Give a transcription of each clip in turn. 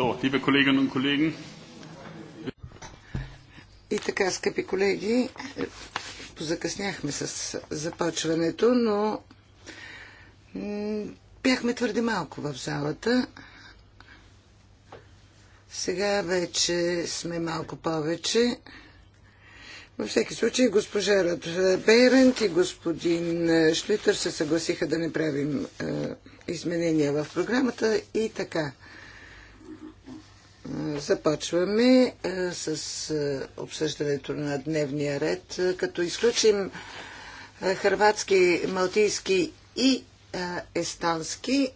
So, liebe Kolleginnen und Kollegen. И така, скъпи колеги, позакъсняхме с започването, но бяхме твърде малко в залата. Сега вече сме малко повече. Във всеки случай госпожа Рад Бейрент и господин Шлитър се съгласиха да не правим е, изменения в програмата и така. Започваме с обсъждането на дневния ред, като изключим хрватски, малтийски и естански.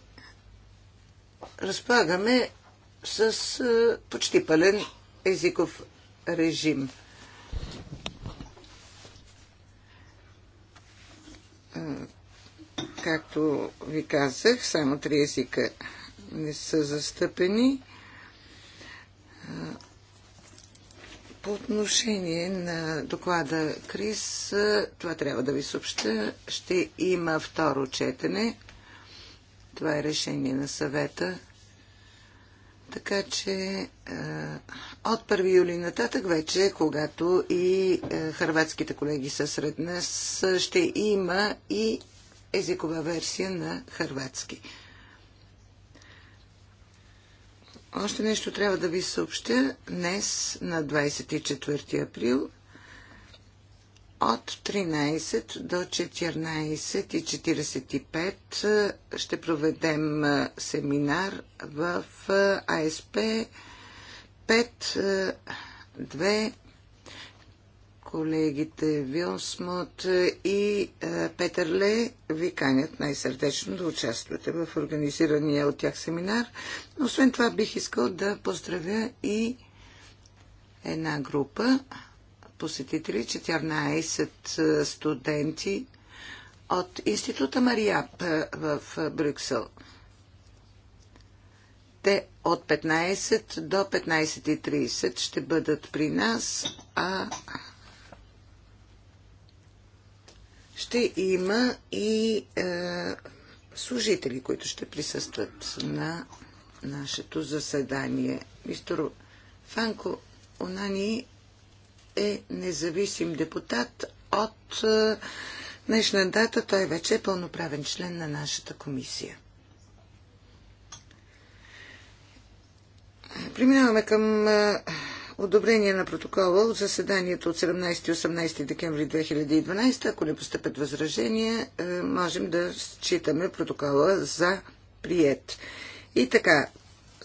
Разполагаме с почти пълен езиков режим. Както ви казах, само три езика не са застъпени. По отношение на доклада Крис, това трябва да ви съобща, ще има второ четене. Това е решение на съвета. Така че от 1 юли нататък вече, когато и харватските колеги са сред нас, ще има и езикова версия на харватски. Още нещо трябва да ви съобщя. Днес, на 24 април, от 13 до 14.45 ще проведем семинар в АСП 5 2 колегите Вилсмут и е, Петър Ле ви канят най-сърдечно да участвате в организирания от тях семинар. Освен това бих искал да поздравя и една група посетители, 14 е, студенти от Института Мариап в Брюксел. Те от 15 до 15.30 ще бъдат при нас, а ще има и е, служители, които ще присъстват на нашето заседание. Мистер Фанко Онани е независим депутат от е, днешна дата. Той вече е пълноправен член на нашата комисия. Преминаваме към е, одобрение на протокола от заседанието от 17-18 декември 2012. Ако не постъпят възражения, е, можем да считаме протокола за прият. И така,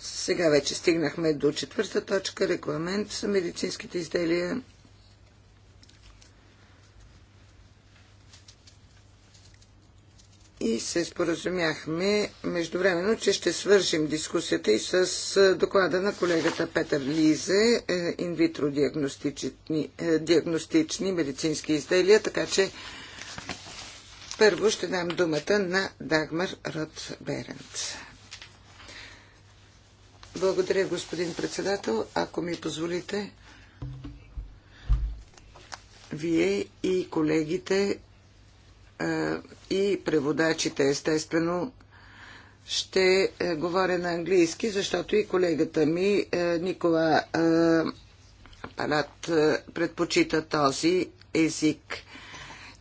сега вече стигнахме до четвърта точка, регламент за медицинските изделия и се споразумяхме междувременно, че ще свържим дискусията и с доклада на колегата Петър Лизе, е, инвитро диагностични, е, диагностични медицински изделия, така че първо ще дам думата на Дагмар Рот Берент. Благодаря, господин председател. Ако ми позволите, вие и колегите е, и преводачите, естествено, ще е, говоря на английски, защото и колегата ми е, Никола Палат предпочита този език.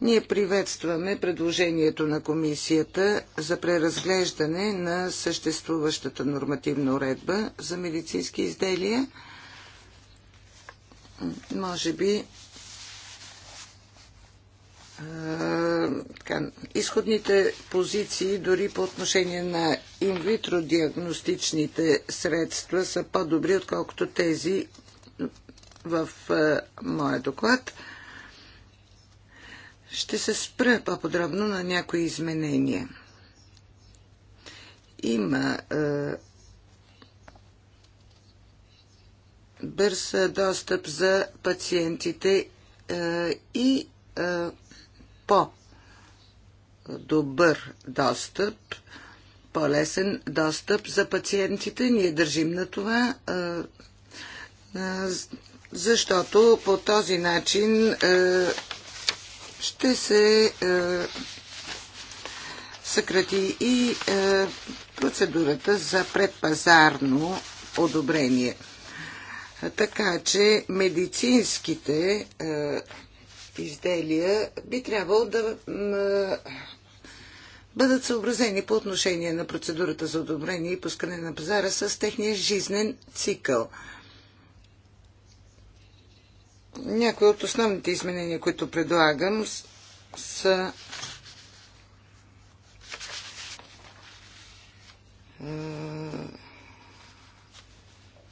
Ние приветстваме предложението на комисията за преразглеждане на съществуващата нормативна уредба за медицински изделия. Може би е, така, изходните позиции дори по отношение на инвитро диагностичните средства са по-добри, отколкото тези в а, е, моя доклад. Ще се спра по-подробно на някои изменения. Има а, е, бърз достъп за пациентите а, и а, по-добър достъп, по-лесен достъп за пациентите. Ние държим на това, защото по този начин ще се съкрати и процедурата за предпазарно одобрение. Така че медицинските изделия би трябвало да бъдат съобразени по отношение на процедурата за одобрение и пускане на пазара с техния жизнен цикъл. Някои от основните изменения, които предлагам, са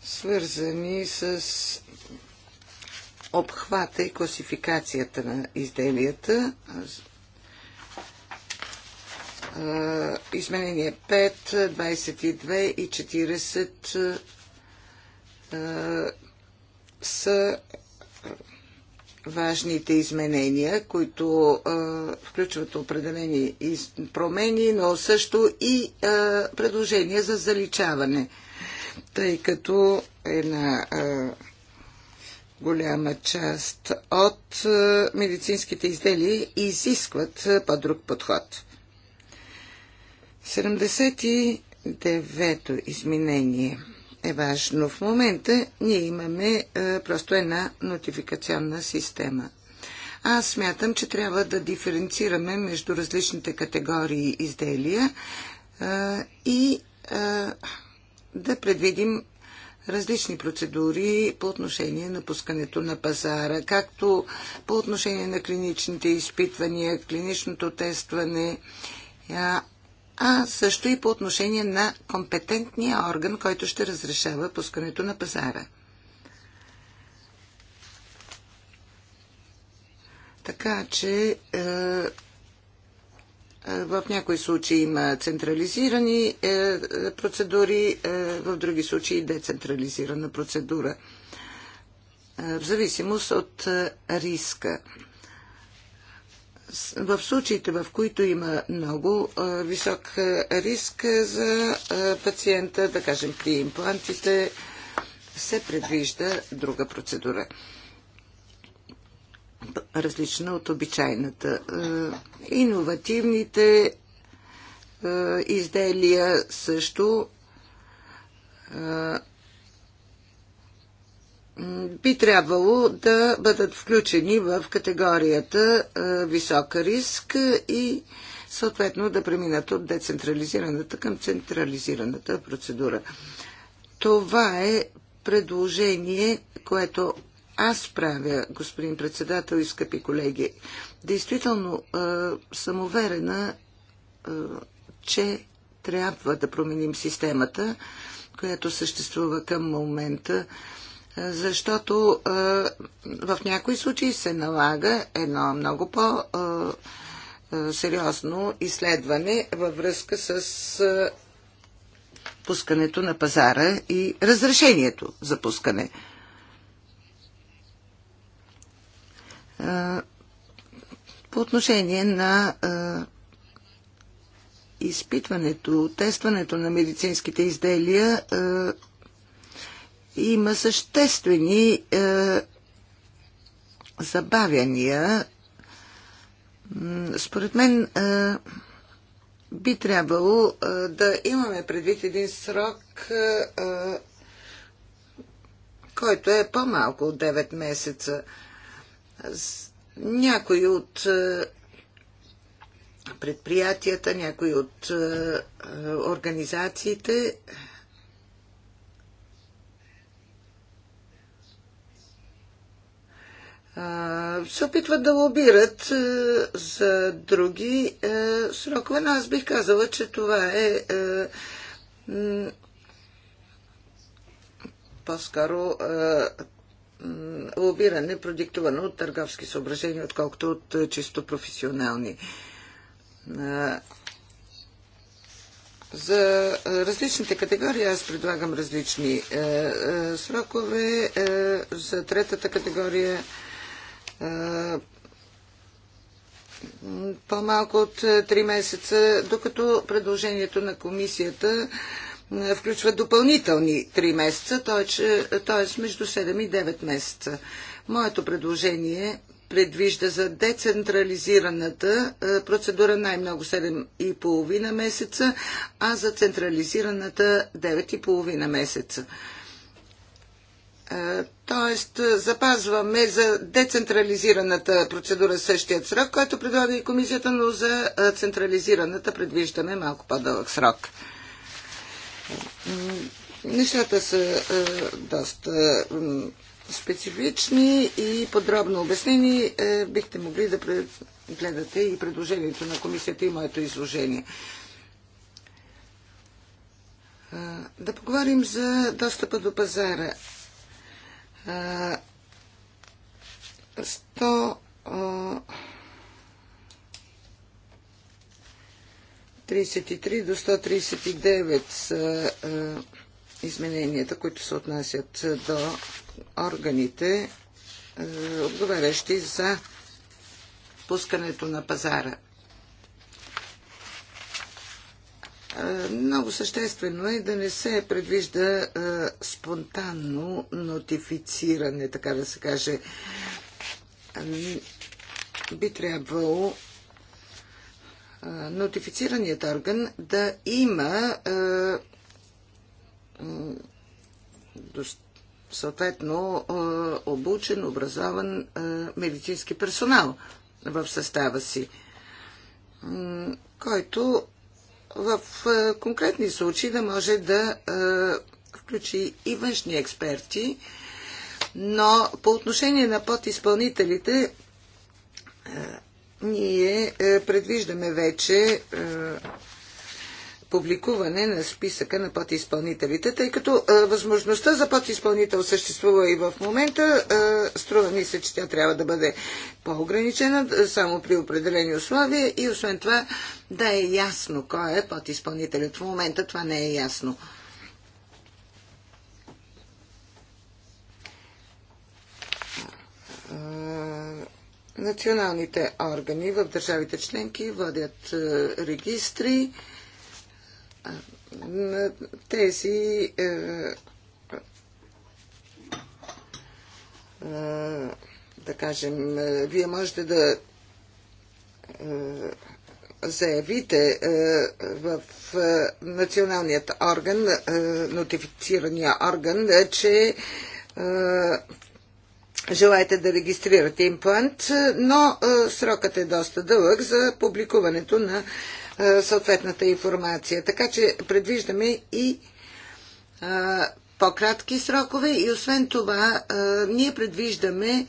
свързани с обхвата и класификацията на изделията. Изменение 5, 22 и 40 са важните изменения, които включват определени промени, но също и предложения за заличаване, тъй като една голяма част от е, медицинските изделия изискват е, по-друг подход. 79-то изменение е важно. В момента ние имаме е, просто една нотификационна система. Аз смятам, че трябва да диференцираме между различните категории изделия и да предвидим различни процедури по отношение на пускането на пазара, както по отношение на клиничните изпитвания, клиничното тестване, а също и по отношение на компетентния орган, който ще разрешава пускането на пазара. Така че е, в някои случаи има централизирани е, е, процедури, е, в други случаи децентрализирана процедура. В зависимост от риска. В случаите, в които има много висок риск за пациента, да кажем при имплантите, се предвижда друга процедура различна от обичайната. Е, иновативните е, изделия също е, би трябвало да бъдат включени в категорията висок риск и съответно да преминат от децентрализираната към централизираната процедура. Това е предложение, което аз правя, господин председател и скъпи колеги. Действително е, съм уверена, е, че трябва да променим системата, която съществува към момента, е, защото в някои случаи се налага едно много по- сериозно изследване във връзка с пускането на пазара и разрешението за пускане по отношение на изпитването, тестването на медицинските изделия има съществени забавяния. Според мен би трябвало да имаме предвид един срок, който е по-малко от 9 месеца. Някои от е, предприятията, някои от е, организациите е, се опитват да лобират за други срокове, но аз бих казала, че това е по-скоро лобиране, продиктувано от търговски съображения, отколкото от е, чисто професионални. За различните категории аз предлагам различни е, е, срокове. за третата категория по-малко от 3 месеца, докато предложението на комисията е, включва допълнителни 3 месеца, т.е. Е между 7 и 9 месеца. Моето предложение предвижда за децентрализираната е, процедура най-много 7,5 месеца, а за централизираната 9,5 месеца. Е, тоест, запазваме за децентрализираната процедура същият срок, който предлага и комисията, но за централизираната предвиждаме малко по-дълъг срок. Нещата са доста специфични и подробно обяснени. Е, бихте могли да гледате и предложението на комисията и моето изложение. Да поговорим за достъпа до пазара. 100 133 до 139 са е, измененията, които се отнасят до органите, е, отговарящи за пускането на пазара. Е, много съществено е да не се предвижда спонтанно нотифициране, така да се каже. Би трябвало нотифицираният орган да има съответно обучен, образован медицински персонал в състава си, който в конкретни случаи да може да включи и външни експерти, но по отношение на подизпълнителите ние е, предвиждаме вече е, публикуване на списъка на подизпълнителите, тъй като е, възможността за подизпълнител съществува и в момента. А, струва ми се, че тя трябва да бъде по-ограничена, само при определени условия и освен това да е ясно кой е подизпълнителят. В момента това не е ясно. Националните органи в държавите членки водят е, регистри. Е, тези е, да кажем, вие можете да заявите в националният орган, нотифицирания орган, че желаете да регистрирате имплант, но срокът е доста дълъг за публикуването на съответната информация. Така че предвиждаме и по-кратки срокове и освен това ние предвиждаме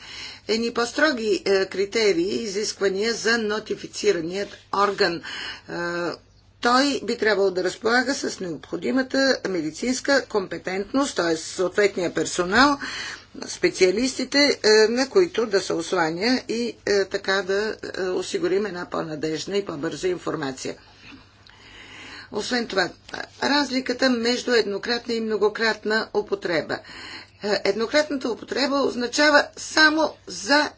едни по-строги критерии и изисквания за нотифицираният орган той би трябвало да разполага с необходимата медицинска компетентност, т.е. съответния персонал, специалистите, е, на които да се осланя и е, така да е, осигурим една по-надежна и по-бърза информация. Освен това, разликата между еднократна и многократна употреба. Еднократната употреба означава само за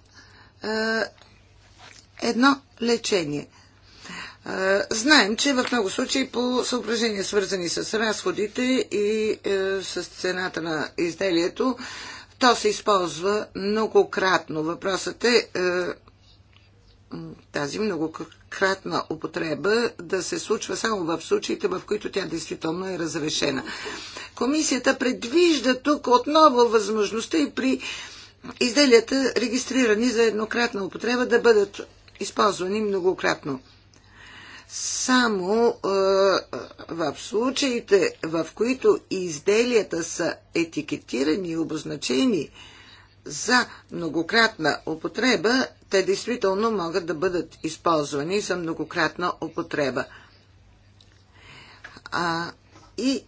едно лечение – Знаем, че в много случаи по съображения свързани с разходите и е, с цената на изделието, то се използва многократно. Въпросът е, е тази многократна употреба да се случва само в случаите, в които тя действително е разрешена. Комисията предвижда тук отново възможността и при изделията, регистрирани за еднократна употреба, да бъдат използвани многократно само в случаите, в които изделията са етикетирани и обозначени за многократна употреба, те действително могат да бъдат използвани за многократна употреба. А, и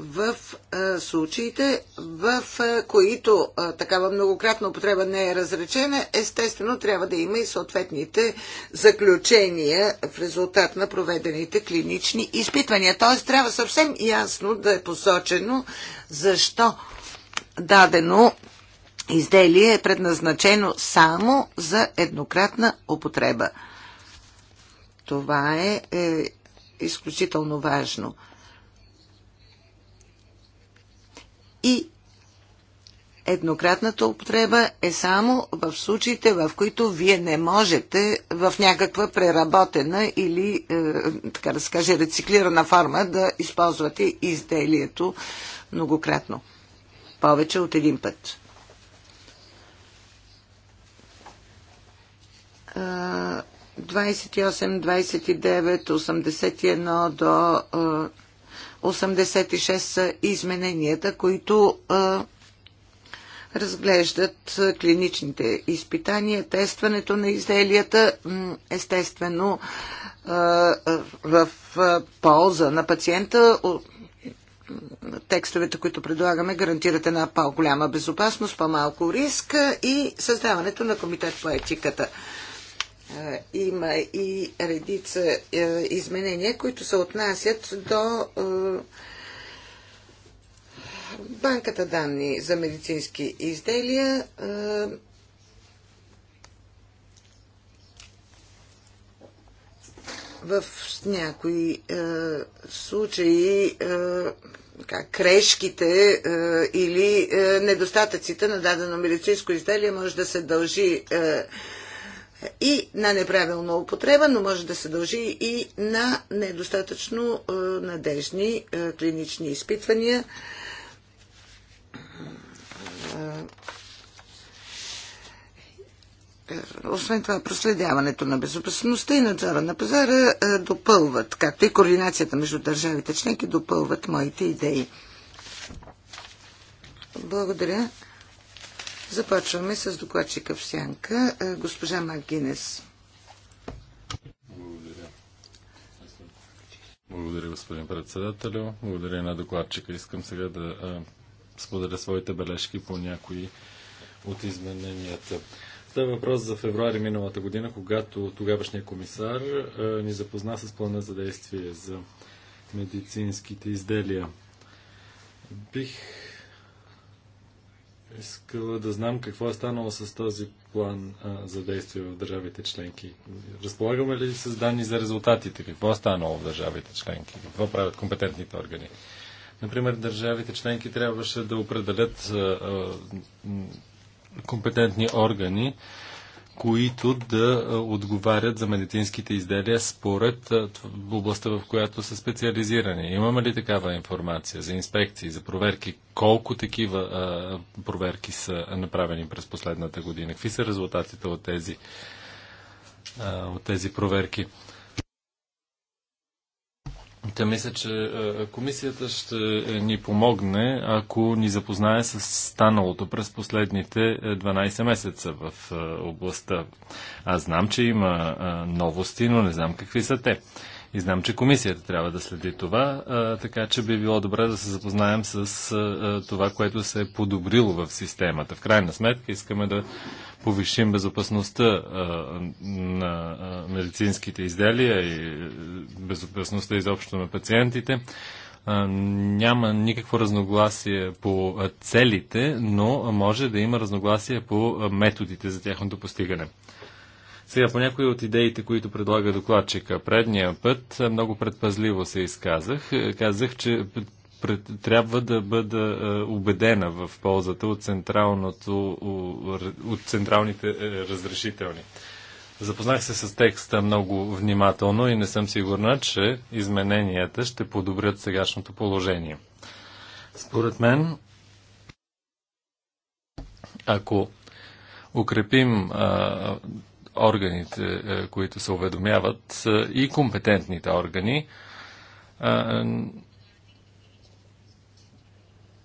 в е, случаите, в е, които е, такава многократна употреба не е разречена, естествено трябва да има и съответните заключения в резултат на проведените клинични изпитвания. Т.е. трябва съвсем ясно да е посочено защо дадено изделие е предназначено само за еднократна употреба. Това е, е изключително важно – и еднократната употреба е само в случаите, в които вие не можете в някаква преработена или, е, така да се каже, рециклирана форма да използвате изделието многократно. Повече от един път. Uh, 28, 29, 81 до е, 86 са измененията, които разглеждат клиничните изпитания, тестването на изделията, естествено в полза на пациента. Текстовете, които предлагаме, гарантират една по-голяма безопасност, по-малко риск и създаването на комитет по етиката има и редица е, изменения, които се отнасят до е, банката данни за медицински изделия. Е, в някои случаи крешките или недостатъците на дадено медицинско изделие може да се дължи и на неправилна употреба, но може да се дължи и на недостатъчно е, надежни е, клинични изпитвания. Е, освен това, проследяването на безопасността и надзора на пазара допълват, както и координацията между държавите членки допълват моите идеи. Благодаря. Започваме с докладчика в сянка, е, госпожа Макгинес. Благодаря. Благодаря, господин председателю. Благодаря на докладчика. Искам сега да а, е, споделя своите бележки по някои от измененията. Става въпрос за февруари миналата година, когато тогавашният комисар а, е, ни запозна с плана за действие за медицинските изделия. Бих искала да знам какво е станало с този план а, за действие в държавите членки. Разполагаме ли с данни за резултатите? Какво е станало в държавите членки? Какво правят компетентните органи? Например, държавите членки трябваше да определят а, а, компетентни органи, които да отговарят за медицинските изделия според областта, в която са специализирани. Имаме ли такава информация за инспекции, за проверки? Колко такива а, проверки са направени през последната година? Какви са резултатите от тези, а, от тези проверки? Та мисля, че комисията ще е, ни помогне, ако ни запознае с станалото през последните 12 е, месеца в е, областта. Аз знам, че има новости, но не знам какви са те. И знам, че комисията трябва да следи това, а, така че би било добре да се запознаем с а, това, което се е подобрило в системата. В крайна сметка искаме да повишим безопасността а, на медицинските изделия и безопасността изобщо на пациентите няма никакво разногласие по целите, но може да има разногласие по методите за тяхното постигане. Сега по някои от идеите, които предлага докладчика. Предния път много предпазливо се изказах. Казах, че пред, трябва да бъда е, убедена в ползата от, централното, от централните е, разрешителни. Запознах се с текста много внимателно и не съм сигурна, че измененията ще подобрят сегашното положение. Според мен, ако укрепим органите, е, които се уведомяват е, и компетентните органи, е,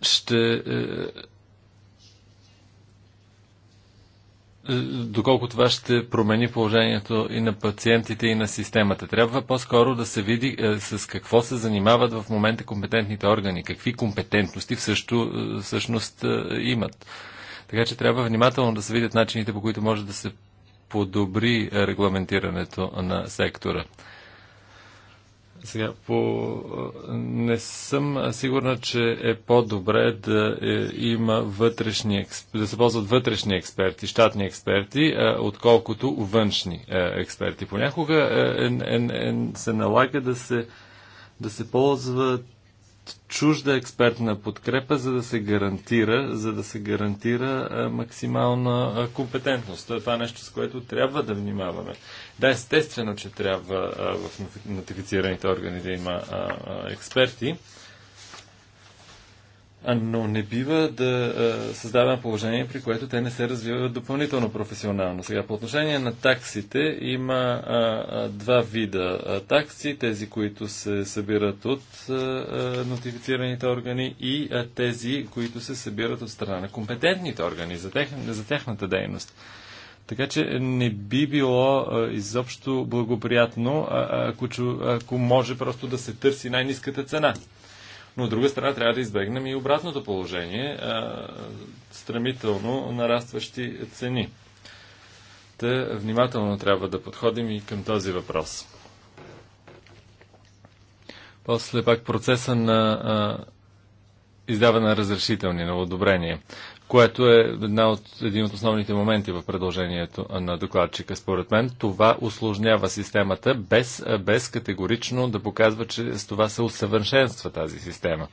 ще доколко това ще промени положението и на пациентите, и на системата. Трябва по-скоро да се види е, с какво се занимават в момента компетентните органи, какви компетентности всъщо, всъщност е, имат. Така че трябва внимателно да се видят начините, по които може да се подобри регламентирането на сектора. Сега, по... не съм сигурна, че е по-добре да е, има вътрешни, да се ползват вътрешни експерти, щатни експерти, е, отколкото външни е, експерти. Понякога е, е, е, се налага да се, да се ползват чужда експертна подкрепа, за да се гарантира, за да се гарантира максимална компетентност. Това е нещо, с което трябва да внимаваме. Да, естествено, че трябва в нотифицираните органи да има експерти, но не бива да създаваме положение, при което те не се развиват допълнително професионално. Сега, по отношение на таксите, има два вида такси, тези, които се събират от нотифицираните органи и тези, които се събират от страна на компетентните органи за, тех, за тяхната дейност. Така че не би било а, изобщо благоприятно, а, ако, ако може просто да се търси най-низката цена. Но от друга страна трябва да избегнем и обратното положение а, стремително нарастващи цени. Те внимателно трябва да подходим и към този въпрос. После пак процеса на а, издаване на разрешителни, на одобрение което е една от, един от основните моменти в предложението на докладчика, според мен. Това осложнява системата без, без категорично да показва, че с това се усъвършенства тази система.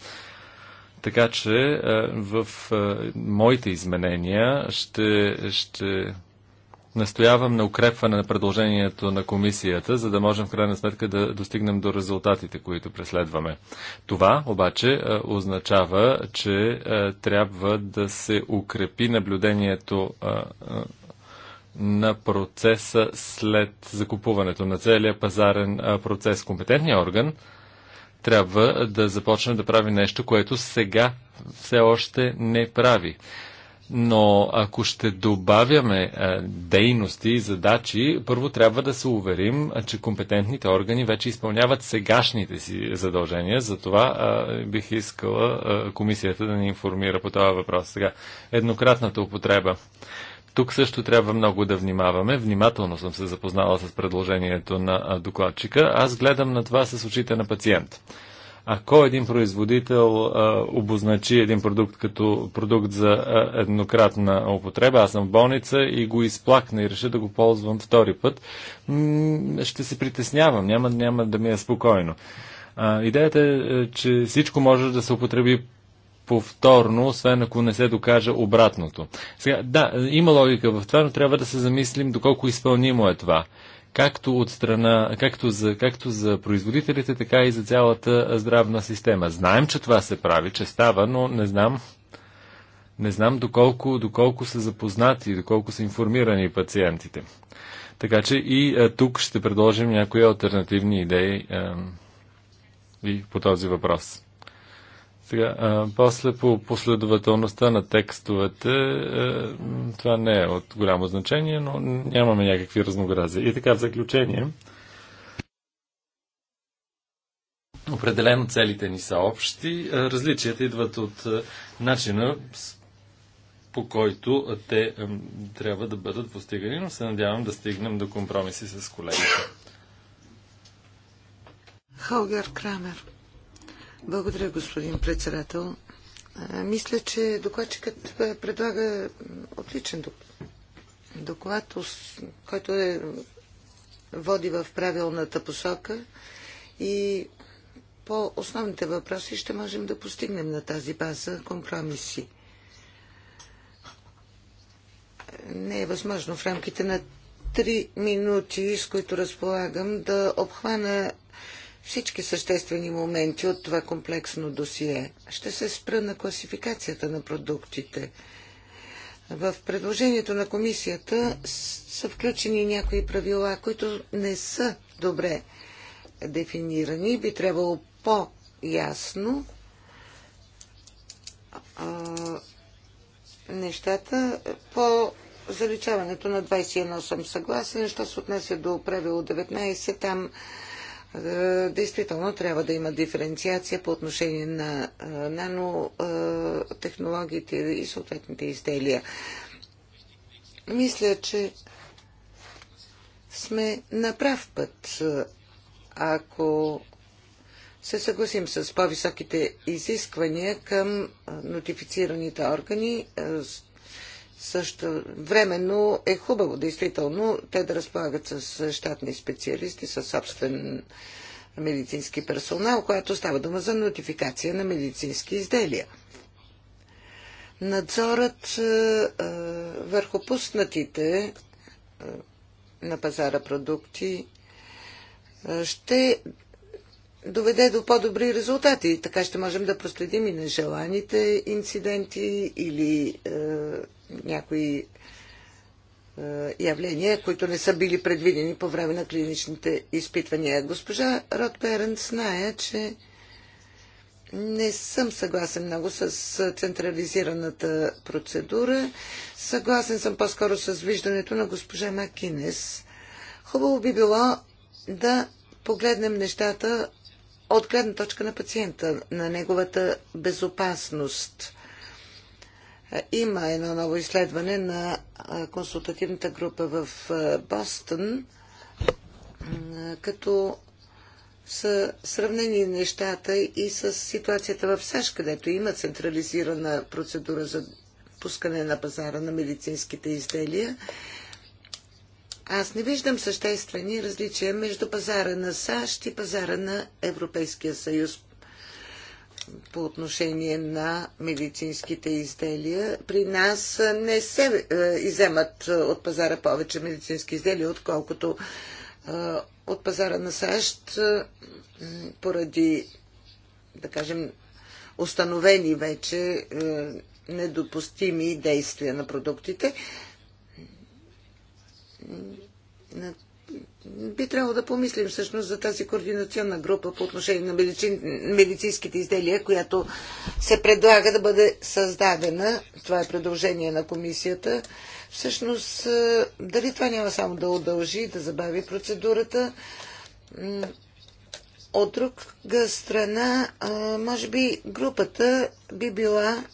Така че е, в е, моите изменения ще, ще Настоявам на укрепване на предложението на комисията, за да можем в крайна сметка да достигнем до резултатите, които преследваме. Това обаче е, означава, че е, трябва да се укрепи наблюдението е, на процеса след закупуването на целия пазарен процес. Компетентния орган трябва да започне да прави нещо, което сега все още не прави. Но ако ще добавяме е, дейности и задачи, първо трябва да се уверим, е, че компетентните органи вече изпълняват сегашните си задължения. Затова е, бих искала комисията да ни информира по това въпрос. Сега, еднократната употреба. Тук също трябва много да внимаваме. Внимателно съм се запознала с предложението на докладчика. Аз гледам на това с очите на пациент ако един производител а, обозначи един продукт като продукт за а, еднократна употреба, аз съм в болница и го изплакна и реша да го ползвам втори път, ще се притеснявам, няма, няма да ми е спокойно. А, идеята е, е, че всичко може да се употреби повторно, освен ако не се докаже обратното. Сега, да, има логика в това, но трябва да се замислим доколко изпълнимо е това както, от страна, както, за, както за производителите, така и за цялата здравна система. Знаем, че това се прави, че става, но не знам, не знам доколко, доколко са запознати, доколко са информирани пациентите. Така че и а, тук ще предложим някои альтернативни идеи а, и по този въпрос. Сега, а, после по последователността на текстовете, а, това не е от голямо значение, но нямаме някакви разнообразия. И така, в заключение, определено целите ни са общи, различията идват от а, начина по който те а, трябва да бъдат постигани, но се надявам да стигнем до компромиси с колегите. Хългер Крамер. Благодаря, господин председател. Мисля, че докладчикът предлага отличен доклад, който е, води в правилната посока и по основните въпроси ще можем да постигнем на тази база компромиси. Не е възможно в рамките на три минути, с които разполагам, да обхвана всички съществени моменти от това комплексно досие. Ще се спра на класификацията на продуктите. В предложението на комисията са включени някои правила, които не са добре дефинирани. Би трябвало по-ясно нещата по заличаването на 21 съм съгласен. Що се отнася до правило 19, там е, действително трябва да има диференциация по отношение на е, нанотехнологиите е, и съответните изделия. Мисля, че сме на прав път, ако се съгласим с по-високите изисквания към нотифицираните органи, също времено е хубаво, действително, те да разполагат с щатни специалисти, с собствен медицински персонал, която става дума за нотификация на медицински изделия. Надзорът е, е, върху пуснатите е, на пазара продукти ще доведе до по-добри резултати. Така ще можем да проследим и нежеланите инциденти или някои е, явления, които не са били предвидени по време на клиничните изпитвания. Госпожа Ротберен знае, че не съм съгласен много с централизираната процедура. Съгласен съм по-скоро с виждането на госпожа Макинес. Хубаво би било да погледнем нещата от гледна точка на пациента, на неговата безопасност. Има едно ново изследване на консултативната група в Бостон, като са сравнени нещата и с ситуацията в САЩ, където има централизирана процедура за пускане на пазара на медицинските изделия. Аз не виждам съществени различия между пазара на САЩ и пазара на Европейския съюз по отношение на медицинските изделия. При нас не се е, иземат от пазара повече медицински изделия, отколкото е, от пазара на САЩ е, поради, да кажем, установени вече недопустими действия на продуктите би трябвало да помислим всъщност за тази координационна група по отношение на медицинските изделия, която се предлага да бъде създадена. Това е предложение на комисията. Всъщност, е, дали това няма само да удължи, да забави процедурата? От друга страна, е, може би групата би била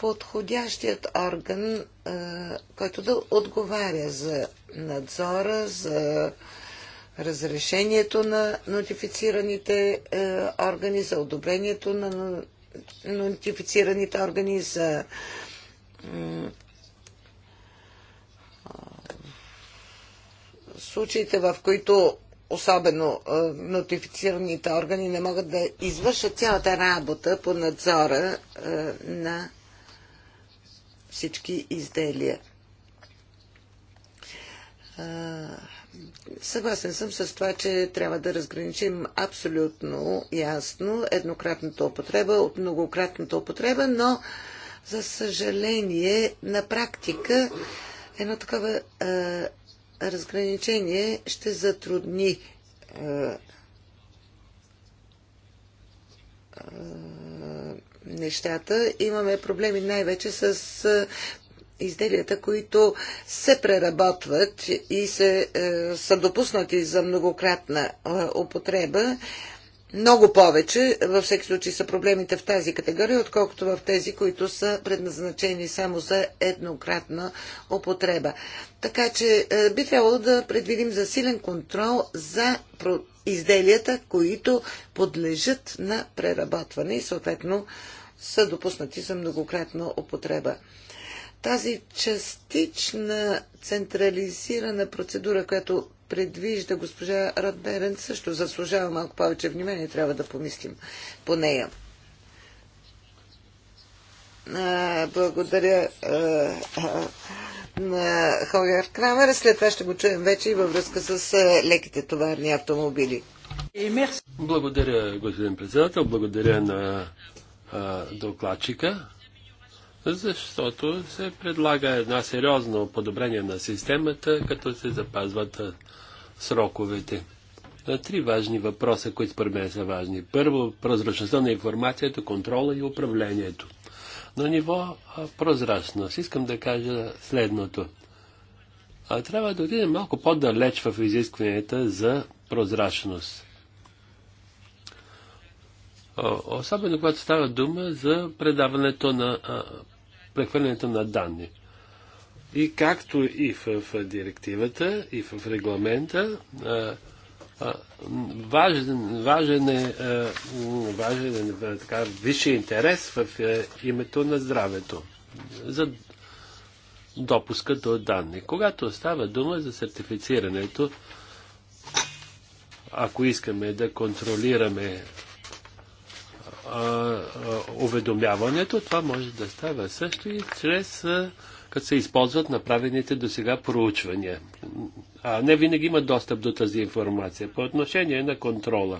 подходящият орган, който да отговаря за надзора, за разрешението на нотифицираните органи, за одобрението на нотифицираните органи, за случаите, в които особено нотифицираните органи не могат да извършат цялата работа по надзора на всички изделия. Съгласен съм с това, че трябва да разграничим абсолютно ясно еднократната употреба от многократната употреба, но за съжаление на практика едно такова а, разграничение ще затрудни а, а, нещата. Имаме проблеми най-вече с изделията, които се преработват и се, е, са допуснати за многократна е, употреба. Много повече, във всеки случай, са проблемите в тази категория, отколкото в тези, които са предназначени само за еднократна употреба. Така че е, би трябвало да предвидим засилен контрол за про изделията, които подлежат на преработване и съответно са допуснати за многократна употреба. Тази частична централизирана процедура, която предвижда госпожа Радберен, също заслужава малко повече внимание. Трябва да помислим по нея. А, благодаря. А, а, на Холгер Крамер. След това ще го чуем вече и във връзка с е, леките товарни автомобили. Благодаря, господин председател. Благодаря на а, докладчика, защото се предлага една сериозно подобрение на системата, като се запазват сроковете. три важни въпроса, които според мен са важни. Първо, прозрачността на информацията, контрола и управлението на ниво прозрачност. Искам да кажа следното. А трябва да отидем малко по-далеч в изискванията за прозрачност. Особено когато става дума за предаването на прехвърлянето на данни. И както и в, в директивата, и в регламента, важен, важен е, е важен е, е така, висши интерес в е, името на здравето за допуска до данни. Когато става дума за сертифицирането, ако искаме да контролираме а, а, уведомяването, това може да става също и чрез а, като се използват направените до сега проучвания. А не винаги има достъп до тази информация. По отношение на контрола.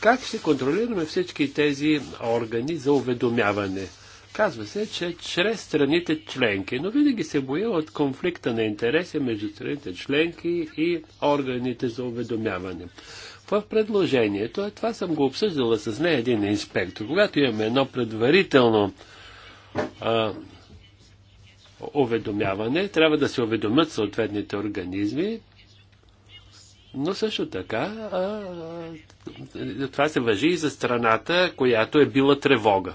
Как ще контролираме всички тези органи за уведомяване? Казва се, че чрез страните членки, но винаги се боя от конфликта на интереси между страните членки и органите за уведомяване. В предложението, това съм го обсъждала с не един инспектор, когато имаме едно предварително а, уведомяване, трябва да се уведомят съответните организми, но също така а, а, това се въжи и за страната, която е била тревога.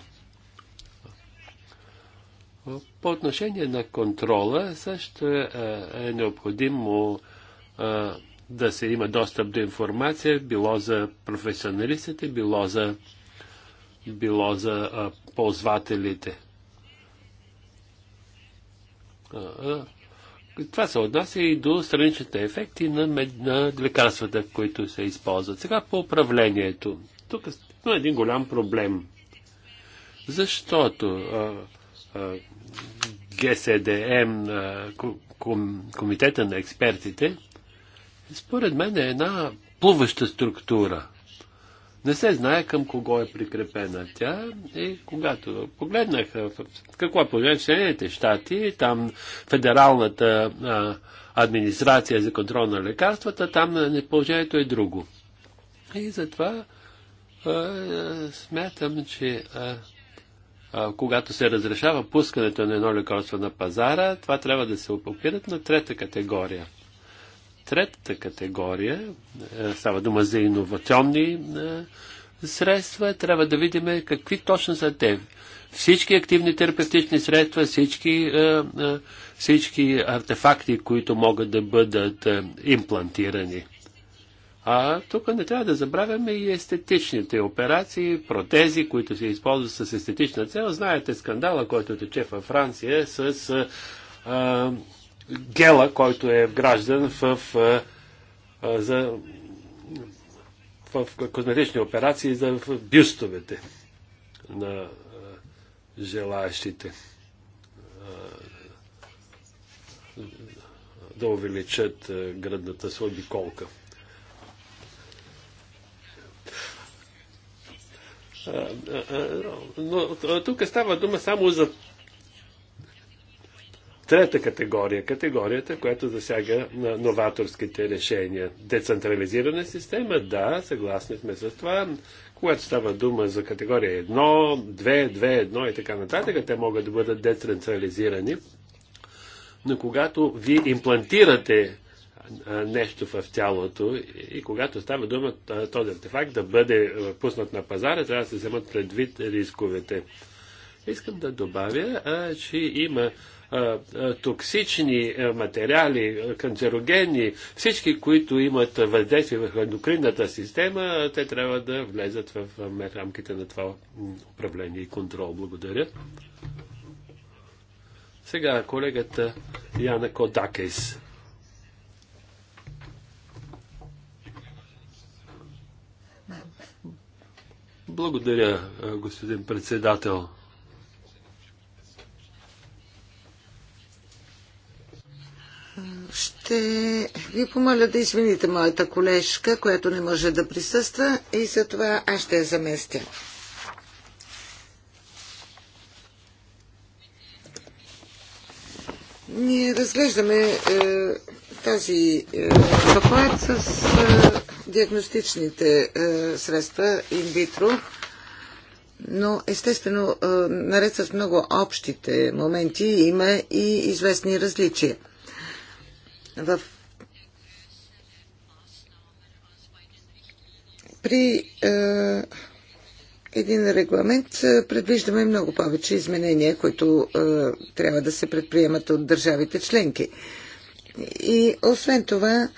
По отношение на контрола също е, е необходимо е, да се има достъп до информация, било за професионалистите, било за, било за е, ползвателите. Това се отнася и до страничните ефекти на, мед... на лекарствата, които се използват. Сега по управлението. Тук е един голям проблем. Защото а, а, ГСДМ, а, ком, Комитета на експертите, според мен е една плуваща структура. Не се знае към кого е прикрепена тя и когато погледнах какво е положение в Съединените щати, там федералната а, администрация за контрол на лекарствата, там положението е друго. И затова а, смятам, че а, а, когато се разрешава пускането на едно лекарство на пазара, това трябва да се опопират на трета категория – третата категория, е, става дума за иновационни е, средства, трябва да видим какви точно са те. Всички активни терапевтични средства, всички, е, всички артефакти, които могат да бъдат имплантирани. А тук не трябва да забравяме и естетичните операции, протези, които се използват с естетична цел. Знаете скандала, който тече във Франция с а, гела, който е граждан в, в, за, в козметични операции за в бюстовете на желаящите да увеличат гръдната обиколка. Но тук става дума само за Трета категория, категорията, която засяга на новаторските решения. Децентрализирана система, да, съгласни сме с това. Когато става дума за категория 1, 2, 2, 1 и така нататък, те могат да бъдат децентрализирани. Но когато вие имплантирате нещо в тялото и когато става дума този артефакт да бъде пуснат на пазара, трябва да се вземат предвид рисковете. Искам да добавя, че има токсични материали, канцерогени, всички, които имат въздействие върху ендокринната система, те трябва да влезат в рамките на това управление и контрол. Благодаря. Сега колегата Яна Кодакес. Благодаря, господин председател. Ще ви помоля да извините моята колежка, която не може да присъства и за това аз ще я заместя. Ние разглеждаме е, тази е, доклад с е, диагностичните е, средства инвитро. Но естествено, е, наред с много общите моменти, има и известни различия в при е, един регламент е, предвиждаме много повече изменения, които е, трябва да се предприемат от държавите членки. И освен това,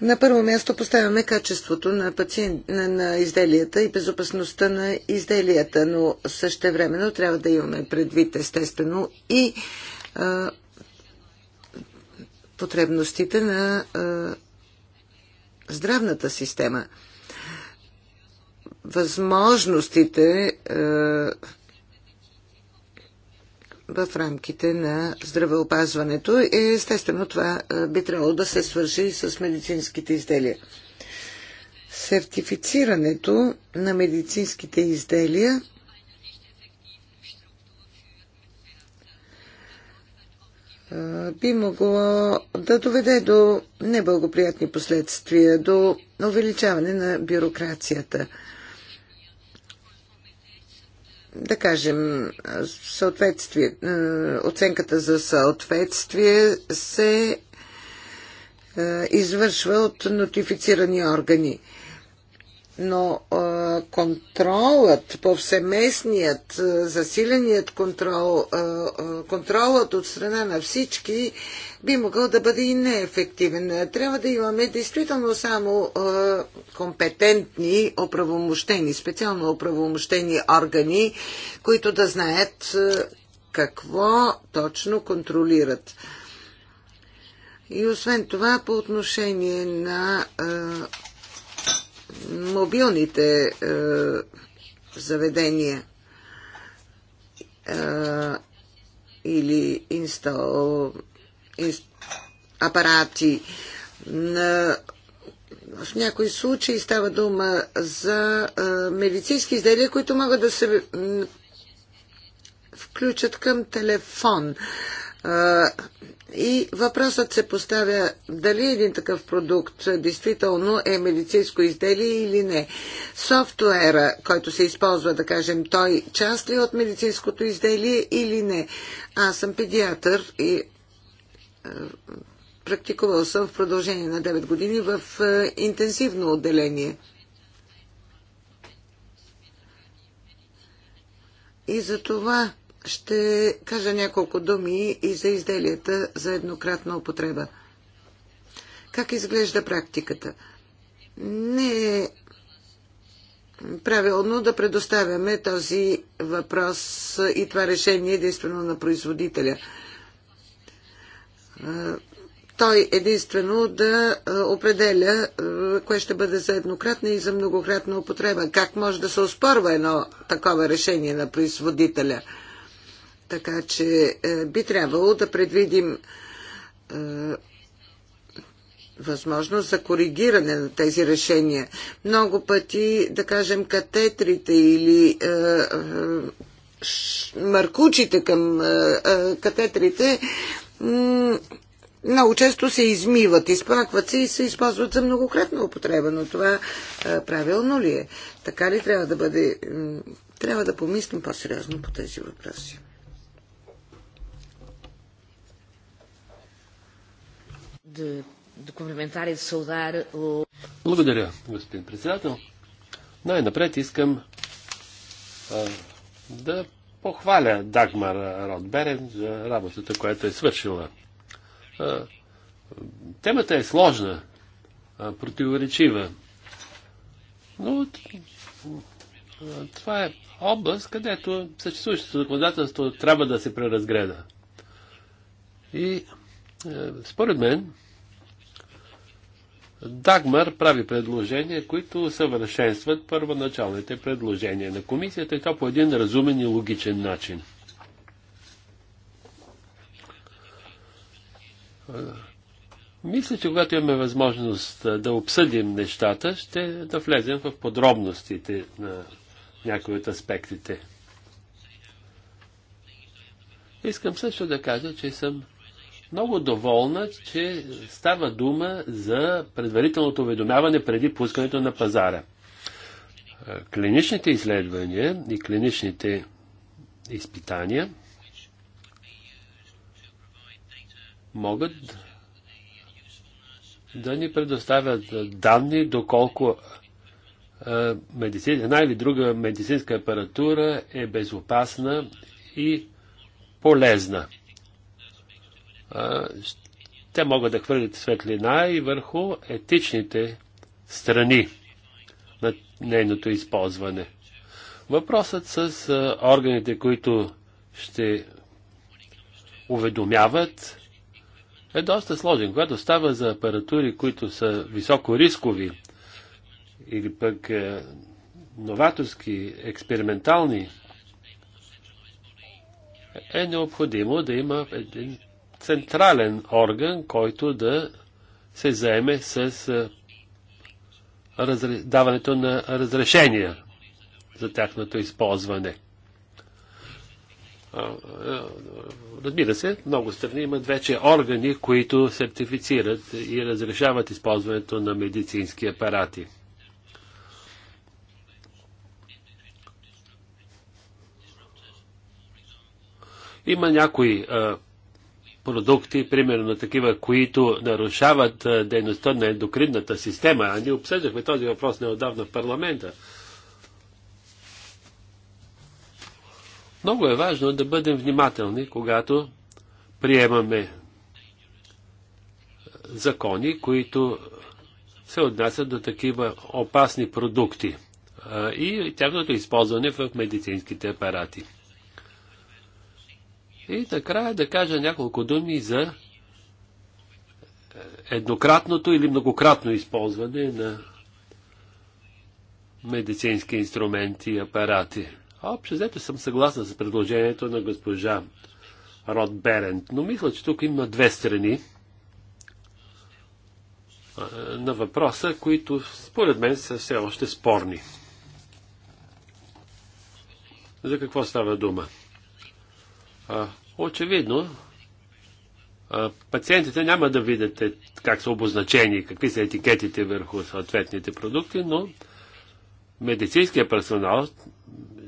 на първо място поставяме качеството на, пациент, на, на изделията и безопасността на изделията, но също времено трябва да имаме предвид естествено и е, потребностите на здравната система. Възможностите в рамките на здравеопазването. И естествено това би трябвало да се свърши с медицинските изделия. Сертифицирането на медицинските изделия би могло да доведе до неблагоприятни последствия, до увеличаване на бюрокрацията. Да кажем, съответствие, е, оценката за съответствие се е, извършва от нотифицирани органи но а, контролът, повсеместният, засиленият контрол, а, контролът от страна на всички би могъл да бъде и неефективен. Трябва да имаме действително само а, компетентни, оправомощени, специално оправомощени органи, които да знаят а, какво точно контролират. И освен това, по отношение на а, мобилните е, заведения е, или инстал, инст, апарати. На, в някои случаи става дума за е, медицински изделия, които могат да се включат към телефон. Е, и въпросът се поставя дали един такъв продукт действително е медицинско изделие или не. Софтуера, който се използва, да кажем, той част ли е от медицинското изделие или не. Аз съм педиатър и е, практикувал съм в продължение на 9 години в е, интензивно отделение. И за това ще кажа няколко думи и за изделията за еднократна употреба. Как изглежда практиката? Не е правилно да предоставяме този въпрос и това решение единствено на производителя. Той единствено да определя кое ще бъде за еднократна и за многократна употреба. Как може да се оспорва едно такова решение на производителя – така че е, би трябвало да предвидим е, възможност за коригиране на тези решения. Много пъти, да кажем, катетрите или е, е маркучите към катетрите много често се измиват, изплакват се и се използват за многократна употреба, но това правилно ли е? Така ли трябва да бъде? Трябва да помислим по-сериозно по тези въпроси. de, de e de saudar o... Благодаря, господин председател. Най-напред искам а, да похваля Дагмар Ротберен за работата, която е свършила. А, темата е сложна, а, противоречива, но а, това е област, където съществуващото законодателство трябва да се преразгледа. И е, според мен, Дагмар прави предложения, които съвършенстват първоначалните предложения на комисията и то по един разумен и логичен начин. Мисля, че когато имаме възможност да обсъдим нещата, ще да влезем в подробностите на някои от аспектите. Искам също да кажа, че съм много доволна, че става дума за предварителното уведомяване преди пускането на пазара. Клиничните изследвания и клиничните изпитания могат да ни предоставят данни доколко една или друга медицинска апаратура е безопасна и полезна те могат да хвърлят светлина и върху етичните страни на нейното използване. Въпросът с органите, които ще уведомяват, е доста сложен. Когато става за апаратури, които са високо рискови или пък новаторски, експериментални, е необходимо да има един централен орган, който да се заеме с даването на разрешения за тяхното използване. Разбира се, много страни имат вече органи, които сертифицират и разрешават използването на медицински апарати. Има някои а, продукти, примерно такива, които нарушават дейността на ендокринната система. А ние обсъждахме този въпрос неодавна в парламента. Много е важно да бъдем внимателни, когато приемаме закони, които се отнасят до такива опасни продукти и тяхното използване в медицинските апарати. И накрая да кажа няколко думи за е, еднократното или многократно използване на медицински инструменти и апарати. Общо взето съм съгласна с предложението на госпожа Род Берент, но мисля, че тук има две страни на въпроса, които според мен са все още спорни. За какво става дума? очевидно пациентите няма да видят е, как са обозначени, какви са етикетите върху съответните продукти, но медицинския персонал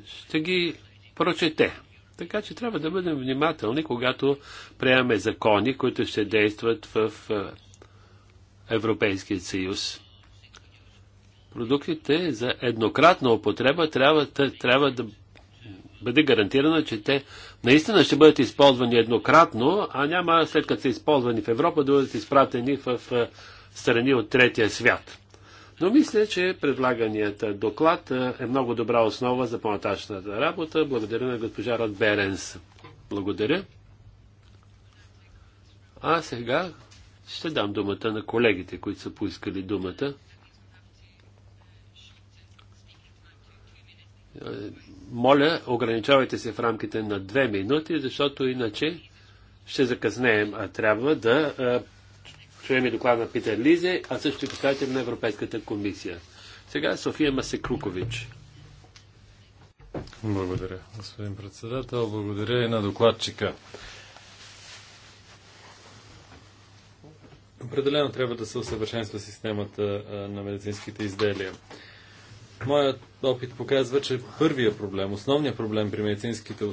ще ги прочете. Така че трябва да бъдем внимателни, когато приемаме закони, които ще действат в Европейския съюз. Продуктите за еднократна употреба трябва, трябва да бъде гарантирана, че те наистина ще бъдат използвани еднократно, а няма след като са използвани в Европа да бъдат изпратени в страни от третия свят. Но мисля, че предлаганият доклад е, е много добра основа за по-нататъчната работа. Благодаря на госпожа Род Беренс. Благодаря. А сега ще дам думата на колегите, които са поискали думата. Е, моля, ограничавайте се в рамките на две минути, защото иначе ще закъснеем, а трябва да а, чуем и доклад на Питер Лизе, а също и представител на Европейската комисия. Сега София Масекрукович. Благодаря, господин председател. Благодаря и на докладчика. Определено трябва да се усъвършенства системата на медицинските изделия. Моят опит показва, че първия проблем, основният проблем при медицинските е,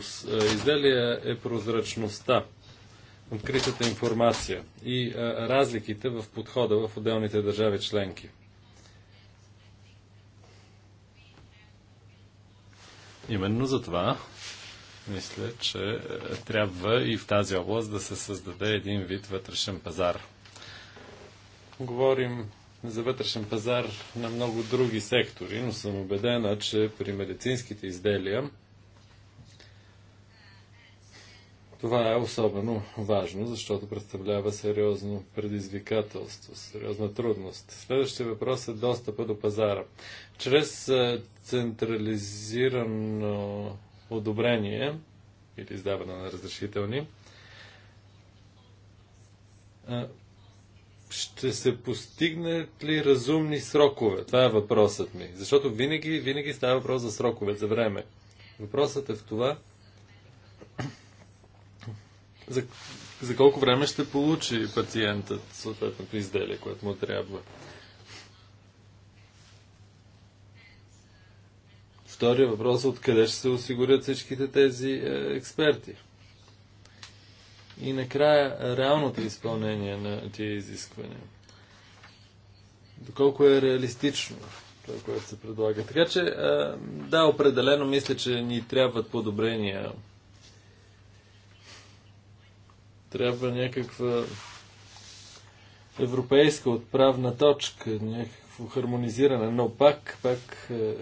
изделия е прозрачността, откритата информация и е, разликите в подхода в отделните държави членки. Именно за това мисля, че е, трябва и в тази област да се създаде един вид вътрешен пазар. Говорим за вътрешен пазар на много други сектори, но съм убедена, че при медицинските изделия това е особено важно, защото представлява сериозно предизвикателство, сериозна трудност. Следващия въпрос е достъпа до пазара. Чрез е, централизирано одобрение или издаване на разрешителни, е, ще се постигнат ли разумни срокове? Това е въпросът ми. Защото винаги, винаги става въпрос за срокове, за време. Въпросът е в това за, за колко време ще получи пациентът съответното изделие, което му трябва. Втория въпрос е откъде ще се осигурят всичките тези е, експерти. И накрая реалното изпълнение на тия изисквания. Доколко е реалистично това, което се предлага. Така че, да, определено мисля, че ни трябват подобрения. Трябва някаква европейска отправна точка, някакво хармонизиране. Но пак, пак е, е,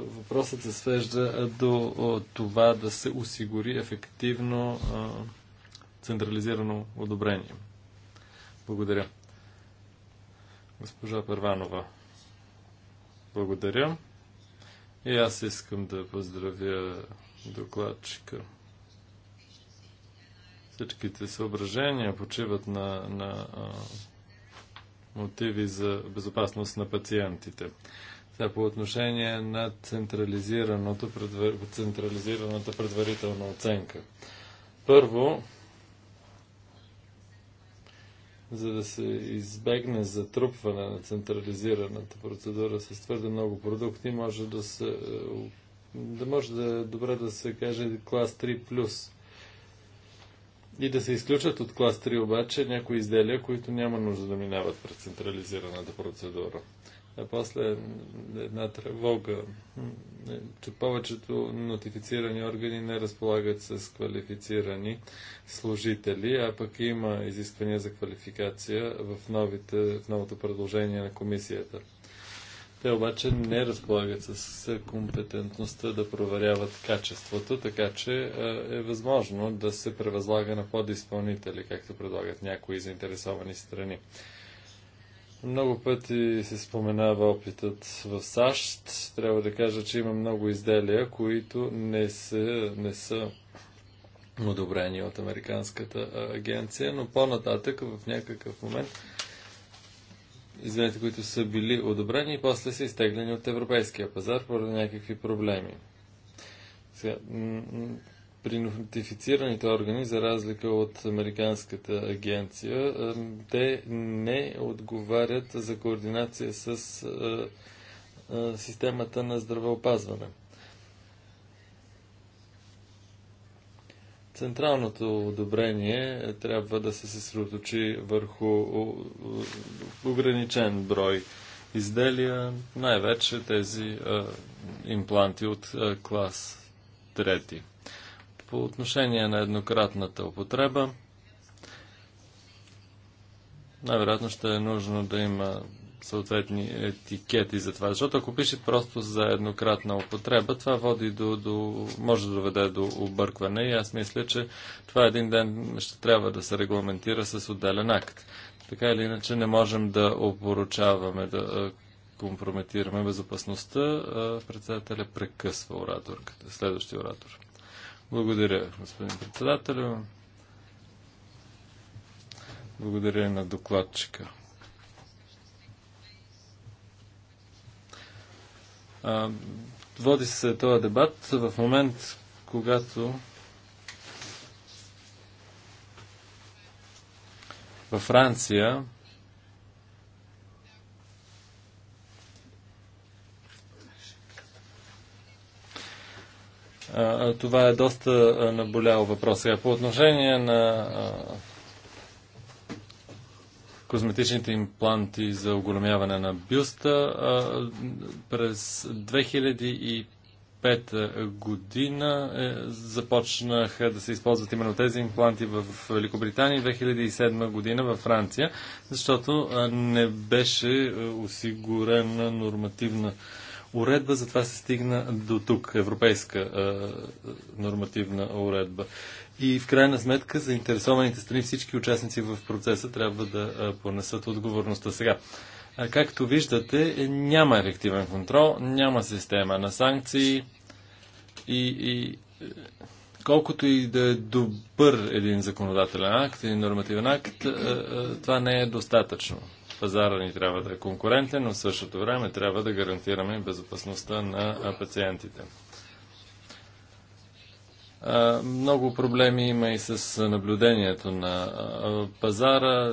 въпросът се свежда до това да се осигури ефективно централизирано одобрение. Благодаря. Госпожа Първанова, благодаря. И аз искам да поздравя докладчика. Всичките съображения почиват на, на а, мотиви за безопасност на пациентите. Сега по отношение на предвар... централизираната предварителна оценка. Първо, за да се избегне затрупване на централизираната процедура с твърде много продукти, може да се е, да може да е добре да се каже клас 3+. И да се изключат от клас 3 обаче някои изделия, които няма нужда да минават през централизираната процедура а после една тревога, че повечето нотифицирани органи не разполагат с квалифицирани служители, а пък има изисквания за квалификация в, новите, в новото предложение на комисията. Те обаче не разполагат с компетентността да проверяват качеството, така че е възможно да се превъзлага на подиспълнители, както предлагат някои заинтересовани страни. Много пъти се споменава опитът в САЩ. Трябва да кажа, че има много изделия, които не са, не са одобрени от Американската агенция, но по-нататък в някакъв момент изделията, които са били одобрени и после са изтеглени от европейския пазар поради някакви проблеми. Сега, при нотифицираните органи, за разлика от Американската агенция, те не отговарят за координация с системата на здравеопазване. Централното одобрение трябва да се съсредоточи върху ограничен брой изделия, най-вече тези импланти от клас трети. По отношение на еднократната употреба, най-вероятно ще е нужно да има съответни етикети за това. Защото ако пише просто за еднократна употреба, това води до, до, може да доведе до объркване и аз мисля, че това един ден ще трябва да се регламентира с отделен акт. Така или иначе не можем да опоручаваме, да компрометираме безопасността. Председателя прекъсва ораторката, следващия оратор. Благодаря, господин председател. Благодаря на докладчика. А, води се този дебат в момент, когато във Франция това е доста наболял въпрос. Сега, по отношение на козметичните импланти за оголемяване на бюста, през 2005 година е, започнаха да се използват именно тези импланти в Великобритания и 2007 година във Франция, защото не беше осигурена нормативна уредба, затова се стигна до тук, европейска е, нормативна уредба. И в крайна сметка заинтересованите страни, всички участници в процеса трябва да понесат отговорността сега. Както виждате, няма ефективен контрол, няма система на санкции и, и колкото и да е добър един законодателен акт един нормативен акт, това не е достатъчно. Пазара ни трябва да е конкурентен, но в същото време трябва да гарантираме безопасността на пациентите. Много проблеми има и с наблюдението на пазара.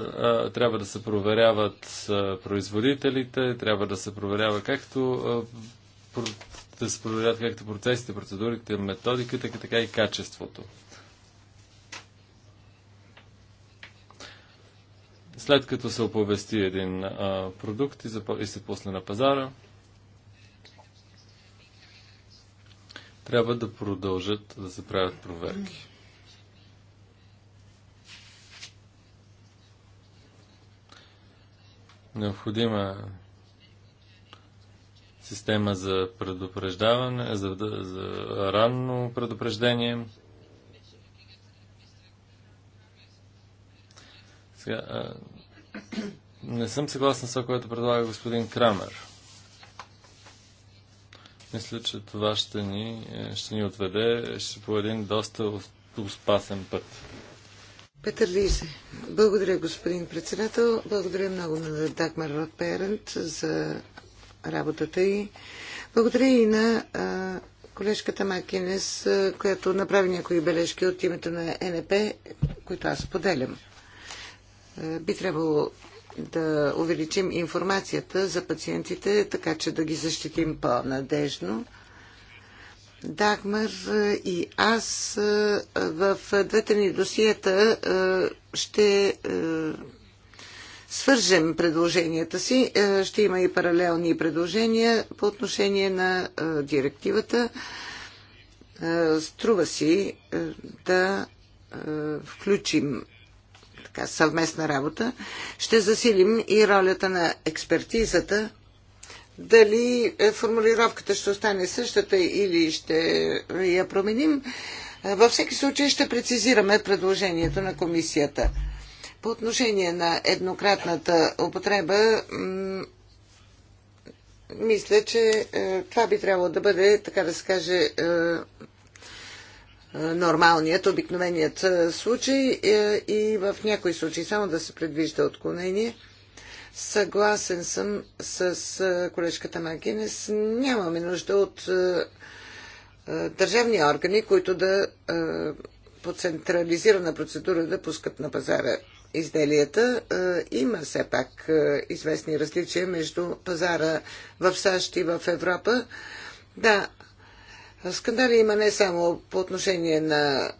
Трябва да се проверяват производителите, трябва да се проверява както да се проверяват както процесите, процедурите, методиката, така и качеството. След като се оповести един а, продукт и, запо... и се пусне на пазара, трябва да продължат да се правят проверки. Необходима система за предупреждаване, за, за ранно предупреждение. Сега, а, не съм съгласен с това, което предлага господин Крамер. Мисля, че това ще ни, е, ще ни отведе ще по един доста успасен път. Петър Лизе. Благодаря, господин председател. Благодаря много на Дагмар Ротперент за работата и благодаря и на а, колежката Макинес, която направи някои бележки от името на НП, които аз поделям. Е, би трябвало да увеличим информацията за пациентите, така че да ги защитим по-надежно. Дагмар е, и аз е, в двете ни досиета ще свържем предложенията си. Ще има и паралелни предложения по отношение на директивата. Струва си да включим така, съвместна работа, ще засилим и ролята на експертизата. Дали е, формулировката ще остане същата или ще я променим, е, във всеки случай ще прецизираме предложението на комисията. По отношение на еднократната употреба, мисля, че е, това би трябвало да бъде, така да се каже, е, нормалният, обикновеният е, случай е, и в някои случаи само да се предвижда отклонение. Съгласен съм с колежката Макинес. Нямаме нужда от държавни органи, които да по централизирана процедура да пускат на пазара изделията. Има все пак известни различия между пазара в САЩ и в Европа. Да, Скандали има не само по отношение на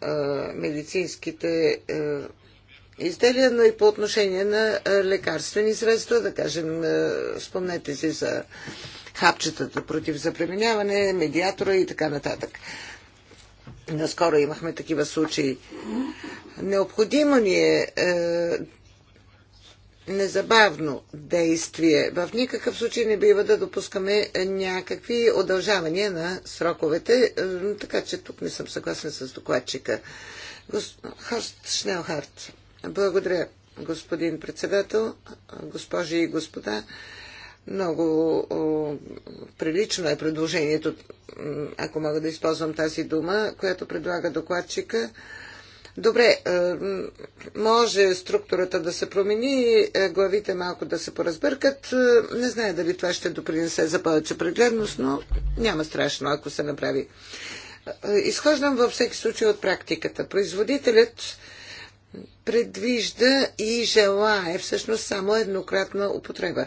медицинските изделия, но и по отношение на лекарствени средства, да кажем, спомнете си за хапчетата против запременяване, медиатора и така нататък. Наскоро имахме такива случаи. Необходимо ни е, е незабавно действие. В никакъв случай не бива да допускаме някакви удължавания на сроковете, така че тук не съм съгласен с докладчика. Хорст Шнелхарт. Благодаря, господин председател, госпожи и господа. Много о, прилично е предложението, ако мога да използвам тази дума, която предлага докладчика. Добре, е, може структурата да се промени, е, главите малко да се поразбъркат. Е, не знае дали това ще допринесе за повече прегледност, но няма страшно, ако се направи. Изхождам във всеки случай от практиката. Производителят предвижда и желае всъщност само еднократна употреба.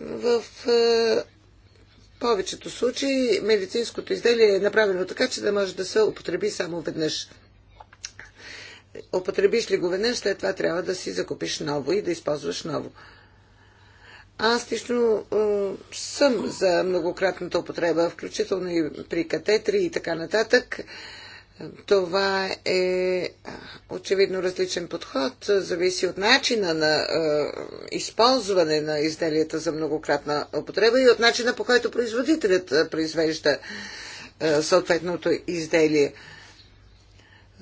В повечето случаи медицинското изделие е направено така, че да може да се употреби само веднъж. Употребиш ли го веднъж, след това трябва да си закупиш ново и да използваш ново. Аз лично е, съм за многократната употреба, включително и при катетри и така нататък. Е, това е очевидно различен подход, зависи от начина на е, използване на изделията за многократна употреба и от начина по който производителят произвежда е, съответното изделие.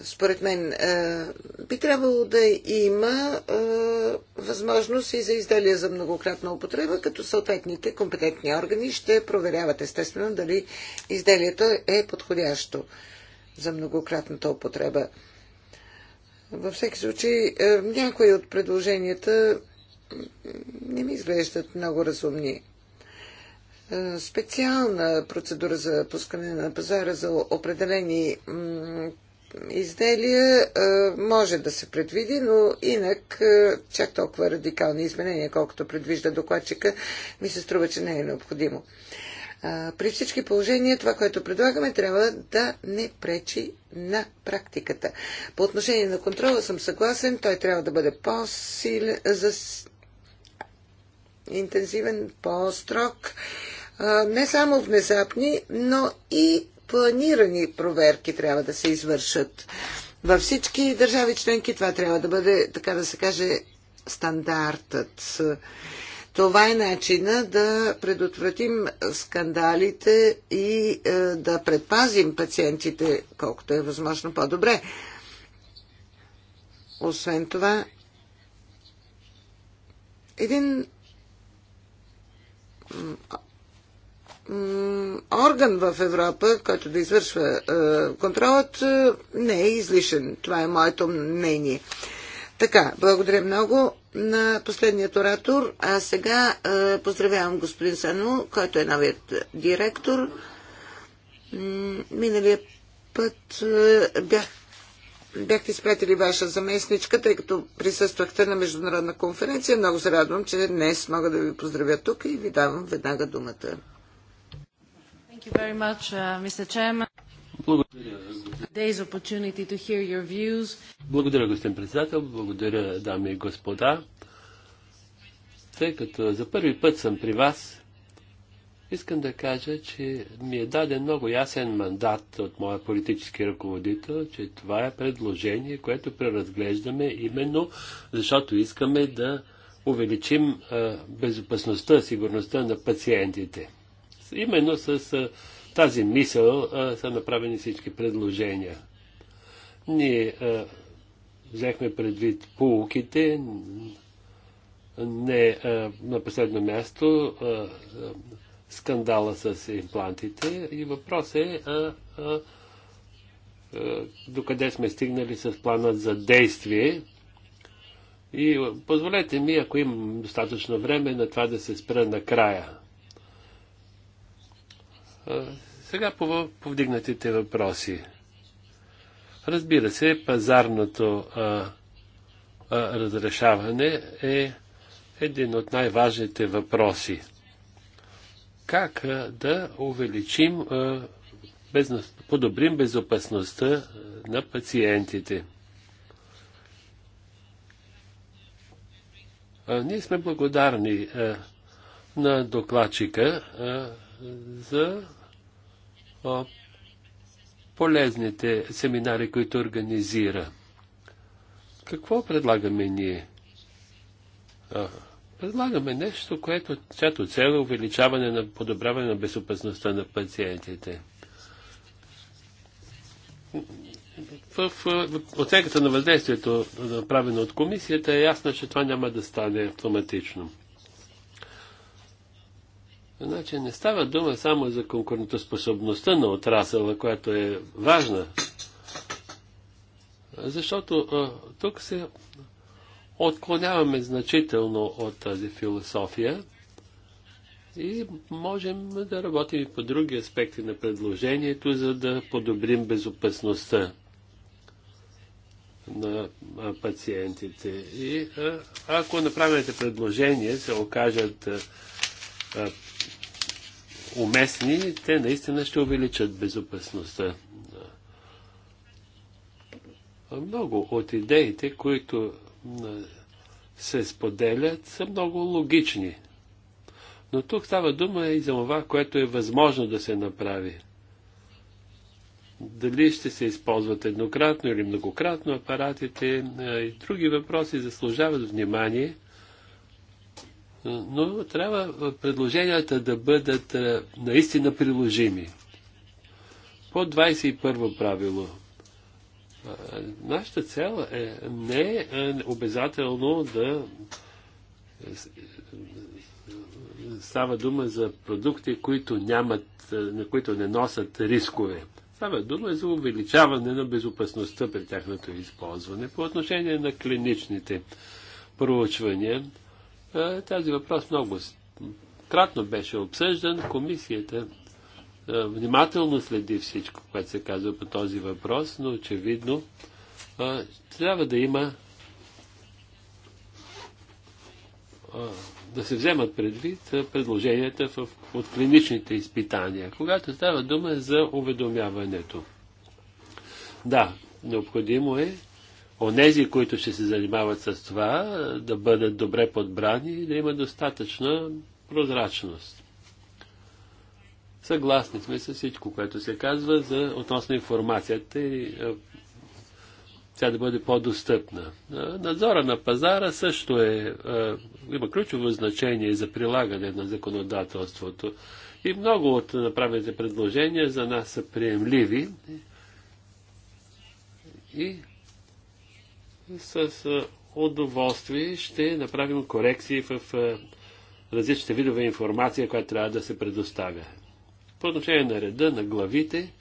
Според мен е, би трябвало да има е, възможност и за изделия за многократна употреба, като съответните компетентни органи ще проверяват естествено дали изделието е подходящо за многократната употреба. Във всеки случай, е, някои от предложенията не ми изглеждат много разумни. Е, специална процедура за пускане на пазара за определени изделия е, може да се предвиди, но инак чак толкова радикални изменения, колкото предвижда докладчика, ми се струва, че не е необходимо. При всички положения това, което предлагаме, трябва да не пречи на практиката. По отношение на контрола съм съгласен, той трябва да бъде по-силен, интензивен, по-строг. Не само внезапни, но и планирани проверки трябва да се извършат. Във всички държави членки това трябва да бъде, така да се каже, стандартът. Това е начина да предотвратим скандалите и е, да предпазим пациентите колкото е възможно по-добре. Освен това, един орган в Европа, който да извършва е, контролът, е, не е излишен. Това е моето мнение. Така, благодаря много на последният оратор. А сега а, е, поздравявам господин Сану, който е новият директор. Миналия път а, е, бях, бяхте изпратили ваша заместничка, тъй като присъствахте на международна конференция. Много се радвам, че днес мога да ви поздравя тук и ви давам веднага думата. Much, uh, благодаря. Благодаря, господин председател. Благодаря, дами и господа. Тъй като за първи път съм при вас, искам да кажа, че ми е даден много ясен мандат от моя политически ръководител, че това е предложение, което преразглеждаме именно защото искаме да увеличим безопасността, сигурността на пациентите. Именно с тази мисъл а, са направени всички предложения. Ние а, взехме предвид полуките, не а, на последно място а, а, скандала с имплантите и въпрос е а, а, а, докъде сме стигнали с плана за действие. И позволете ми, ако имам достатъчно време, на това да се спра накрая. Сега по повдигнатите въпроси. Разбира се, пазарното а, а, разрешаване е един от най-важните въпроси. Как а, да увеличим, а, без, подобрим безопасността на пациентите? А, ние сме благодарни а, на докладчика а, за полезните семинари, които организира. Какво предлагаме ние? Предлагаме нещо, което цято цел е увеличаване на подобряване на безопасността на пациентите. В, в оценката на въздействието, направено от комисията, е ясно, че това няма да стане автоматично. Значи не става дума само за конкурентоспособността на отрасъла, която е важна, защото а, тук се отклоняваме значително от тази философия и можем да работим и по други аспекти на предложението, за да подобрим безопасността на пациентите. И а, ако направените предложения се окажат а, уместни, те наистина ще увеличат безопасността. Много от идеите, които се споделят, са много логични. Но тук става дума и за това, което е възможно да се направи. Дали ще се използват еднократно или многократно апаратите и други въпроси заслужават внимание – е, но трябва предложенията да бъдат е, наистина приложими. По 21 правило. Е, нашата цел е не обязателно да става дума за продукти, които нямат, на които не носят рискове. Става дума за увеличаване на безопасността при тяхното използване. По отношение на клиничните проучвания, е, Тази въпрос много кратно беше обсъждан. Комисията е, внимателно следи всичко, което се казва по този въпрос, но очевидно е, трябва да има да се вземат предвид предложенията в, от клиничните изпитания, когато става дума за уведомяването. Да, необходимо е онези, които ще се занимават с това, да бъдат добре подбрани и да има достатъчна прозрачност. Съгласни сме с всичко, което се казва за относно информацията и тя да бъде по-достъпна. Надзора на пазара също е, има ключово значение за прилагане на законодателството. И много от направените предложения за нас са приемливи и с удоволствие ще направим корекции в различните видове информация, която трябва да се предоставя. По отношение на реда, на главите,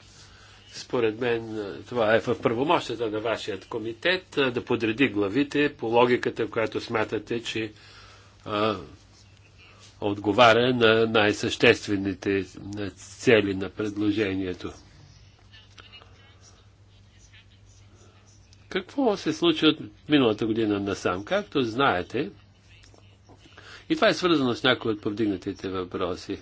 според мен това е в първомощата на вашият комитет да подреди главите по логиката, в която смятате, че а, отговаря на най-съществените цели на предложението. Какво се случи от миналата година насам? Както знаете, и това е свързано с някои от повдигнатите въпроси.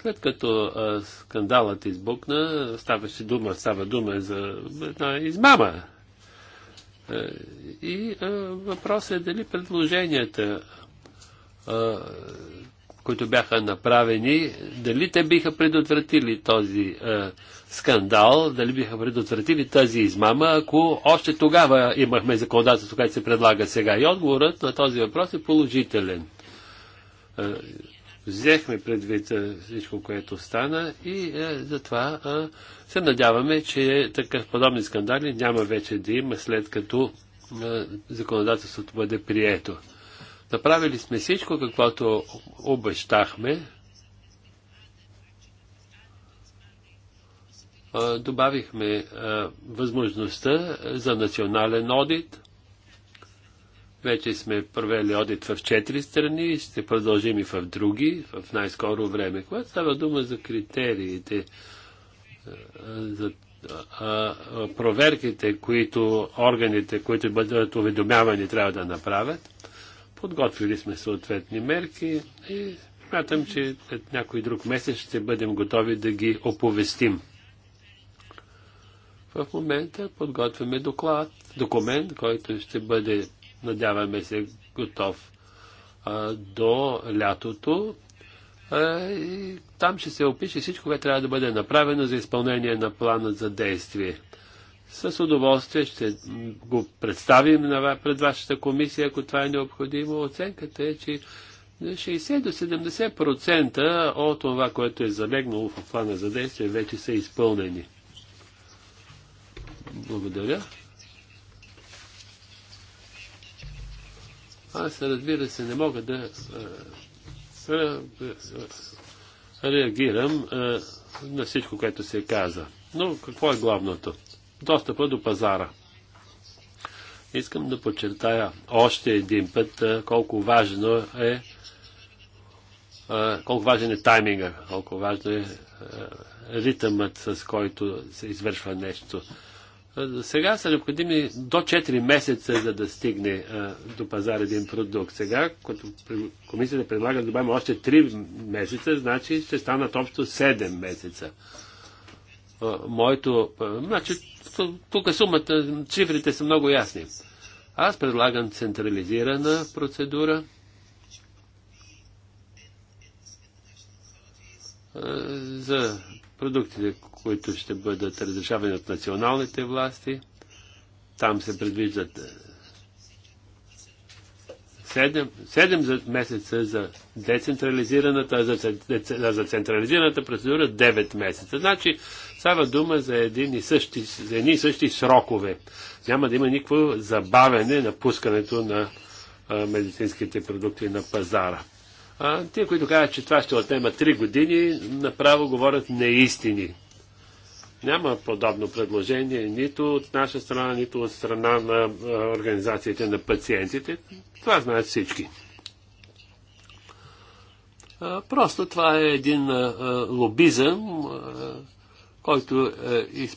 След като а, скандалът избукна, ставаше дума, става дума за една измама. А, е, и а, въпросът е дали предложенията а, които бяха направени, дали те биха предотвратили този е, скандал, дали биха предотвратили тази измама, ако още тогава имахме законодателство, което се предлага сега. И отговорът на този въпрос е положителен. Е, взехме предвид е, всичко, което стана и е, затова е, се надяваме, че такъв подобни скандали няма вече да има след като е, законодателството бъде прието. Направили сме всичко, каквото обещахме. Добавихме възможността за национален одит. Вече сме провели одит в четири страни, ще продължим и в други в най-скоро време. Когато става дума за критериите, за проверките, които органите, които бъдат уведомявани, трябва да направят, Подготвили сме съответни мерки и смятам, че след някой друг месец ще бъдем готови да ги оповестим. В момента подготвяме доклад, документ, който ще бъде, надяваме се, готов а, до лятото. А, и там ще се опише всичко, което трябва да бъде направено за изпълнение на плана за действие. С удоволствие ще го представим пред вашата комисия, ако това е необходимо. Оценката е, че 60 до 70% от това, което е залегнало в плана за действие, вече са изпълнени. Благодаря. Аз, разбира се, не мога да а, е, е, е, реагирам а, на всичко, което се каза. Но какво е главното? достъпа до пазара. Искам да подчертая още един път колко важно е колко важен е тайминга, колко важно е ритъмът, с който се извършва нещо. Сега са необходими до 4 месеца, за да стигне до пазар един продукт. Сега, като комисията предлага да добавим още 3 месеца, значи ще станат общо 7 месеца. Моето, значи тук сумата, цифрите са много ясни. Аз предлагам централизирана процедура. Е, за продуктите, които ще бъдат разрешавани от националните власти. Там се предвиждат 7, е, за месеца за децентрализираната, а за, за централизираната процедура 9 месеца. Значи Става дума за, един и същи, за едни и същи срокове. Няма да има никакво забавене на пускането на а, медицинските продукти на пазара. А, те, които казват, че това ще отнема 3 години, направо говорят неистини. Няма подобно предложение нито от наша страна, нито от страна на а, организациите на пациентите. Това знаят всички. Просто това е един лобизъм, който е,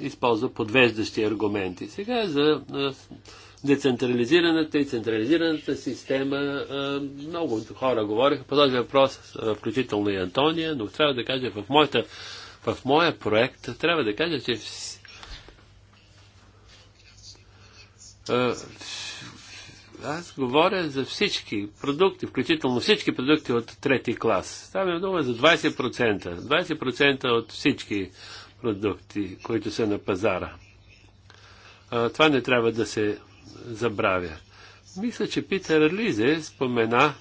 използва подвеждащи аргументи. Сега за е, децентрализираната и централизираната система. Е, много хора говориха по този въпрос, включително и Антония, но трябва да кажа, в, моята, в моя проект трябва да кажа, че аз говоря за всички продукти, включително всички продукти от трети клас. Става дума за 20%. 20% от всички продукти, които са на пазара. А, това не трябва да се забравя. Мисля, че Питър Лизе спомена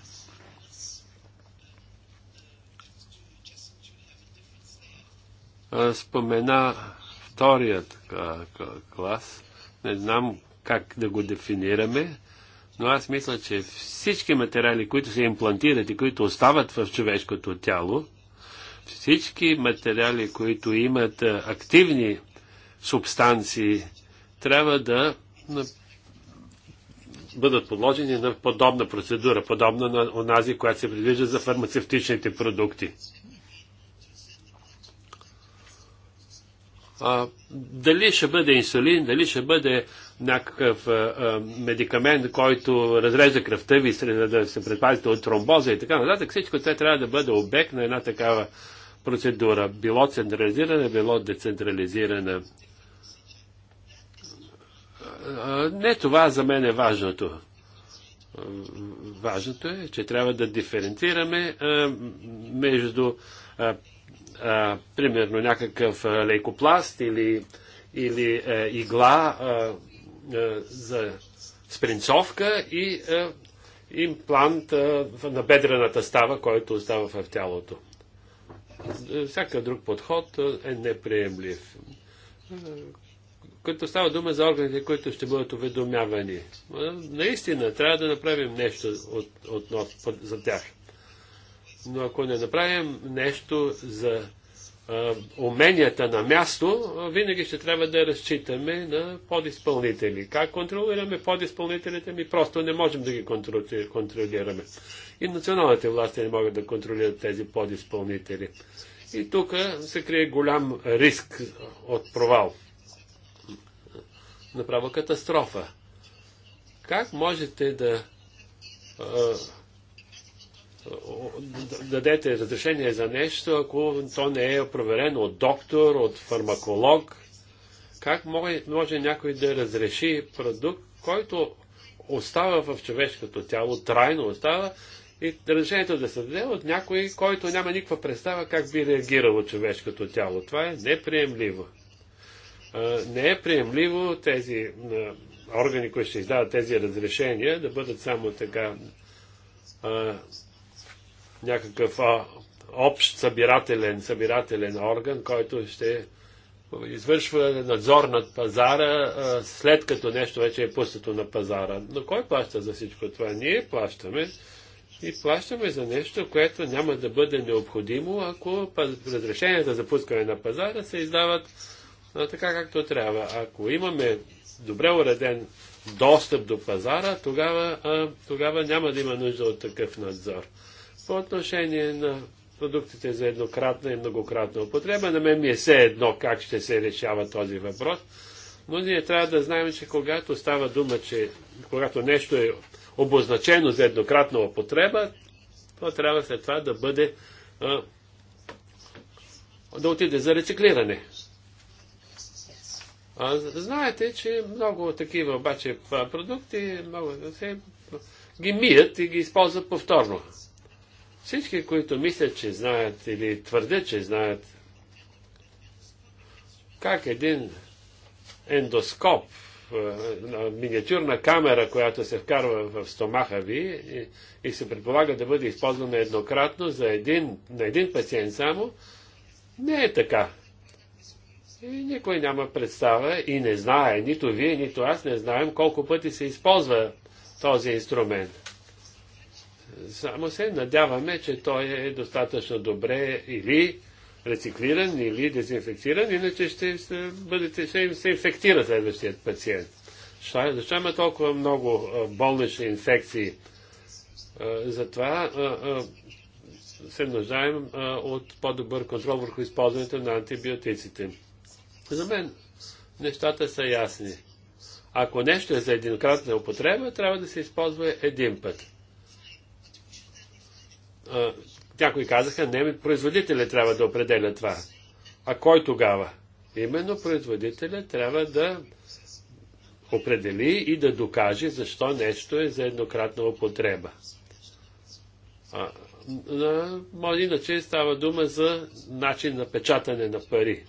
спомена вторият клас. Не знам как да го дефинираме. Но аз мисля, че всички материали, които се имплантират и които остават в човешкото тяло, всички материали, които имат активни субстанции, трябва да бъдат подложени на подобна процедура, подобна на онази, която се предвижда за фармацевтичните продукти. А, дали ще бъде инсулин, дали ще бъде някакъв а, а, медикамент, който разрежда кръвта ви, за да се предпазите от тромбоза и така нататък, всичко това трябва да бъде обект на една такава процедура. Било централизирана, било децентрализирана. Не това за мен е важното. Важното е, че трябва да диференцираме между а, примерно някакъв лейкопласт или, или а, игла а, а, за спринцовка и а, имплант а, на бедрената става, който остава в тялото. Всяка друг подход е неприемлив. Като става дума за органите, които ще бъдат уведомявани. Наистина, трябва да направим нещо от, от, от, за тях. Но ако не направим нещо за а, уменията на място, винаги ще трябва да разчитаме на подизпълнители. Как контролираме подизпълнителите? Ми просто не можем да ги контролираме. И националните власти не могат да контролират тези подизпълнители. И тук се крие голям риск от провал. Направо катастрофа. Как можете да дадете разрешение за нещо, ако то не е проверено от доктор, от фармаколог. Как може, може някой да разреши продукт, който остава в човешкото тяло, трайно остава, и разрешението да се даде от някой, който няма никаква представа как би реагирало човешкото тяло. Това е неприемливо. Не е приемливо тези органи, които ще издават тези разрешения, да бъдат само така някакъв а, общ събирателен, събирателен орган, който ще извършва надзор над пазара, а, след като нещо вече е пуснато на пазара. Но кой плаща за всичко това? Ние плащаме. И плащаме за нещо, което няма да бъде необходимо, ако разрешенията за пускане на пазара се издават а, така както трябва. Ако имаме добре уреден достъп до пазара, тогава, а, тогава няма да има нужда от такъв надзор. По отношение на продуктите за еднократна и многократна употреба, на мен ми е все едно как ще се решава този въпрос, но ние трябва да знаем, че когато става дума, че когато нещо е обозначено за еднократна употреба, то трябва след това да бъде а, да отиде за рециклиране. А, знаете, че много такива обаче продукти много, се, ги мият и ги използват повторно. Всички, които мислят, че знаят или твърдят, че знаят как един ендоскоп, миниатюрна камера, която се вкарва в стомаха ви и, и се предполага да бъде използвана еднократно за един, на един пациент само, не е така. И никой няма представа и не знае, нито вие, нито аз не знаем колко пъти се използва този инструмент. Само се надяваме, че той е достатъчно добре или рециклиран, или дезинфектиран, иначе ще, бъдете, ще им се инфектира следващият пациент. Защо има толкова много болнични инфекции? Затова се нуждаем от по-добър контрол върху използването на антибиотиците. За мен нещата са ясни. Ако нещо е за единократна употреба, трябва да се използва един път някои казаха, не, производителя трябва да определя това. А кой тогава? Именно производителя трябва да определи и да докаже защо нещо е за еднократна употреба. А, а, може иначе става дума за начин на печатане на пари.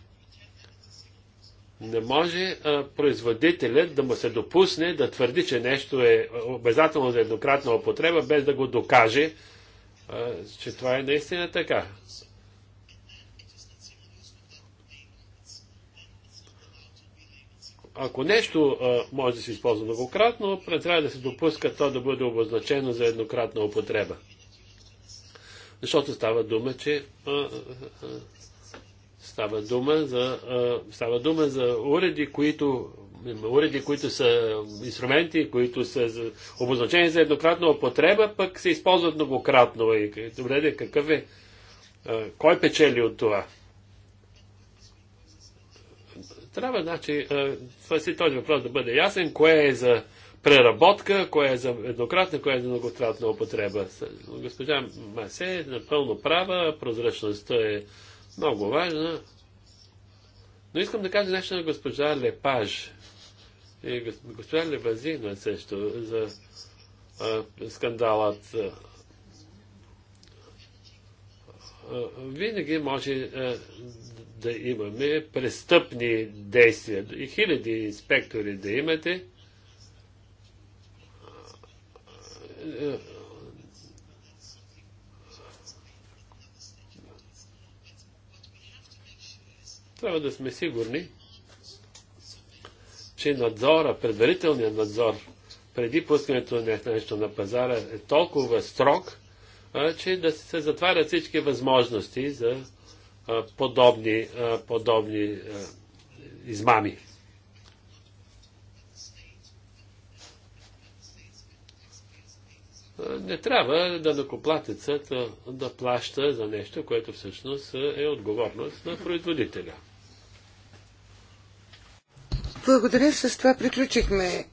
Не може а, производителят да му се допусне да твърди, че нещо е обязателно за еднократна употреба, без да го докаже че това е наистина така. Ако нещо а, може да се използва многократно, трябва да се допуска то да бъде обозначено за еднократна употреба. Защото става дума, че а, а, става дума за, става дума за уреди, които уреди, които са инструменти, които са обозначени за еднократна употреба, пък се използват многократно. И добре, де, какъв е? Кой печели от това? Трябва, значи, това си този въпрос да бъде ясен. Кое е за преработка, кое е за еднократна, кое е за многократна употреба. Госпожа Масе е напълно права, прозрачността е много важна. Но искам да кажа нещо на госпожа Лепаж. И госпожа Лебазина също за скандалът. винаги може да имаме престъпни действия. И хиляди инспектори да имате. Трябва да сме сигурни, че надзора, предварителният надзор преди пускането на нещо на пазара е толкова строг, че да се затварят всички възможности за подобни, подобни измами. Не трябва да накоплатецът да плаща за нещо, което всъщност е отговорност на производителя. Благодаря. С това приключихме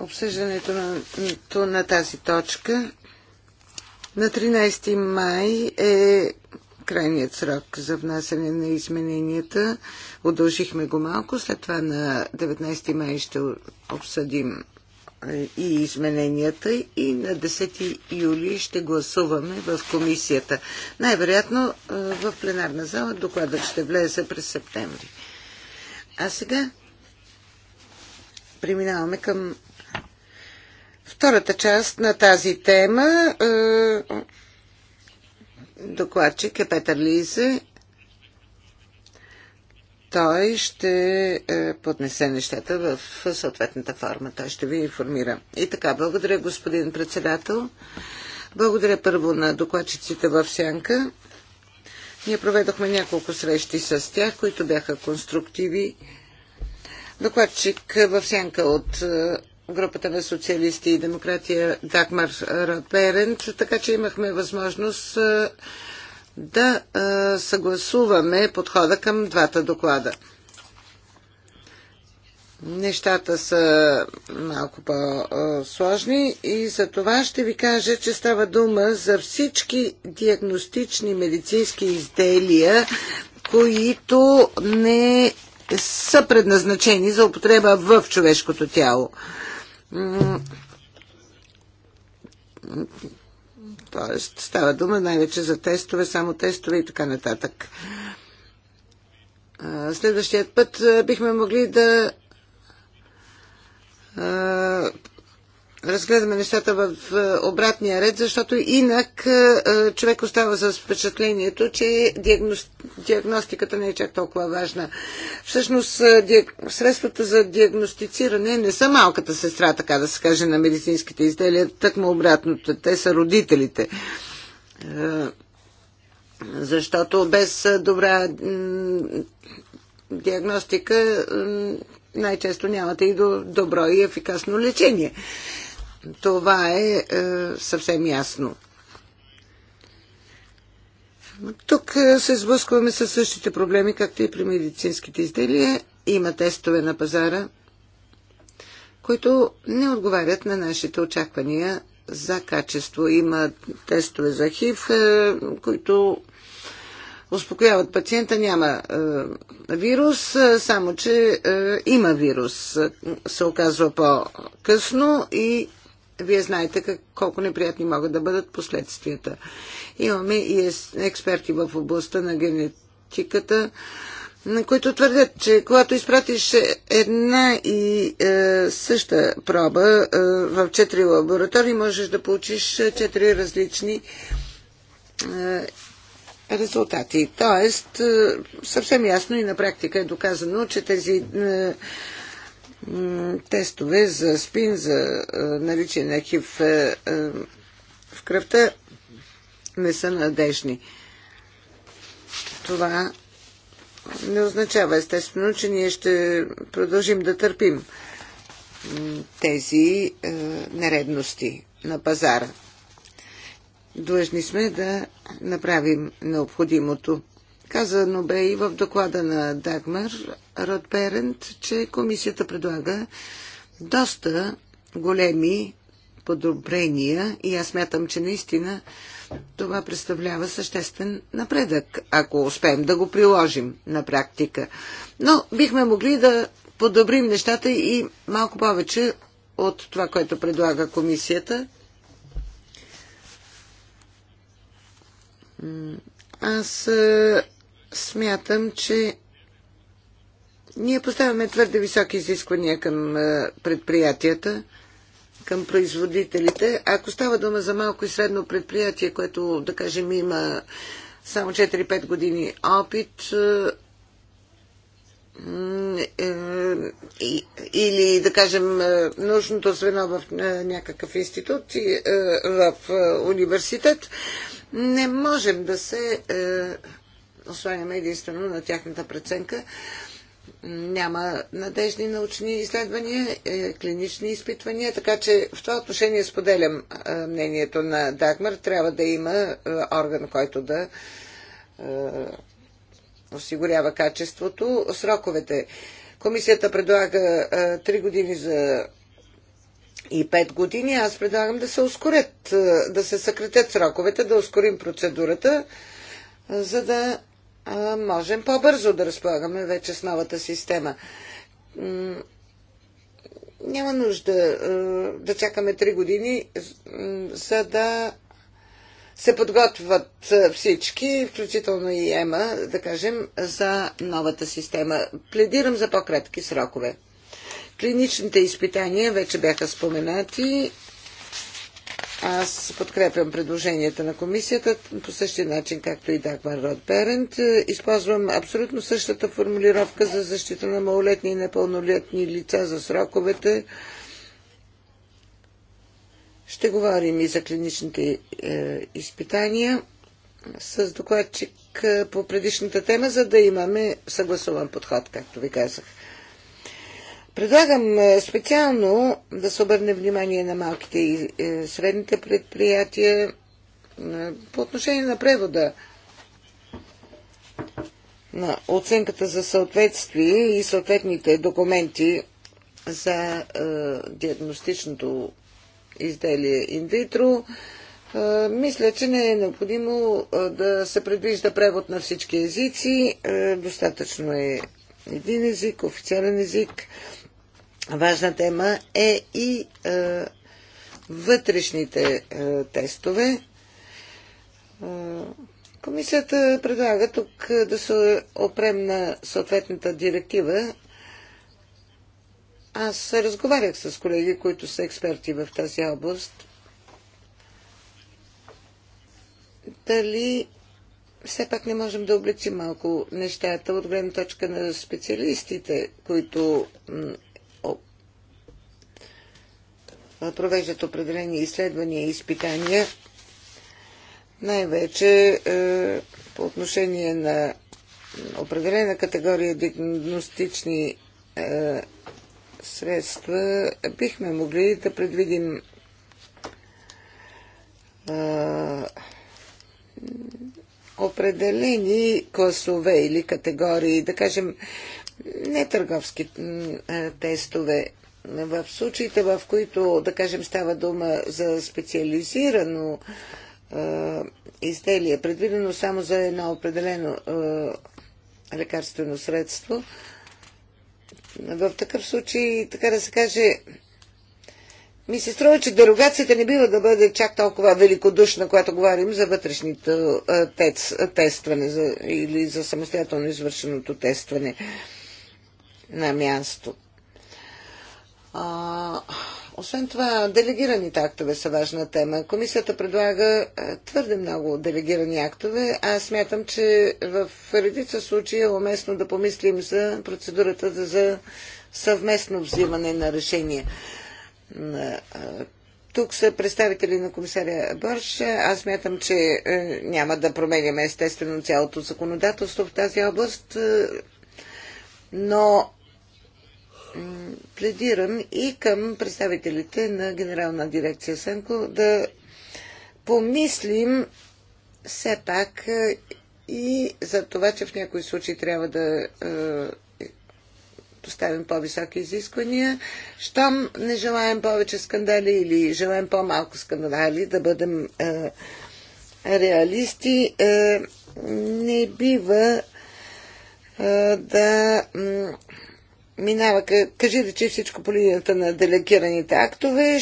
обсъждането на, на тази точка. На 13 май е крайният срок за внасяне на измененията. Удължихме го малко. След това на 19 май ще обсъдим и измененията и на 10 юли ще гласуваме в комисията. Най-вероятно в пленарна зала докладът ще влезе през септември. А сега преминаваме към втората част на тази тема. Е, докладчик е Петър Лизе. Той ще е, поднесе нещата в съответната форма. Той ще ви информира. И така, благодаря господин председател. Благодаря първо на докладчиците в Сянка. Ние проведохме няколко срещи с тях, които бяха конструктиви Докладчик в сянка от е, групата на социалисти и демократия Дагмар Радберент, така че имахме възможност е, да е, съгласуваме подхода към двата доклада. Нещата са малко по-сложни и за това ще ви кажа, че става дума за всички диагностични медицински изделия, които не са предназначени за употреба в човешкото тяло. Тоест, става дума най-вече за тестове, само тестове и така нататък. Следващият път бихме могли да разгледаме нещата в е, обратния ред, защото инак е, е, човек остава с впечатлението, че диагностиката не е чак толкова важна. Всъщност, средствата за диагностициране не са малката сестра, така да се каже, на медицинските изделия, тъкмо обратното. Те са родителите защото без добра диагностика най-често нямате и до добро и ефикасно лечение. Това е, е съвсем ясно. Тук е, се сблъскваме с същите проблеми, както и при медицинските изделия. Има тестове на пазара, които не отговарят на нашите очаквания за качество. Има тестове за ХИВ, е, които успокояват пациента, няма е, вирус, е, само че е, има вирус, се оказва по-късно и вие знаете как, колко неприятни могат да бъдат последствията. Имаме и експерти в областта на генетиката, които твърдят, че когато изпратиш една и е, съща проба е, в четири лаборатории, можеш да получиш е, четири различни е, резултати. Тоест, е, съвсем ясно и на практика е доказано, че тези е, тестове за спин, за наличие на хив в кръвта не са надежни. Това не означава естествено, че ние ще продължим да търпим тези нередности на пазара. Длъжни сме да направим необходимото. Казано бе и в доклада на Дагмар Ротберент, че комисията предлага доста големи подобрения и аз мятам, че наистина това представлява съществен напредък, ако успеем да го приложим на практика. Но бихме могли да подобрим нещата и малко повече от това, което предлага комисията. Аз смятам, че ние поставяме твърде високи изисквания към е, предприятията, към производителите. Ако става дума за малко и средно предприятие, което, да кажем, има само 4-5 години опит, е, е, или да кажем нужното звено в някакъв институт, и в университет, не можем да се осланяме единствено на тяхната преценка. Няма надежни научни изследвания, е, клинични изпитвания, така че в това отношение споделям е, мнението на Дагмар. Трябва да има е, орган, който да осигурява качеството. Сроковете. Комисията предлага 3 години за и 5 години. Аз предлагам да се ускорят, да се съкратят сроковете, да ускорим процедурата, за да можем по-бързо да разполагаме вече с новата система. Няма нужда да чакаме 3 години, за да се подготвят всички, включително и ЕМА, да кажем, за новата система. Пледирам за по-кратки срокове. Клиничните изпитания вече бяха споменати. Аз подкрепям предложенията на комисията по същия начин, както и Дагмар Род Перент. Използвам абсолютно същата формулировка за защита на малолетни и непълнолетни лица за сроковете. Ще говорим и за клиничните е, изпитания с докладчик е, по предишната тема, за да имаме съгласуван подход, както ви казах. Предлагам е, специално да се обърне внимание на малките и е, средните предприятия е, по отношение на превода на оценката за съответствие и съответните документи за е, диагностичното изделие инвитро. Е, мисля, че не е необходимо е, да се предвижда превод на всички езици. Е, достатъчно е един език, официален език важна тема е и е, вътрешните е, тестове. Е, комисията предлага тук е, да се опрем на съответната директива. Аз разговарях с колеги, които са експерти в тази област. Дали все пак не можем да облечим малко нещата от гледна точка на специалистите, които е, провеждат определени изследвания и изпитания, най-вече е, по отношение на определена категория диагностични е, средства, бихме могли да предвидим определени класове или категории, да кажем, не търговски тестове, в случаите, в които, да кажем, става дума за специализирано е, изделие, предвидено само за едно определено е, лекарствено средство, в такъв случай, така да се каже, ми се струва, че дерогацията не бива да бъде чак толкова великодушна, когато говорим за вътрешните тец, тестване за, или за самостоятелно извършеното тестване на място. А, освен това, делегираните актове са важна тема. Комисията предлага е, твърде много делегирани актове. Аз смятам, че в редица случаи е уместно да помислим за процедурата за съвместно взимане на решение. Тук са представители на комисаря Бърш. Аз смятам, че е, няма да променяме естествено цялото законодателство в тази област, е, но пледирам и към представителите на Генерална дирекция Сенко да помислим все пак е, и за това, че в някои случаи трябва да поставим е, по-високи изисквания. Щом не желаем повече скандали или желаем по-малко скандали, да бъдем е, реалисти, е, не бива е, да минава, кажи да че всичко по линията на делегираните актове.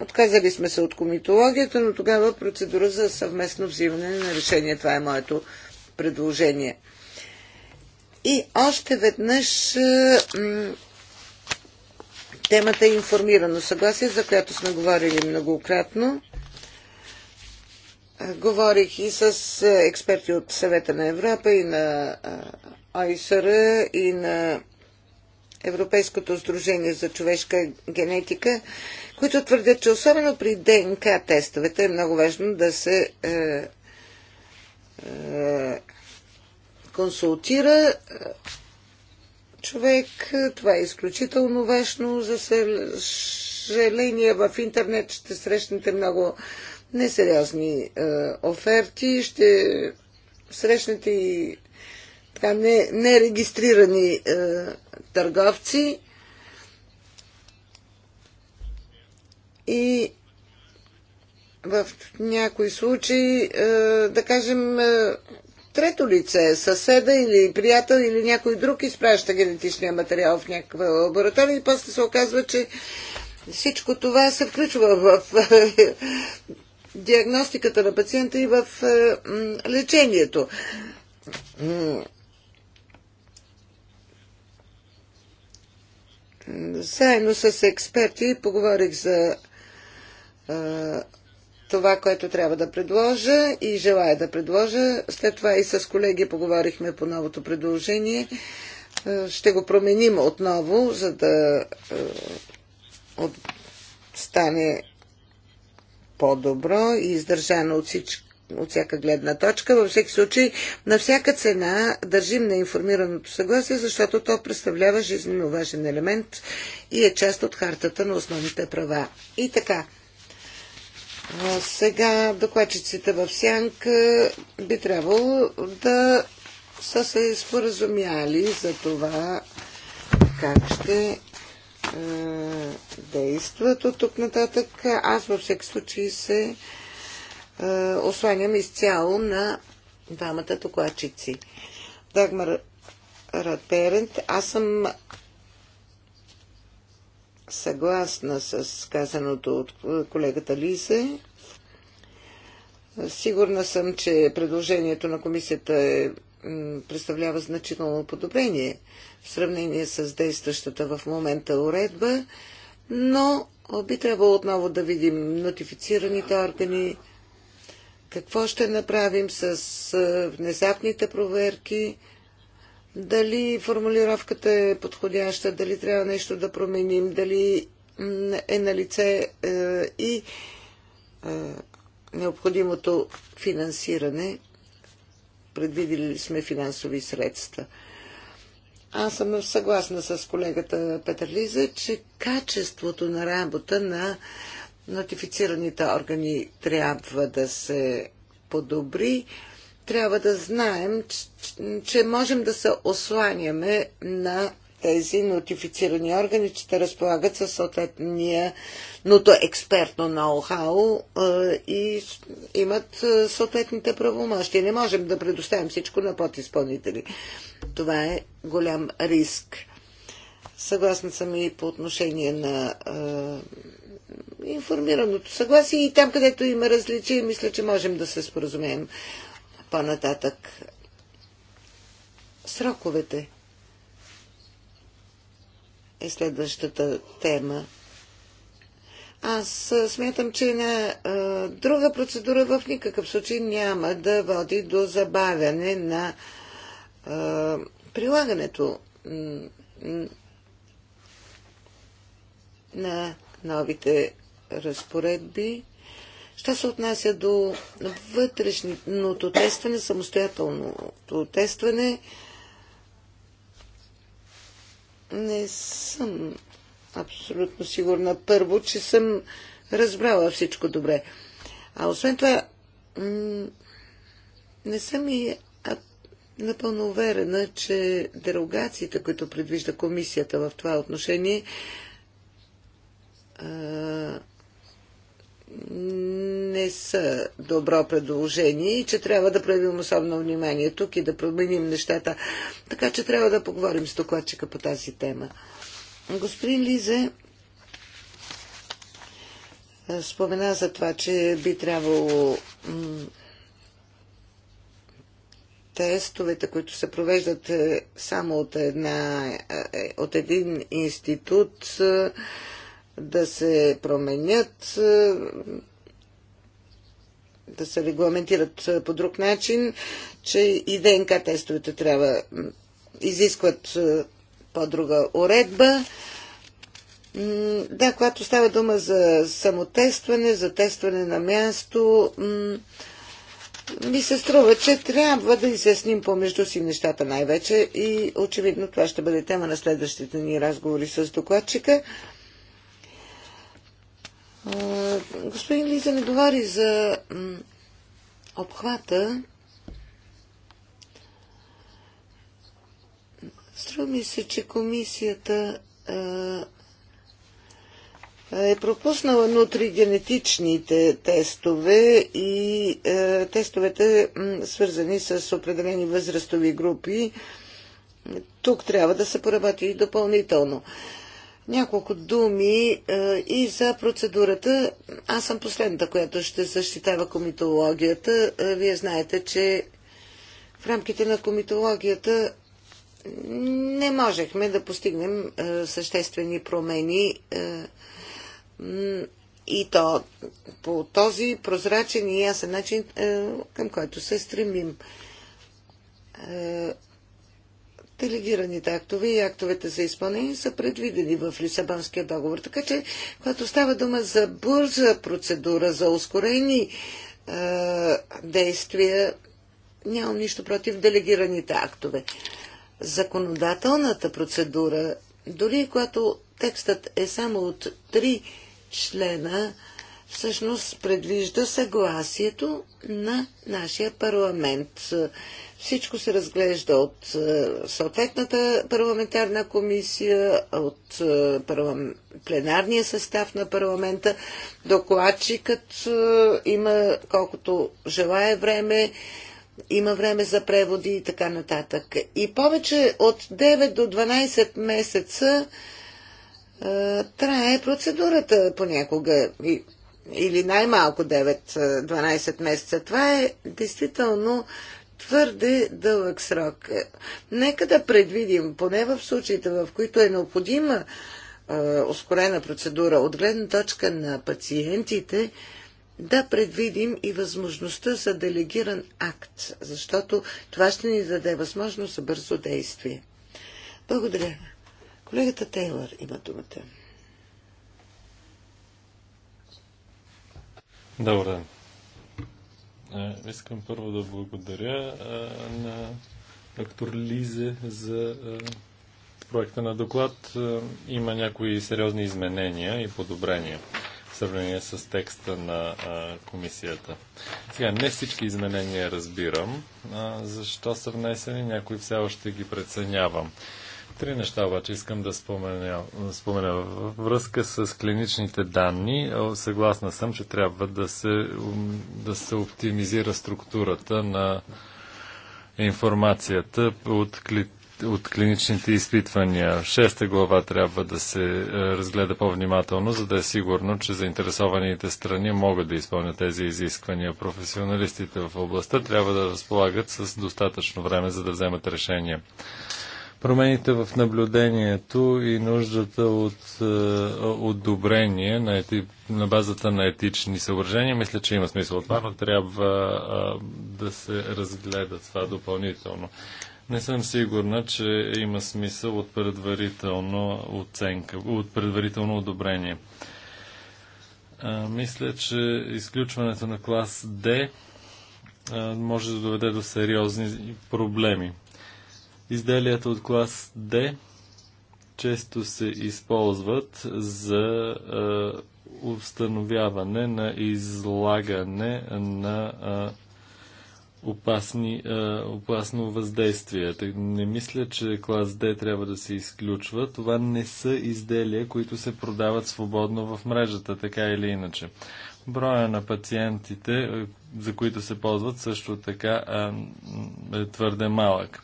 Отказали сме се от комитологията, но тогава процедура за съвместно взимане на решение. Това е моето предложение. И още веднъж е, темата е информирано съгласие, за която сме говорили многократно. Е, говорих и с е, експерти от Съвета на Европа, и на ОИСР, и на Европейското сдружение за човешка генетика, които твърдят, че особено при ДНК тестовете е много важно да се е, е, консултира е, човек. Това е изключително важно. За съжаление в интернет ще срещнете много несериозни е, оферти. Ще срещнете и така не, нерегистрирани е, търговци и в някои случаи, е, да кажем, е, трето лице, съседа или приятел или някой друг изпраща генетичния материал в някаква лаборатория и после се оказва, че всичко това се включва в е, диагностиката на пациента и в е, лечението. Заедно с експерти поговорих за това, което трябва да предложа и желая да предложа. След това и с колеги поговорихме по новото предложение. Ще го променим отново, за да стане по-добро и издържано от всички от всяка гледна точка. Във всеки случай, на всяка цена държим на информираното съгласие, защото то представлява жизненно важен елемент и е част от хартата на основните права. И така, сега докладчиците в Сянка би трябвало да са се споразумяли за това как ще е, действат от тук нататък. Аз във всеки случай се е, осланям изцяло на двамата докладчици. Дагмар Радберент, аз съм съгласна с казаното от колегата Лизе. Сигурна съм, че предложението на комисията е, представлява значително подобрение в сравнение с действащата в момента уредба, но би трябвало отново да видим нотифицираните органи, какво ще направим с внезапните проверки? Дали формулировката е подходяща, дали трябва нещо да променим, дали е на лице е, и необходимото финансиране. Предвидили ли сме финансови средства? Аз съм съгласна с колегата Петър Лиза, че качеството на работа на нотифицираните органи трябва да се подобри. Трябва да знаем, че можем да се осланяме на тези нотифицирани органи, че те разполагат със съответния ното експертно ноу-хау и имат съответните правомощи. Не можем да предоставим всичко на подиспълнители. Това е голям риск. Съгласна съм и по отношение на информираното съгласие и там, където има различия, мисля, че можем да се споразумеем по-нататък. Сроковете е следващата тема. Аз смятам, че на друга процедура в никакъв случай няма да води до забавяне на прилагането на новите разпоредби. Що се отнася до вътрешното тестване, самостоятелното тестване, не съм абсолютно сигурна. Първо, че съм разбрала всичко добре. А освен това, не съм и напълно уверена, че дерогациите, които предвижда комисията в това отношение, не са добро предложение и че трябва да проявим особено внимание тук и да променим нещата. Така че трябва да поговорим с докладчика по тази тема. Господин Лизе спомена за това, че би трябвало тестовете, които се провеждат е, само от, една, е, е, от един институт, да се променят, е, да се регламентират е, по друг начин, че и ДНК тестовете трябва изискват е, по-друга уредба. Да, когато става дума за самотестване, за тестване на място, ми се струва, че трябва да изясним помежду си нещата най-вече и очевидно това ще бъде тема на следващите ни разговори с докладчика. Господин Лиза не говори за обхвата. Струва ми се, че комисията е пропуснала генетичните тестове и тестовете свързани с определени възрастови групи. Тук трябва да се поработи и допълнително. Няколко думи е, и за процедурата. Аз съм последната, която ще защитава комитологията. Е, вие знаете, че в рамките на комитологията не можехме да постигнем е, съществени промени е, и то по този прозрачен и ясен начин, е, към който се стремим е, Делегираните актове и актовете за изпълнение са предвидени в Лисабонския договор. Така че, когато става дума за бърза процедура, за ускорени е, действия, нямам нищо против делегираните актове. Законодателната процедура, дори когато текстът е само от три члена, всъщност предвижда съгласието на нашия парламент. Всичко се разглежда от е, съответната парламентарна комисия, от е, пленарния състав на парламента. Докладчикът е, има колкото желая време, има време за преводи и така нататък. И повече от 9 до 12 месеца трае процедурата понякога. И или най-малко 9-12 месеца. Това е действително твърде дълъг срок. Нека да предвидим, поне в случаите, в които е необходима е, ускорена процедура от гледна точка на пациентите, да предвидим и възможността за делегиран акт, защото това ще ни даде възможност за бързо действие. Благодаря. Колегата Тейлър има думата. Добър ден. Искам първо да благодаря е, на доктор Лизе за е, проекта на доклад. Е, има някои сериозни изменения и подобрения в сравнение с текста на комисията. Сега, не всички изменения разбирам. Защо са внесени, някои все още ги преценявам. Три неща обаче искам да споменя, спомена. Във връзка с клиничните данни, съгласна съм, че трябва да се, да се оптимизира структурата на информацията от, кли, от клиничните изпитвания. Шеста глава трябва да се е, разгледа по-внимателно, за да е сигурно, че заинтересованите страни могат да изпълнят тези изисквания. Професионалистите в областта трябва да разполагат с достатъчно време, за да вземат решение промените в наблюдението и нуждата от е, одобрение на, ети, на базата на етични съображения. Мисля, че има смисъл от това, но трябва а, е, да се разгледа това допълнително. Не съм сигурна, че има смисъл от предварително оценка, от предварително одобрение. А, е, мисля, че изключването на клас D а, може да доведе до сериозни проблеми. Изделията от клас D често се използват за установяване на излагане на опасни, опасно въздействие. Так, не мисля, че клас D трябва да се изключва. Това не са изделия, които се продават свободно в мрежата, така или иначе. Броя на пациентите, за които се ползват, също така е твърде малък.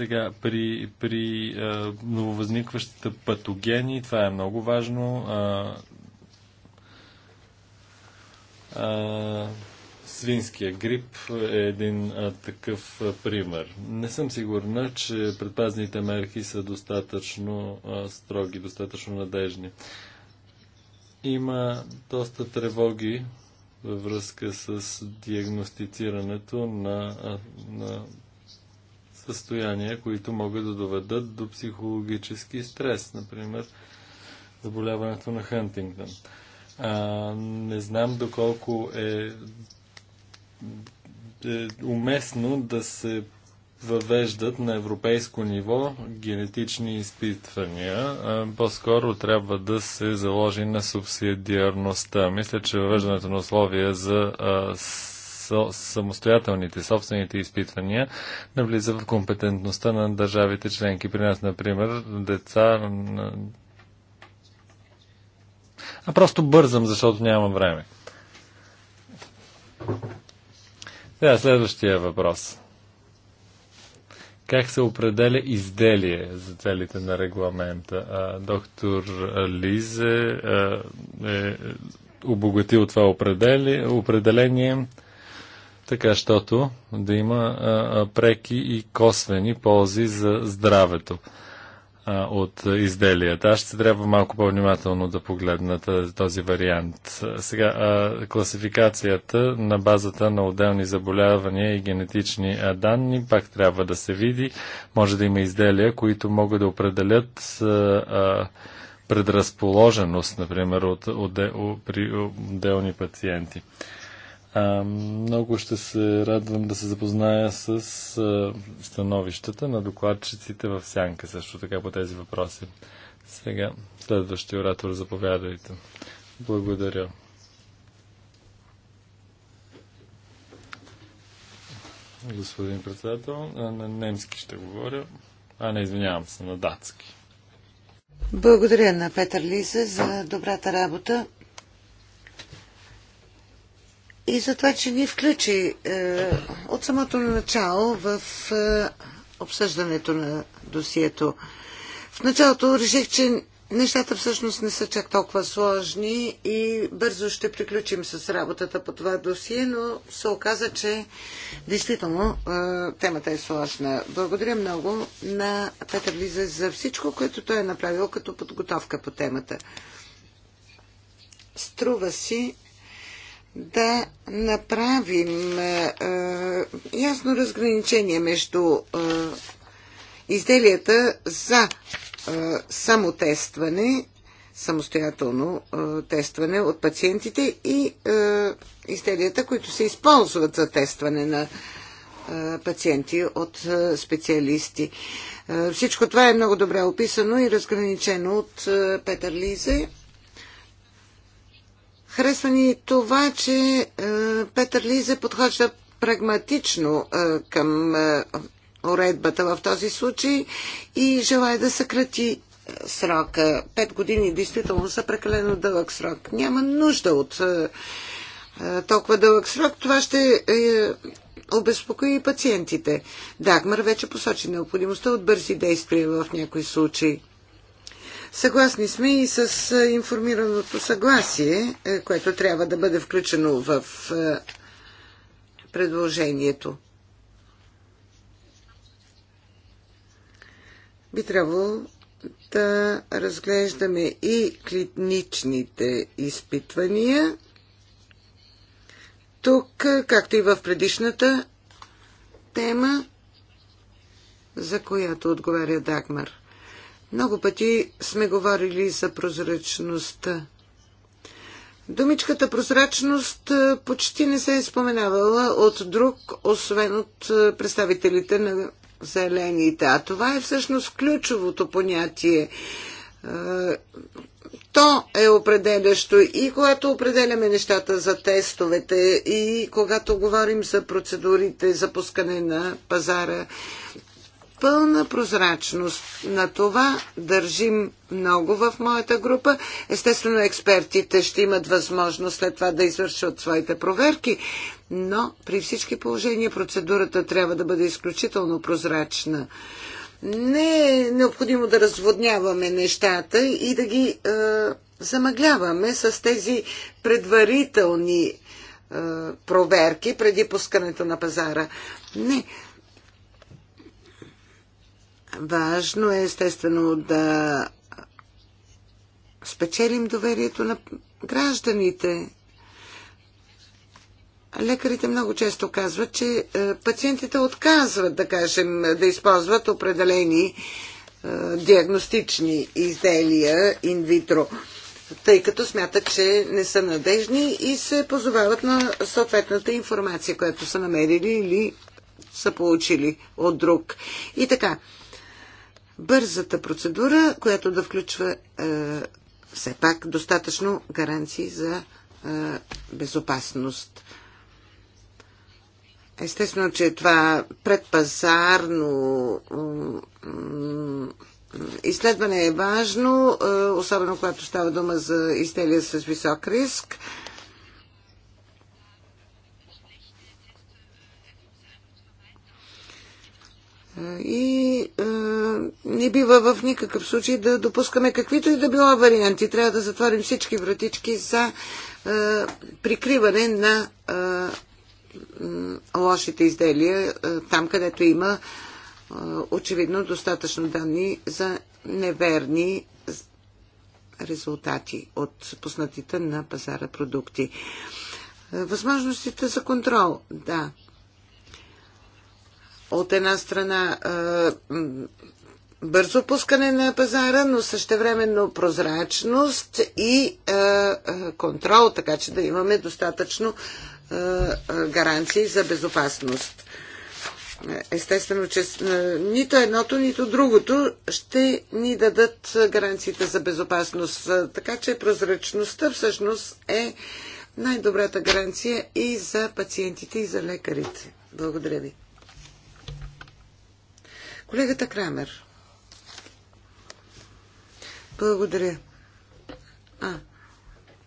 Сега, при, при а, нововъзникващите патогени, това е много важно. А, а, свинския грип е един а, такъв а, пример. Не съм сигурна, че предпазните мерки са достатъчно а, строги, достатъчно надежни. Има доста тревоги във връзка с диагностицирането на, на състояния, които могат да доведат до психологически стрес, например заболяването на Хантингтон. А, не знам доколко е, е уместно да се въвеждат на европейско ниво генетични изпитвания. По-скоро трябва да се заложи на субсидиарността. Мисля, че въвеждането на условия за а, самостоятелните, собствените изпитвания, навлиза в компетентността на държавите членки. При нас, например, деца. А просто бързам, защото нямам време. Сега следващия въпрос. Как се определя изделие за целите на регламента? А, доктор Лизе а, е, е обогатил това определение така щото да има а, преки и косвени ползи за здравето а, от изделията. Аз ще трябва малко по-внимателно да погледна този вариант. Сега, а, класификацията на базата на отделни заболявания и генетични а, данни пак трябва да се види. Може да има изделия, които могат да определят а, а, предразположеност, например, от, от, от, при отделни пациенти. А, много ще се радвам да се запозная с а, становищата на докладчиците в Сянка също така по тези въпроси. Сега следващия оратор, заповядайте. Благодаря. Господин председател, на немски ще говоря. А, не, извинявам се, на датски. Благодаря на Петър Лиса за добрата работа и за това, че ни включи е, от самото начало в е, обсъждането на досието. В началото реших, че нещата всъщност не са чак толкова сложни и бързо ще приключим с работата по това досие, но се оказа, че действително е, темата е сложна. Благодаря много на Петър Лиза за всичко, което той е направил като подготовка по темата. Струва си да направим е, е, ясно разграничение между е, изделията за е, самотестване, самостоятелно е, тестване от пациентите и е, изделията, които се използват за тестване на е, пациенти от е, специалисти. Е, всичко това е много добре описано и разграничено от е, Петър Лизе харесва ни това, че е, Петър Лизе подхожда прагматично е, към е, уредбата в този случай и желая да съкрати срока. Пет години действително са прекалено дълъг срок. Няма нужда от толкова дълъг срок. Това ще обезпокои и пациентите. Дагмар вече посочи необходимостта от бързи действия в някои случаи. Съгласни сме и с информираното съгласие, е, което трябва да бъде включено в предложението. Би трябвало да разглеждаме и клиничните изпитвания. Тук, както и в предишната тема, за която отговаря Дагмар. Много пъти сме говорили за прозрачността. Думичката прозрачност е, почти не се е споменавала от друг, освен от е, представителите на зелените. А това е всъщност ключовото понятие. Е, то е определящо и когато определяме нещата за тестовете и когато говорим за процедурите за пускане на пазара пълна прозрачност. На това държим много в моята група. Естествено, експертите ще имат възможност след това да извършат своите проверки, но при всички положения процедурата трябва да бъде изключително прозрачна. Не е необходимо да разводняваме нещата и да ги е, замъгляваме с тези предварителни е, проверки преди пускането на пазара. Не, Важно е естествено да спечелим доверието на гражданите. Лекарите много често казват, че е, пациентите отказват, да кажем, да използват определени е, диагностични изделия инвитро, тъй като смятат, че не са надежни и се позовават на съответната информация, която са намерили или са получили от друг. И така, бързата процедура, която да включва е, все пак достатъчно гаранции за е, безопасност. Естествено, че това предпазарно изследване е важно, е, особено когато става дума за изделия с висок риск. И е, не бива в никакъв случай да допускаме каквито и да било варианти. Трябва да затворим всички вратички за е, прикриване на е, лошите изделия е, там, където има е, очевидно достатъчно данни за неверни резултати от пуснатите на пазара продукти. Е, възможностите за контрол, да. От една страна бързо пускане на пазара, но същевременно прозрачност и контрол, така че да имаме достатъчно гаранции за безопасност. Естествено, че нито едното, нито другото ще ни дадат гаранциите за безопасност. Така че прозрачността всъщност е най-добрата гаранция и за пациентите, и за лекарите. Благодаря ви. Колегата Крамер. Благодаря. А,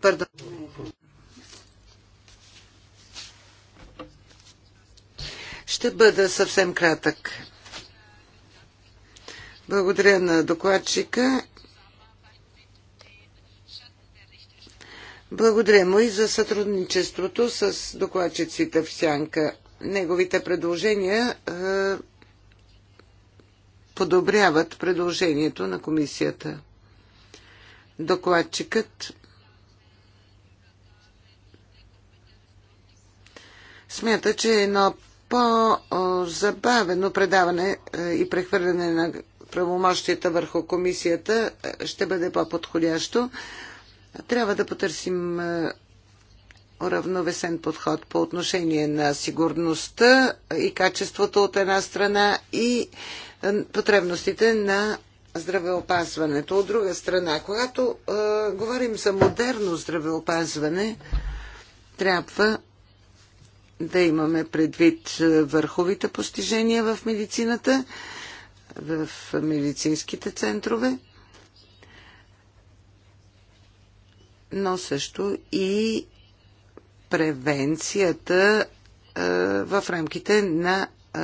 пардон. Ще бъда съвсем кратък. Благодаря на докладчика. Благодаря му и за сътрудничеството с докладчиците в Сянка. Неговите предложения подобряват предложението на комисията. Докладчикът смята, че е едно по-забавено предаване е, и прехвърляне на правомощията върху комисията е, ще бъде по-подходящо. Трябва да потърсим уравновесен подход по отношение на сигурността и качеството от една страна и потребностите на здравеопазването. От друга страна, когато е, говорим за модерно здравеопазване, трябва да имаме предвид върховите постижения в медицината, в медицинските центрове, но също и превенцията е, в рамките на е,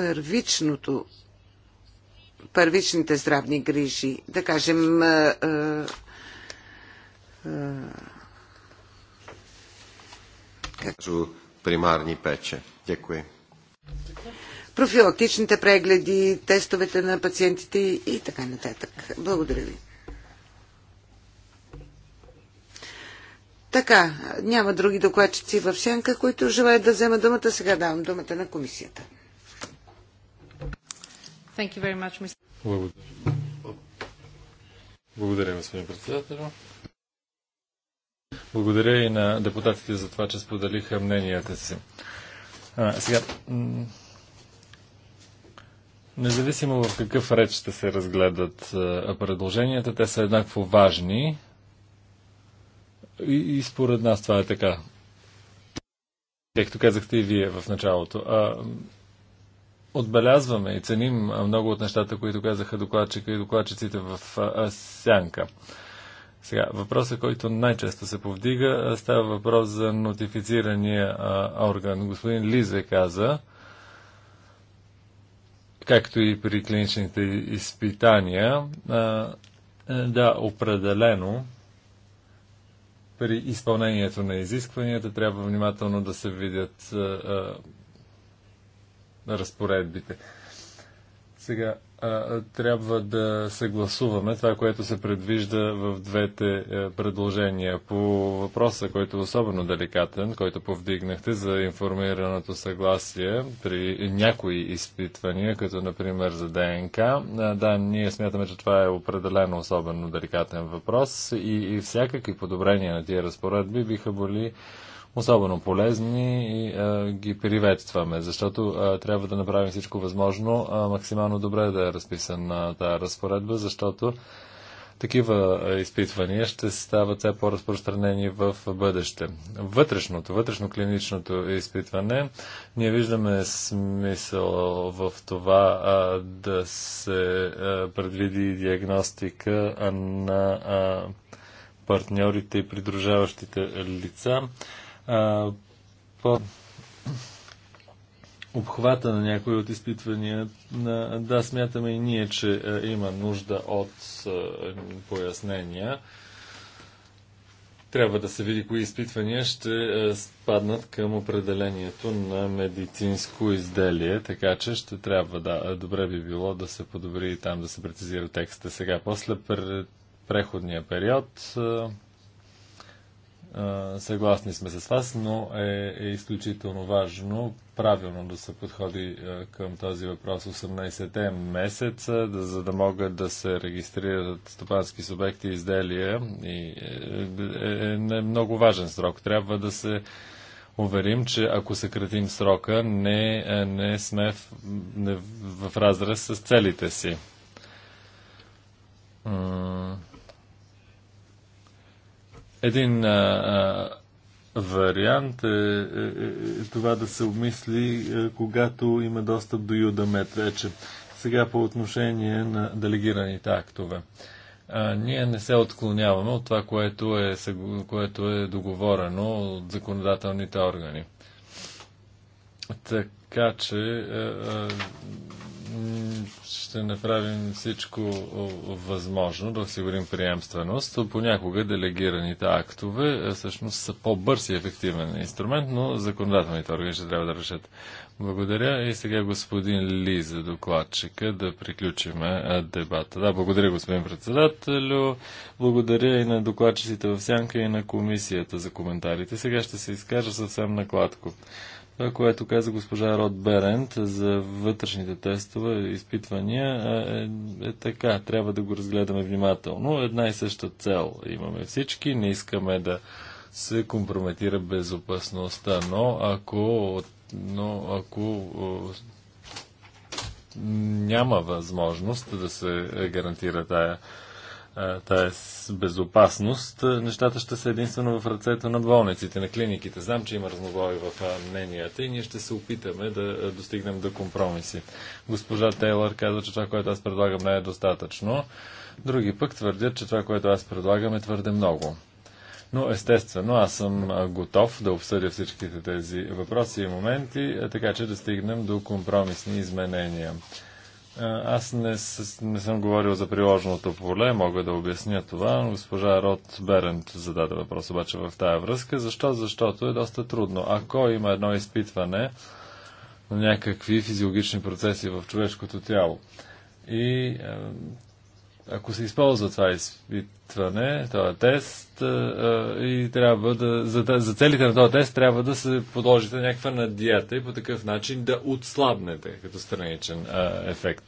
първичното, първичните здравни грижи, да кажем, а, а, примарни пече. Дякую. Профилактичните прегледи, тестовете на пациентите и така нататък. Благодаря ви. Така, няма други докладчици в сянка, които желаят да вземат думата. Сега давам думата на комисията. Thank you very much, Mr. Благодаря. господин председател. Благодаря и на депутатите за това, че споделиха мненията си. А, сега, независимо в какъв ред ще се разгледат а, предложенията, те са еднакво важни. И, и според нас това е така. Както казахте и вие в началото. А, отбелязваме и ценим много от нещата, които казаха докладчика и докладчиците в Сянка. Сега, въпросът, който най-често се повдига, става въпрос за нотифицирания орган. Господин Лизе каза, както и при клиничните изпитания, е, да, определено при изпълнението на изискванията трябва внимателно да се видят разпоредбите. Сега а, трябва да съгласуваме това, което се предвижда в двете е, предложения. По въпроса, който е особено деликатен, който повдигнахте за информираното съгласие при някои изпитвания, като например за ДНК, да, ние смятаме, че това е определено особено деликатен въпрос и, и всякакви подобрения на тия разпоредби биха били особено полезни и а, ги приветстваме, защото а, трябва да направим всичко възможно, а, максимално добре да е разписана тази разпоредба, защото такива изпитвания ще стават все по-разпространени в бъдеще. Вътрешното, вътрешно-клиничното изпитване, ние виждаме смисъл в това а, да се а, предвиди диагностика на а, партньорите и придружаващите лица а, по обхвата на някои от изпитвания. Да, смятаме и ние, че има нужда от пояснения. Трябва да се види кои изпитвания ще спаднат към определението на медицинско изделие, така че ще трябва, да, добре би било да се подобри и там да се прецизира текста сега. После преходния период Съгласни сме с вас, но е, е изключително важно правилно да се подходи е, към този въпрос 18-те месеца, да, за да могат да се регистрират стопански субекти и изделия. И е, е, е, е много важен срок. Трябва да се уверим, че ако съкратим срока, не, е, не сме в, не, в разрез с целите си. Един а, а, вариант е, е, е, е това да се обмисли, е, когато има достъп до Юдамет вече. Сега по отношение на делегираните актове. А, ние не се отклоняваме от това, което е, което е договорено от законодателните органи. Така че. Е, е, ще направим всичко възможно да осигурим приемственост. Понякога делегираните актове е, всъщност са по-бърз и ефективен инструмент, но законодателните органи ще трябва да решат. Благодаря. И сега господин Ли за докладчика да приключиме е, дебата. Да, благодаря господин председателю. Благодаря и на докладчиците в Сянка и на комисията за коментарите. Сега ще се изкажа съвсем накладко. Това, което каза госпожа Род Берент за вътрешните тестове и изпитвания е, е, е така. Трябва да го разгледаме внимателно. Една и съща цел имаме всички. Не искаме да се компрометира безопасността, но ако, но ако няма възможност да се гарантира тая т.е. безопасност, нещата ще са единствено в ръцете на болниците, на клиниките. Знам, че има разнобой в мненията и ние ще се опитаме да достигнем до компромиси. Госпожа Тейлър каза, че това, което аз предлагам, не е достатъчно. Други пък твърдят, че това, което аз предлагам, е твърде много. Но естествено, аз съм готов да обсъдя всичките тези въпроси и моменти, така че да стигнем до компромисни изменения. Аз не, не съм говорил за приложеното поле, мога да обясня това. Госпожа Рот Берент зададе въпрос обаче в тая връзка. Защо? Защото е доста трудно. Ако има едно изпитване на някакви физиологични процеси в човешкото тяло и е, ако се използва това изпитване, този е тест, и трябва да, за, за целите на този тест трябва да се подложите някаква на диета и по такъв начин да отслабнете като страничен ефект.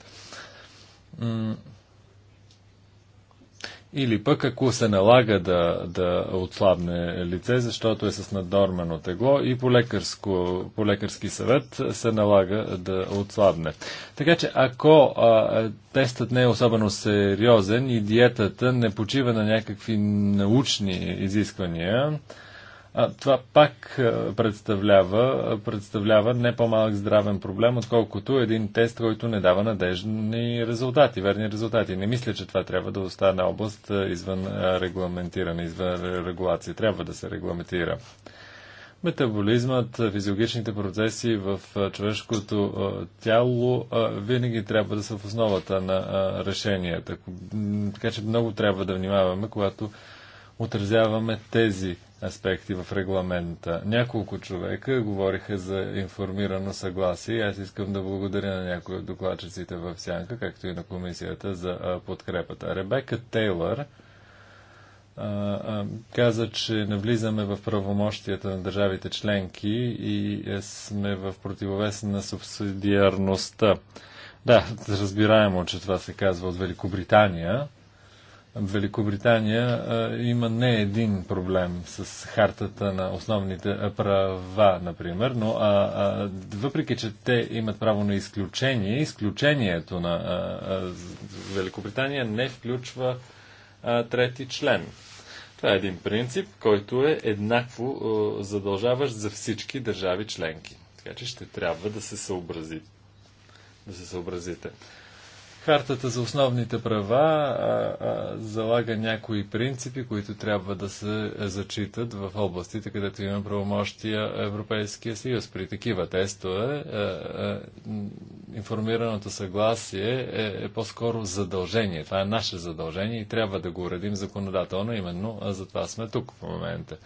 Или пък ако се налага да, да отслабне лице, защото е с наднормено тегло и по, лекарско, по лекарски съвет се налага да отслабне. Така че ако а, тестът не е особено сериозен и диетата не почива на някакви научни изисквания, а, това пак представлява, представлява не по-малък здравен проблем, отколкото един тест, който не дава надежни резултати, верни резултати. Не мисля, че това трябва да остане област извън регламентиране, извън регулация. Трябва да се регламентира. Метаболизмът, физиологичните процеси в човешкото тяло винаги трябва да са в основата на решенията. Така че много трябва да внимаваме, когато отразяваме тези аспекти в регламента. Няколко човека говориха за информирано съгласие. Аз искам да благодаря на някои от докладчиците в Сянка, както и на комисията за подкрепата. Ребека Тейлър каза, че навлизаме в правомощията на държавите членки и е, сме в противовес на субсидиарността. Да, разбираемо, че това се казва от Великобритания, Великобритания има не един проблем с хартата на основните права, например, но а, а, въпреки, че те имат право на изключение, изключението на а, а, Великобритания не включва а, трети член. Това е един принцип, който е еднакво а, задължаващ за всички държави членки. Така че ще трябва да се съобрази. Да се съобразите. Хартата за основните права а, а, залага някои принципи, които трябва да се зачитат в областите, където има правомощия Европейския съюз. При такива тестове а, а, информираното съгласие е, е по-скоро задължение. Това е наше задължение и трябва да го уредим законодателно. Именно за това сме тук в момента.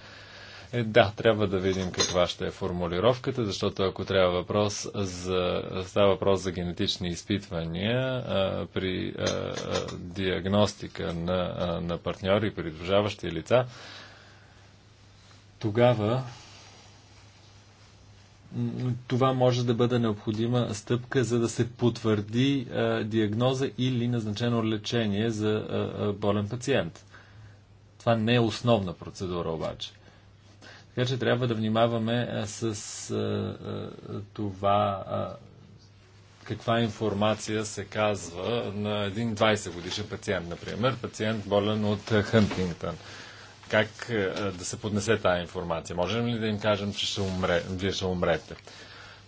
Е, да, трябва да видим каква ще е формулировката, защото ако трябва въпрос за, става въпрос за генетични изпитвания а, при а, а, диагностика на, а, на партньори, придружаващи лица, тогава това може да бъде необходима стъпка, за да се потвърди а, диагноза или назначено лечение за а, а, болен пациент. Това не е основна процедура обаче. Така че трябва да внимаваме с това каква информация се казва на един 20 годишен пациент, например, пациент болен от Хантингтън. Как да се поднесе тази информация? Можем ли да им кажем, че ще умре, вие ще умрете?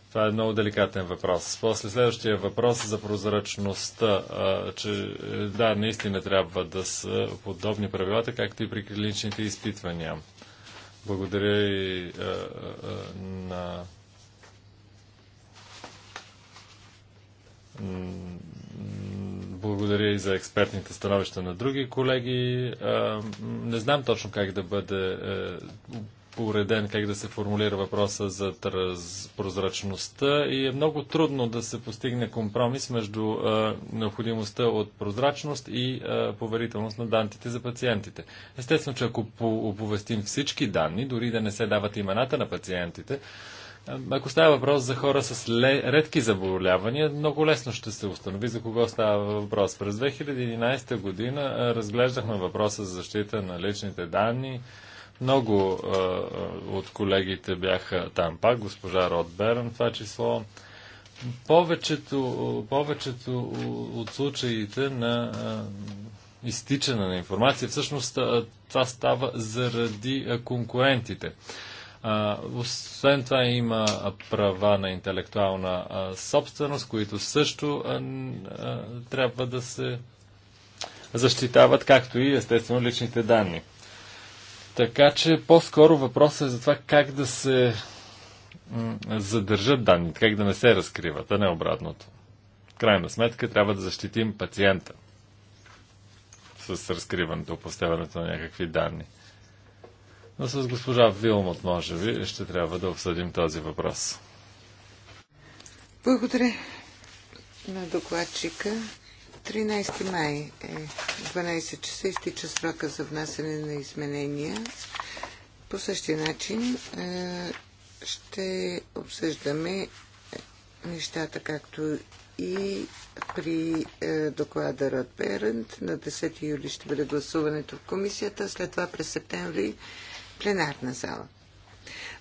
Това е много деликатен въпрос. После следващия въпрос за прозрачността, а, че е, да, наистина трябва да са подобни правилата, както и при клиничните изпитвания. Благодаря и на благодаря и за експертните становища на други колеги. Не знам точно как да бъде уреден как да се формулира въпроса за прозрачността и е много трудно да се постигне компромис между а, необходимостта от прозрачност и а, поверителност на данните за пациентите. Естествено, че ако оповестим всички данни, дори да не се дават имената на пациентите, ако става въпрос за хора с редки заболявания, много лесно ще се установи за кого става въпрос. През 2011 година разглеждахме въпроса за защита на личните данни, много а, от колегите бяха там пак, госпожа Род Берн, това число. Повечето, повечето от случаите на а, изтичане на информация, всъщност а, това става заради а, конкурентите. А, освен това има права на интелектуална а, собственост, които също а, а, трябва да се защитават, както и естествено личните данни. Така че по-скоро въпросът е за това как да се задържат данните, как да не се разкриват, а не обратното. Крайна сметка трябва да защитим пациента с разкриването, поставянето на някакви данни. Но с госпожа Вилмот, може би, ще трябва да обсъдим този въпрос. Благодаря на докладчика. 13 май е 12 часа изтича срока за внасяне на изменения. По същия начин е, ще обсъждаме нещата, както и при е, доклада Род Берент. На 10 юли ще бъде гласуването в комисията, след това през септември пленарна зала.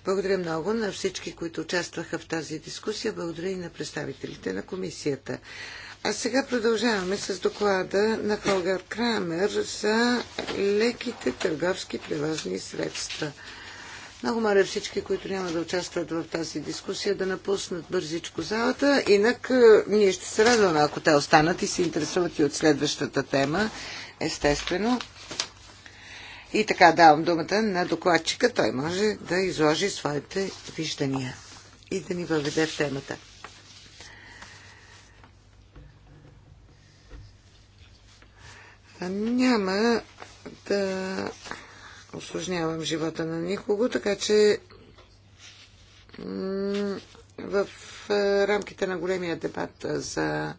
Благодаря много на всички, които участваха в тази дискусия. Благодаря и на представителите на комисията. А сега продължаваме с доклада на Холгар Крамер за леките търговски превозни средства. Много моля всички, които няма да участват в тази дискусия, да напуснат бързичко залата. Инак ние ще се радваме, ако те останат и се интересуват и от следващата тема, естествено. И така давам думата на докладчика. Той може да изложи своите виждания и да ни въведе в темата. Няма да осложнявам живота на никого, така че в рамките на големия дебат за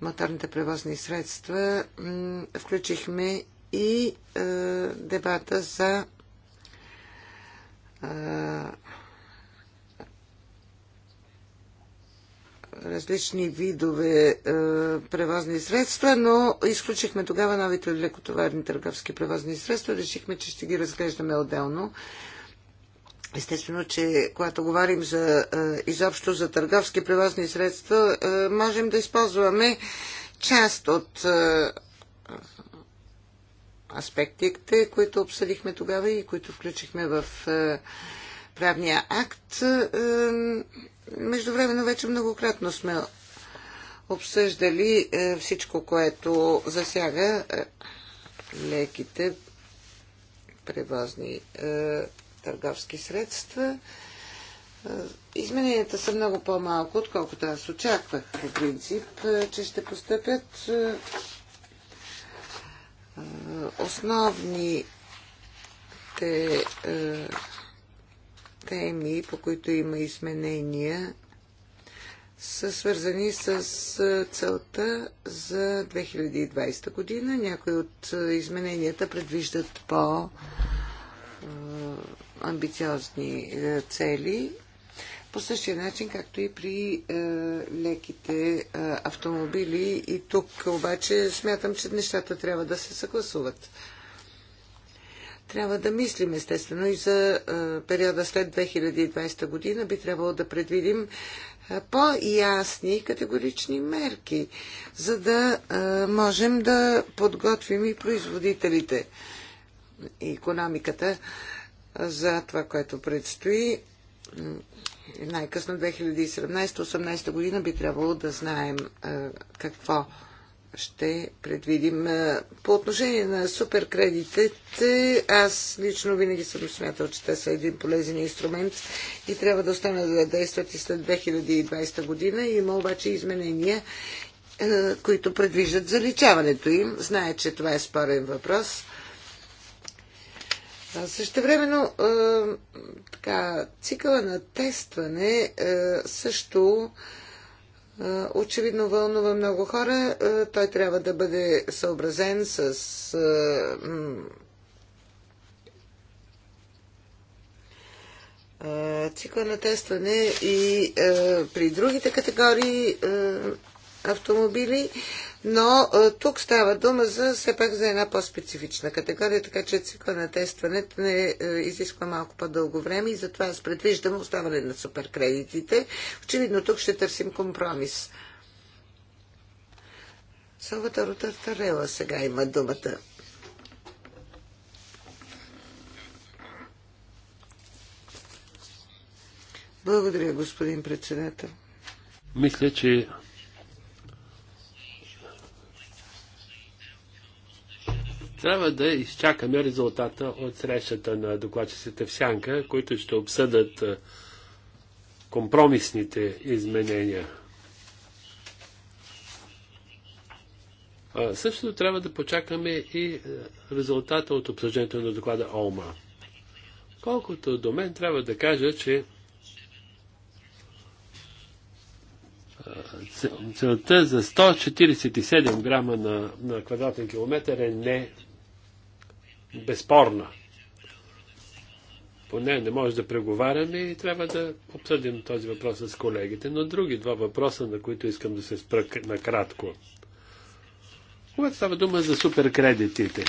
моторните превозни средства включихме и дебата за различни видове е, превозни средства, но изключихме тогава новите лекотоварни търговски превозни средства. Решихме, че ще ги разглеждаме отделно. Естествено, че когато говорим за, е, изобщо за търговски превозни средства, е, можем да използваме част от е, аспектите, които обсъдихме тогава и които включихме в е, правния акт. Е, Междувременно вече многократно сме обсъждали е, всичко, което засяга е, леките превозни е, търговски средства. Измененията са много по-малко, отколкото аз очаквах по принцип, че ще постъпят основните теми, по които има изменения, са свързани с целта за 2020 година. Някои от измененията предвиждат по амбициозни цели по същия начин, както и при е, леките е, автомобили. И тук обаче смятам, че нещата трябва да се съгласуват. Трябва да мислим естествено и за периода след 2020 година. Би трябвало да предвидим по-ясни категорични мерки, за да можем да подготвим и производителите и економиката за това, което предстои. Най-късно 2017-2018 година би трябвало да знаем какво ще предвидим. По отношение на суперкредитите, аз лично винаги съм смятал, че те са един полезен инструмент и трябва да останат да действат и след 2020 година. Има обаче изменения, които предвиждат заличаването им. Знае, че това е спорен въпрос. Също времено, така, цикъла на тестване също очевидно вълнува много хора. Той трябва да бъде съобразен с цикла на тестване и при другите категории автомобили но е, тук става дума за все пак за една по-специфична категория, така че цикла на тестването не е, изисква малко по-дълго време и затова аз предвиждам оставане на суперкредитите. Очевидно тук ще търсим компромис. Салватаро Тартарела сега има думата. Благодаря, господин председател. Мисля, че Трябва да изчакаме резултата от срещата на докладчиците в Сянка, които ще обсъдат е, компромисните изменения. А, също трябва да почакаме и е, резултата от обсъждането на доклада ОМА. Колкото до мен трябва да кажа, че е, целта за 147 грама на, на квадратен километър е не безспорна. По нея не може да преговаряме и трябва да обсъдим този въпрос с колегите. Но други два въпроса, на които искам да се спра накратко. Когато става дума за суперкредитите,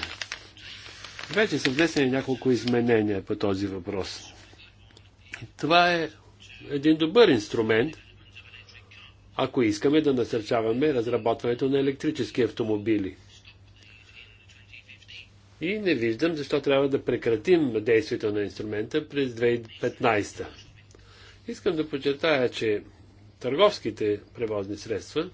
вече са внесени няколко изменения по този въпрос. Това е един добър инструмент, ако искаме да насърчаваме разработването на електрически автомобили. И не виждам защо трябва да прекратим действието на инструмента през 2015. Искам да подчертая, че търговските превозни средства,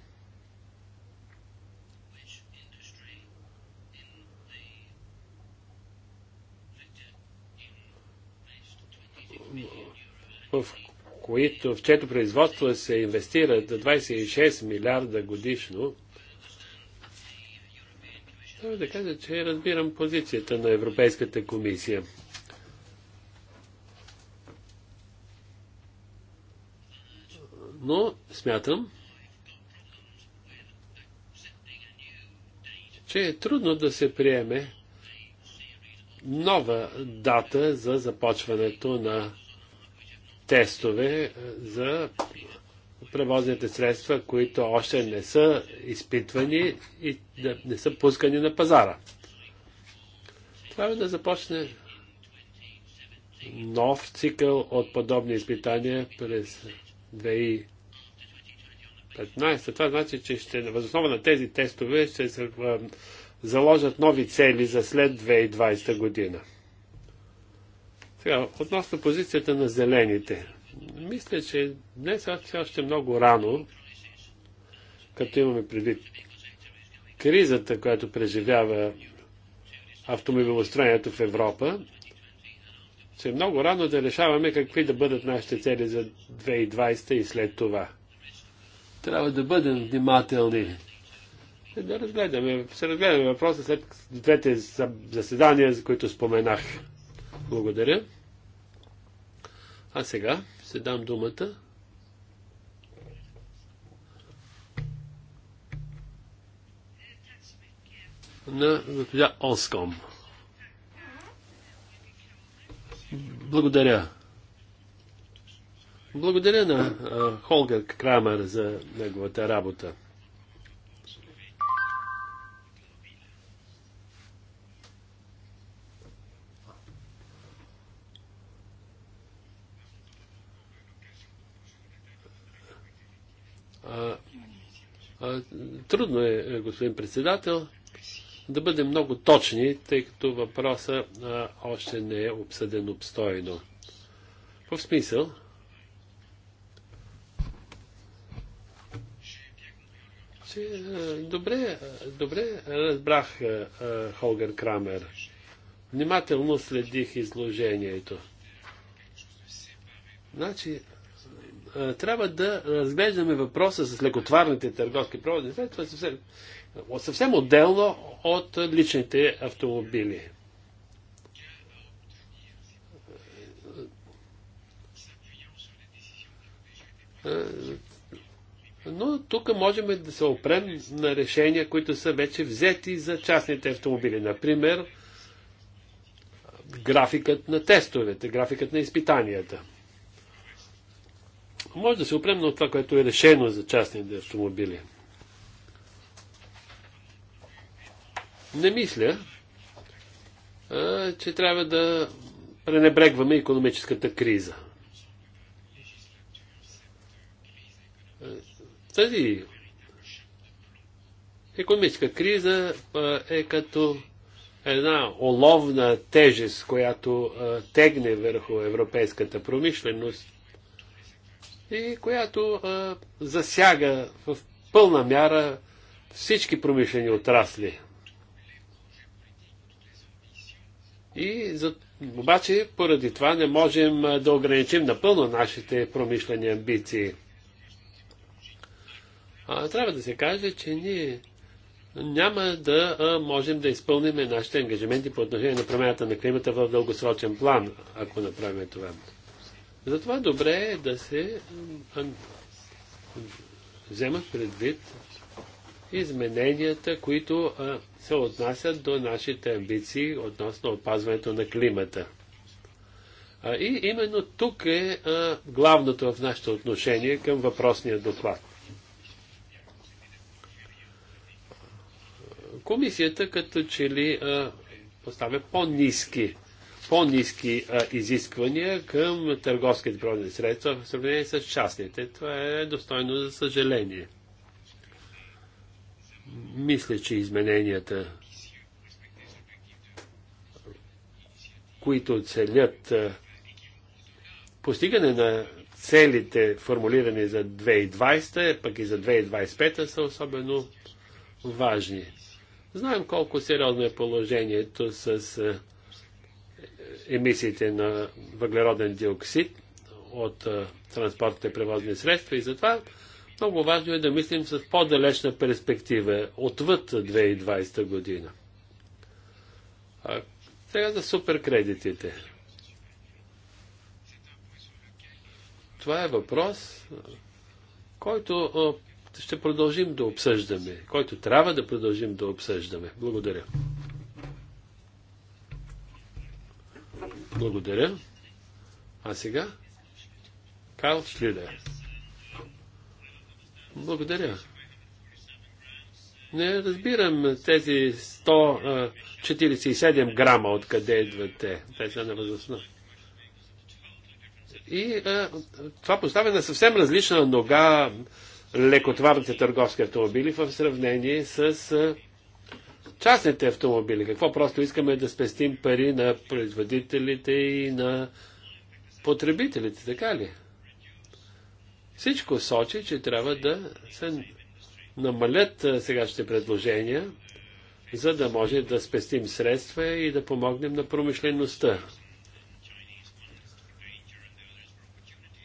в които, в чето производство се инвестират 26 милиарда годишно, трябва да кажа, че разбирам позицията на Европейската комисия. Но смятам, че е трудно да се приеме нова дата за започването на тестове за превозните средства, които още не са изпитвани и не са пускани на пазара. Трябва е да започне нов цикъл от подобни изпитания през 2015. Това значи, че ще, възоснова на тези тестове ще се заложат нови цели за след 2020 година. Сега, относно позицията на зелените мисля, че днес все още много рано, като имаме предвид кризата, която преживява автомобилостроението в Европа, че е много рано да решаваме какви да бъдат нашите цели за 2020 и след това. Трябва да бъдем внимателни. И е, да разгледаме, се разгледаме въпроса след двете заседания, за които споменах. Благодаря. А сега? Се дам думата. на госпожа Оском. Благодаря. Благодаря на Холгер Крамер за неговата работа. Трудно е, е, господин председател, да бъдем много точни, тъй като въпроса още не е обсъден обстойно. В смисъл, че добре, добре разбрах Холгер Крамер. Внимателно следих изложението. Значи, е, трябва да разглеждаме въпроса с лекотварните търговски проводни средства съвсем, съвсем отделно от личните автомобили. Е, но тук можем да се опрем на решения, които са вече взети за частните автомобили. Например, графикът на тестовете, графикът на изпитанията – може да се опрем на това, което е решено за частните автомобили. Не мисля, а, че трябва да пренебрегваме економическата криза. Тази економическа криза а, е като една оловна тежест, която а, тегне върху европейската промишленост и която а, засяга в пълна мяра всички промишлени отрасли. И за, обаче поради това не можем да ограничим напълно нашите промишлени амбиции. А, трябва да се каже, че ние няма да а, можем да изпълним нашите ангажименти по отношение на промената на климата в дългосрочен план, ако направим това. Затова добре е да се вземат предвид измененията, които се отнасят до нашите амбиции относно опазването на климата. И именно тук е главното в нашето отношение към въпросния доклад. Комисията като че ли поставя по-низки по-низки изисквания към търговските природни средства в сравнение с частните. Това е достойно за съжаление. Мисля, че измененията, които целят постигане на целите, формулирани за 2020, пък и за 2025, са особено важни. Знаем колко сериозно е положението с емисиите на въглероден диоксид от транспортните превозни средства и затова много важно е да мислим с по-далечна перспектива, отвъд 2020 година. А, сега за суперкредитите. Това е въпрос, който ще продължим да обсъждаме, който трябва да продължим да обсъждаме. Благодаря. Благодаря. А сега? Карл Шлюдер. Благодаря. Не разбирам тези 147 грама откъде идват те. Те са възрастна. И а, това поставя на съвсем различна нога Лекотварните търговски автомобили в сравнение с а, частните автомобили. Какво просто искаме да спестим пари на производителите и на потребителите, така ли? Всичко сочи, че трябва да се намалят сегашните предложения, за да може да спестим средства и да помогнем на промишлеността.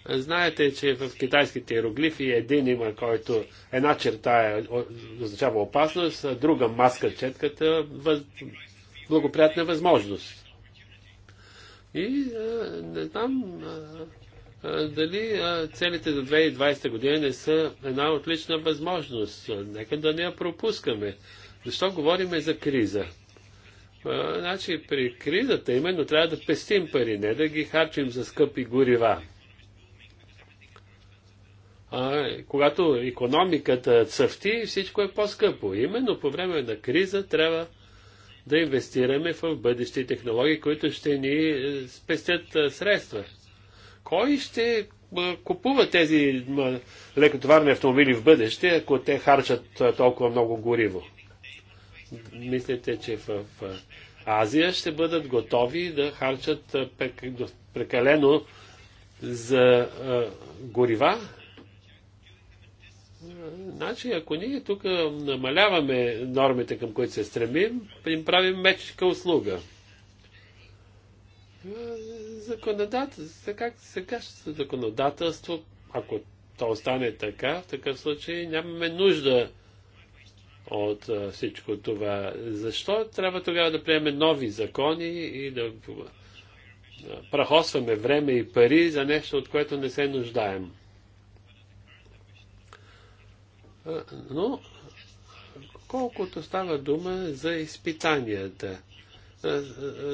Знаете, че в китайските иероглифи един има, който една черта е, означава опасност, а друга маска четката въз... благоприятна възможност. И а, не знам а, а, дали а, целите за 2020 година не са една отлична възможност. Нека да не я пропускаме. Защо говориме за криза? А, значи при кризата именно трябва да пестим пари, не да ги харчим за скъпи горива а, когато економиката цъфти, всичко е по-скъпо. Именно по време на криза трябва да инвестираме в бъдещи технологии, които ще ни е, спестят е, средства. Кой ще е, купува тези лекотоварни автомобили в бъдеще, ако те харчат толкова много гориво? Мислите, че в Азия ще бъдат готови да харчат прекалено за горива? Значи, ако ние тук намаляваме нормите, към които се стремим, им правим мечка услуга. Законодателство, се сега законодателство, ако то остане така, в такъв случай нямаме нужда от всичко това. Защо трябва тогава да приемем нови закони и да прахосваме време и пари за нещо, от което не се нуждаем? Но колкото става дума за изпитанията,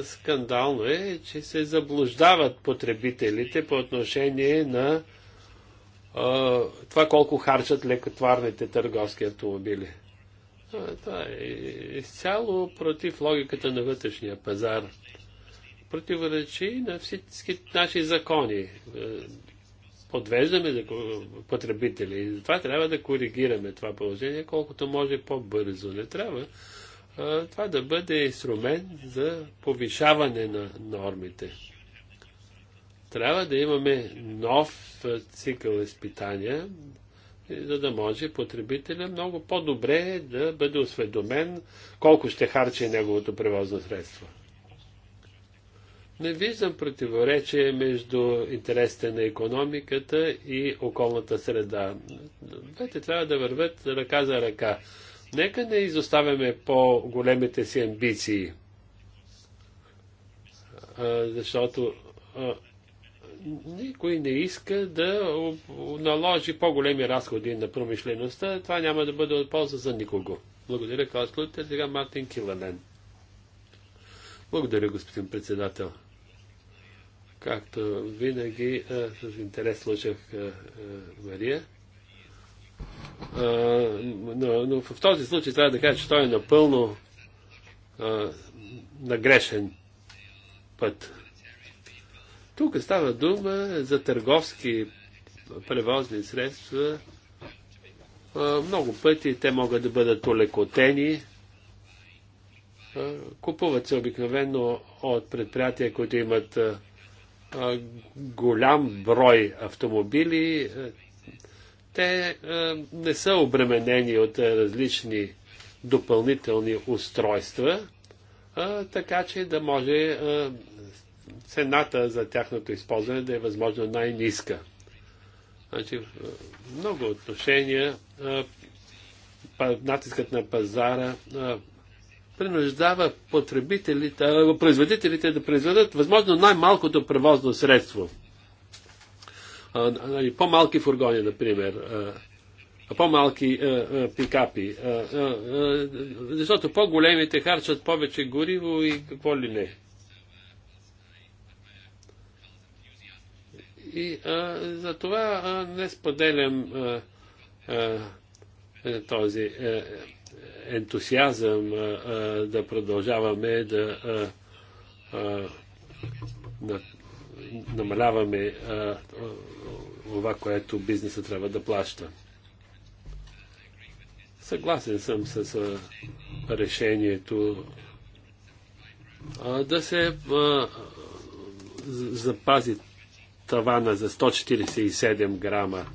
скандално е, че се заблуждават потребителите по отношение на това колко харчат лекотварните търговски автомобили. това е изцяло против логиката на вътрешния пазар. Противоречи на всички наши закони подвеждаме потребители. И затова трябва да коригираме това положение колкото може по-бързо. Не трябва а, това да бъде инструмент за повишаване на нормите. Трябва да имаме нов цикъл изпитания, за да може потребителя много по-добре да бъде осведомен колко ще харчи неговото превозно средство. Не виждам противоречие между интересите на економиката и околната среда. Двете трябва да вървят ръка за ръка. Нека не изоставяме по-големите си амбиции, защото никой не иска да наложи по-големи разходи на промишлеността. Това няма да бъде от полза за никого. Благодаря, клас Лутер. Сега Мартин Киланен. Благодаря, господин председател. Както винаги, с интерес слушах Мария. Но, но в този случай трябва да кажа, че той е напълно на грешен път. Тук става дума за търговски превозни средства. Много пъти те могат да бъдат олекотени. Купуват се обикновено от предприятия, които имат голям брой автомобили, те не са обременени от различни допълнителни устройства, така че да може цената за тяхното използване да е възможно най-ниска. Значи, в много отношения натискът на пазара принуждава потребителите, производителите да произведат възможно най-малкото превозно средство. по-малки фургони, например, по-малки пикапи, защото по-големите харчат повече гориво и какво ли не. И за това не споделям този. А, е, ентусиазъм да продължаваме да намаляваме това, което бизнеса трябва да плаща. Съгласен съм с решението да се запази тавана за 147 грама.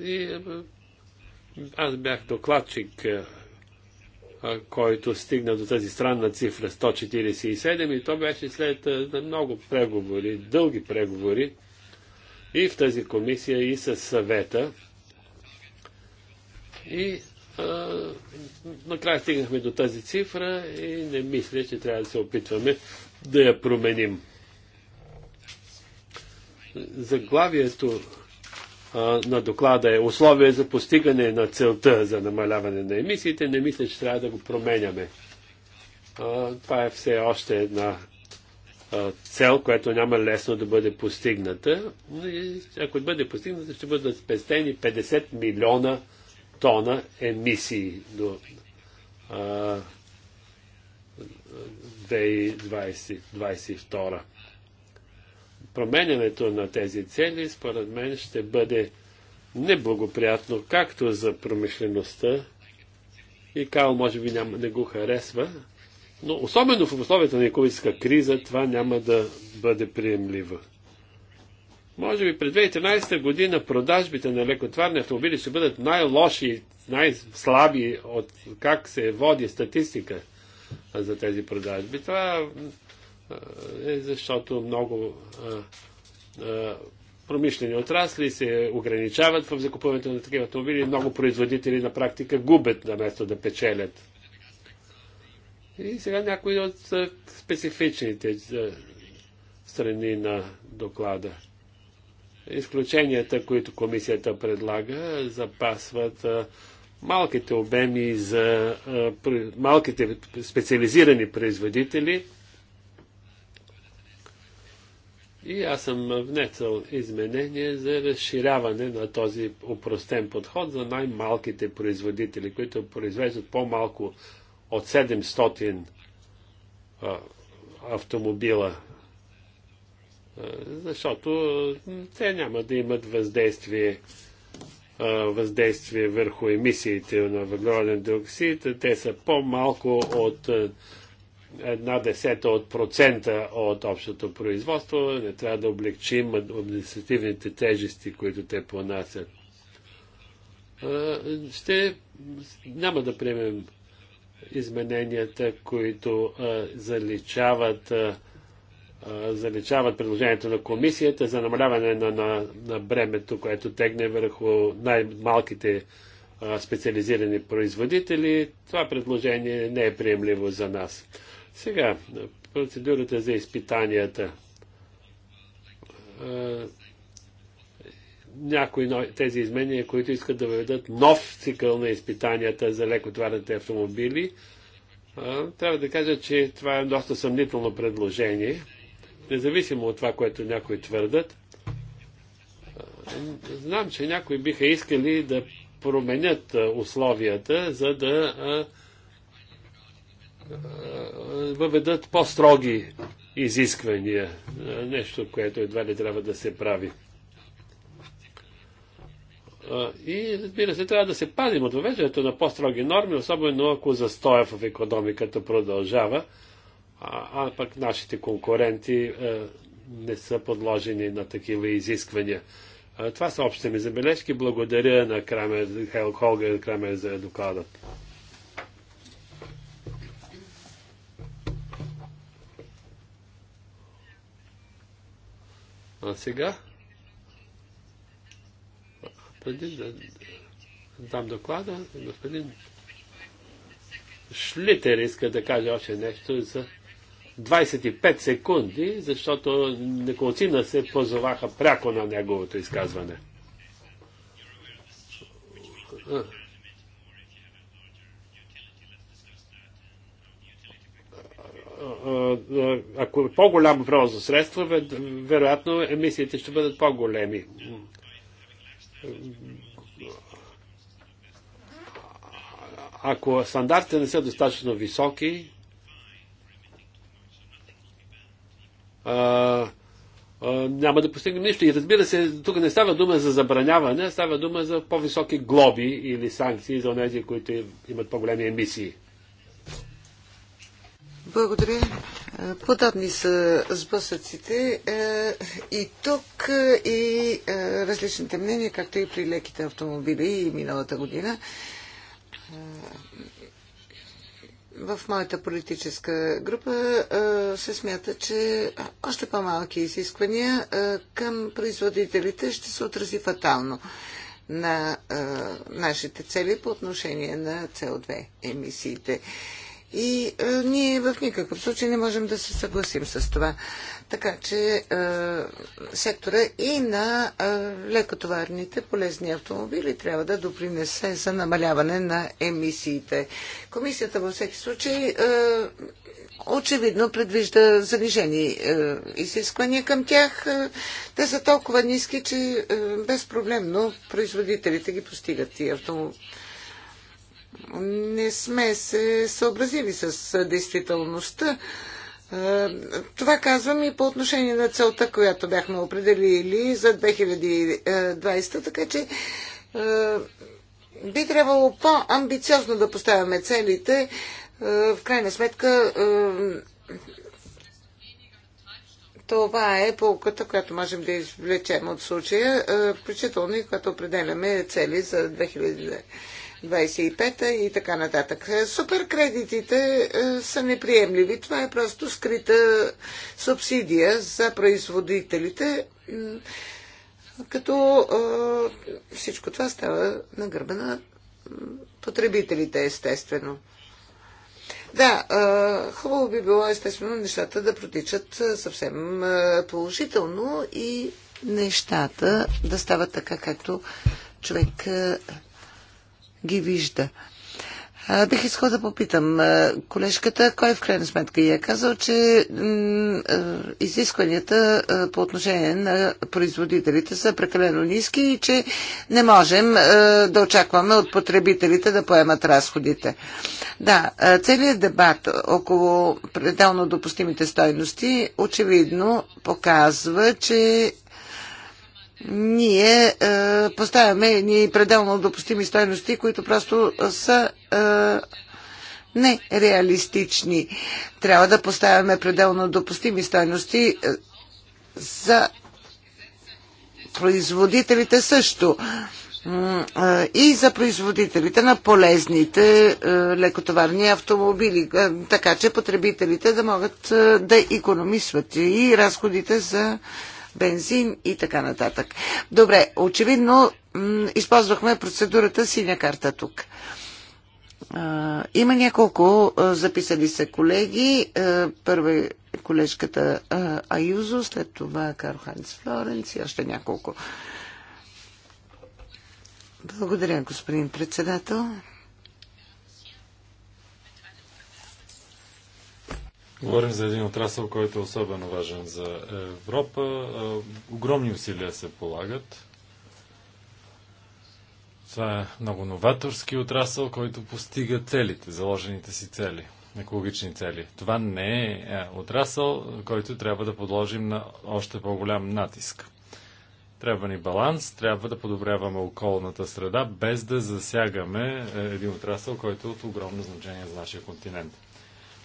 И аз бях докладчик, е, който стигна до тази странна цифра 147 и то беше след е, много преговори, дълги преговори и в тази комисия, и с съвета. И а, накрая стигнахме до тази цифра и не мисля, че трябва да се опитваме да я променим. Заглавието на доклада е условие за постигане на целта за намаляване на емисиите, не мисля, че трябва да го променяме. Това е все още една цел, която няма лесно да бъде постигната. Ако бъде постигната, ще бъдат спестени 50 милиона тона емисии до 2022 променянето на тези цели, според мен, ще бъде неблагоприятно както за промишлеността, и Као може би няма, не го харесва, но особено в условията на економическа криза това няма да бъде приемливо. Може би през 2013 година продажбите на лекотварни автомобили ще бъдат най-лоши, най-слаби от как се води статистика за тези продажби. Това е защото много промишлени отрасли се ограничават в закупуването на такива автомобили много производители на практика губят, на место да печелят. И сега някои от специфичните страни на доклада. Изключенията, които комисията предлага, запасват малките обеми за малките специализирани производители – и аз съм внесъл изменение за разширяване на този упростен подход за най-малките производители, които произвеждат по-малко от 700 автомобила. защото те няма да имат въздействие, въздействие върху емисиите на въглероден диоксид. Те са по-малко от една десета от процента от общото производство, не трябва да облегчим административните тежести, които те понасят. Ще няма да приемем измененията, които заличават, заличават предложението на комисията за намаляване на, на, на бремето, което тегне върху най-малките специализирани производители. Това предложение не е приемливо за нас. Сега, процедурата за изпитанията. Някои тези изменения, които искат да въведат нов цикъл на изпитанията за лекотварните автомобили, трябва да кажа, че това е доста съмнително предложение. Независимо от това, което някои твърдат, знам, че някои биха искали да променят условията, за да е, въведат по-строги изисквания. Е, нещо, което едва ли трябва да се прави. Е, и разбира се, трябва да се пазим от въвеждането на по-строги норми, особено ако застоя в економиката продължава, а, пък нашите конкуренти не са подложени на такива изисквания. това са общите ми забележки. Благодаря на Крамер, Хел Холгер Крамер за докладът. става сега, преди да дам доклада, господин Шлитер иска да каже още нещо за 25 секунди, защото неколцина се позоваха пряко на неговото изказване. ако е по-голям за средства, вероятно емисиите ще бъдат по-големи. Ако стандартите не са достатъчно високи, а, а, няма да постигнем нищо. И разбира се, тук не става дума за забраняване, става дума за по-високи глоби или санкции за тези, които имат по-големи емисии. Благодаря. Е, подобни са сблъсъците е, и тук, е, и различните мнения, както и при леките автомобили и миналата година. В моята политическа група се смята, че още по-малки изисквания към производителите ще се отрази фатално на нашите цели по отношение на CO2 емисиите. И е, ние в никакъв случай не можем да се съгласим с това. Така че е, сектора и на е, лекотоварните полезни автомобили трябва да допринесе за намаляване на емисиите. Комисията във всеки случай е, очевидно предвижда занижени е, изисквания към тях. Е, те са толкова ниски, че е, безпроблемно производителите ги постигат и автомобили не сме се съобразили с действителността. Това казвам и по отношение на целта, която бяхме определили за 2020, така че би трябвало по-амбициозно да поставяме целите. В крайна сметка това е полката, която можем да извлечем от случая, включително и когато определяме цели за 2020. 25-та и така нататък. Суперкредитите е, са неприемливи. Това е просто скрита субсидия за производителите, като е, всичко това става на гърба на потребителите, естествено. Да, е, хубаво би било, естествено, нещата да протичат съвсем положително и нещата да стават така, както човек ги вижда. А, бих искал да попитам а, колежката, кой е в крайна сметка я е казал, че изискванията а, по отношение на производителите са прекалено ниски и че не можем а, да очакваме от потребителите да поемат разходите. Да, а, целият дебат около пределно допустимите стойности очевидно показва, че ние е, поставяме едни пределно допустими стоености, които просто са е, нереалистични. Трябва да поставяме пределно допустими стоености е, за производителите също е, и за производителите на полезните е, лекотоварни автомобили, е, така че потребителите да могат да економисват и разходите за бензин и така нататък. Добре, очевидно използвахме процедурата синя карта тук. Има няколко записали се колеги. Първа е колежката Аюзо, след това Карл Хайнц Флоренц и още няколко. Благодаря, господин председател. Говорим за един отрасъл, който е особено важен за Европа. Огромни усилия се полагат. Това е много новаторски отрасъл, който постига целите, заложените си цели, екологични цели. Това не е, е отрасъл, който трябва да подложим на още по-голям натиск. Трябва ни баланс, трябва да подобряваме околната среда, без да засягаме е, един отрасъл, който е от огромно значение за нашия континент.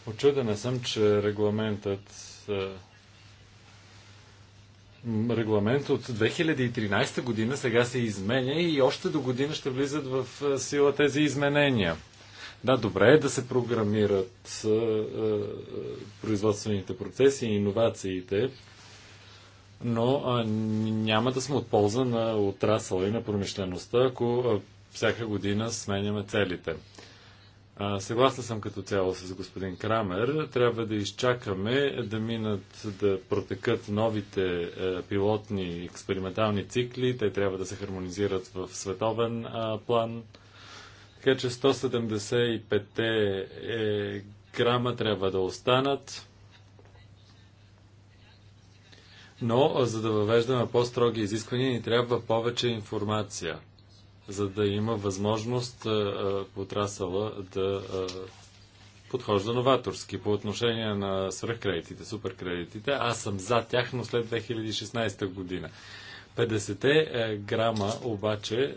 Очудена съм, че регламентът регламент от 2013 година сега се изменя и още до година ще влизат в сила тези изменения. Да, добре е да се програмират производствените процеси и иновациите, но няма да сме от полза на отрасъла и на промишлеността, ако всяка година сменяме целите. Съгласна съм като цяло с господин Крамер. Трябва да изчакаме да минат, да протекат новите е, пилотни експериментални цикли. Те трябва да се хармонизират в световен план. Така че 175 е, грама трябва да останат. Но за да въвеждаме по-строги изисквания ни трябва повече информация – за да има възможност отрасъла да подхожда новаторски по отношение на свръхкредитите, суперкредитите. Аз съм за тях, но след 2016 година. 50 е, грама обаче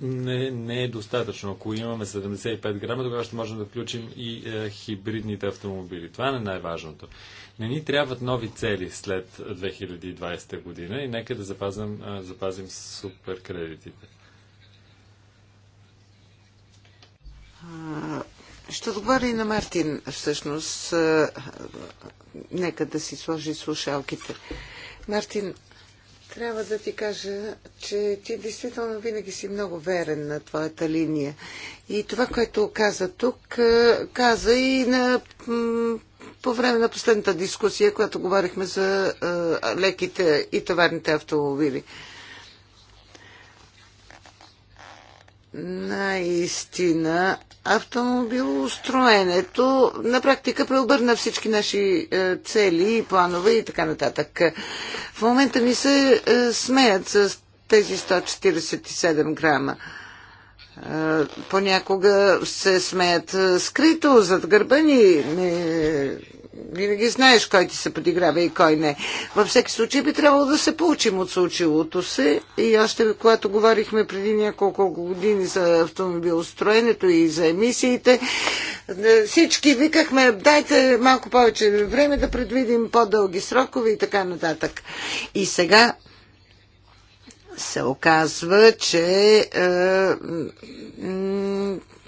не, не е достатъчно. Ако имаме 75 грама, тогава ще можем да включим и е, хибридните автомобили. Това не е най-важното. Не ни трябват нови цели след 2020 година и нека да запазим, запазим суперкредитите. Ще отговоря и на Мартин, всъщност. Нека да си сложи слушалките. Мартин, трябва да ти кажа, че ти действително винаги си много верен на твоята линия. И това, което каза тук, каза и на по време на последната дискусия, която говорихме за леките и товарните автомобили. Наистина, автомобилостроенето на практика преобърна всички наши цели и планове и така нататък. В момента ми се смеят с тези 147 грама понякога се смеят скрито, зад гърба ни. Не, винаги знаеш кой ти се подиграва и кой не. Във всеки случай би трябвало да се получим от случилото се. И още когато говорихме преди няколко години за автомобилостроенето и за емисиите, е, всички викахме, дайте малко повече време да предвидим по-дълги срокове и така нататък. И сега се оказва, че е,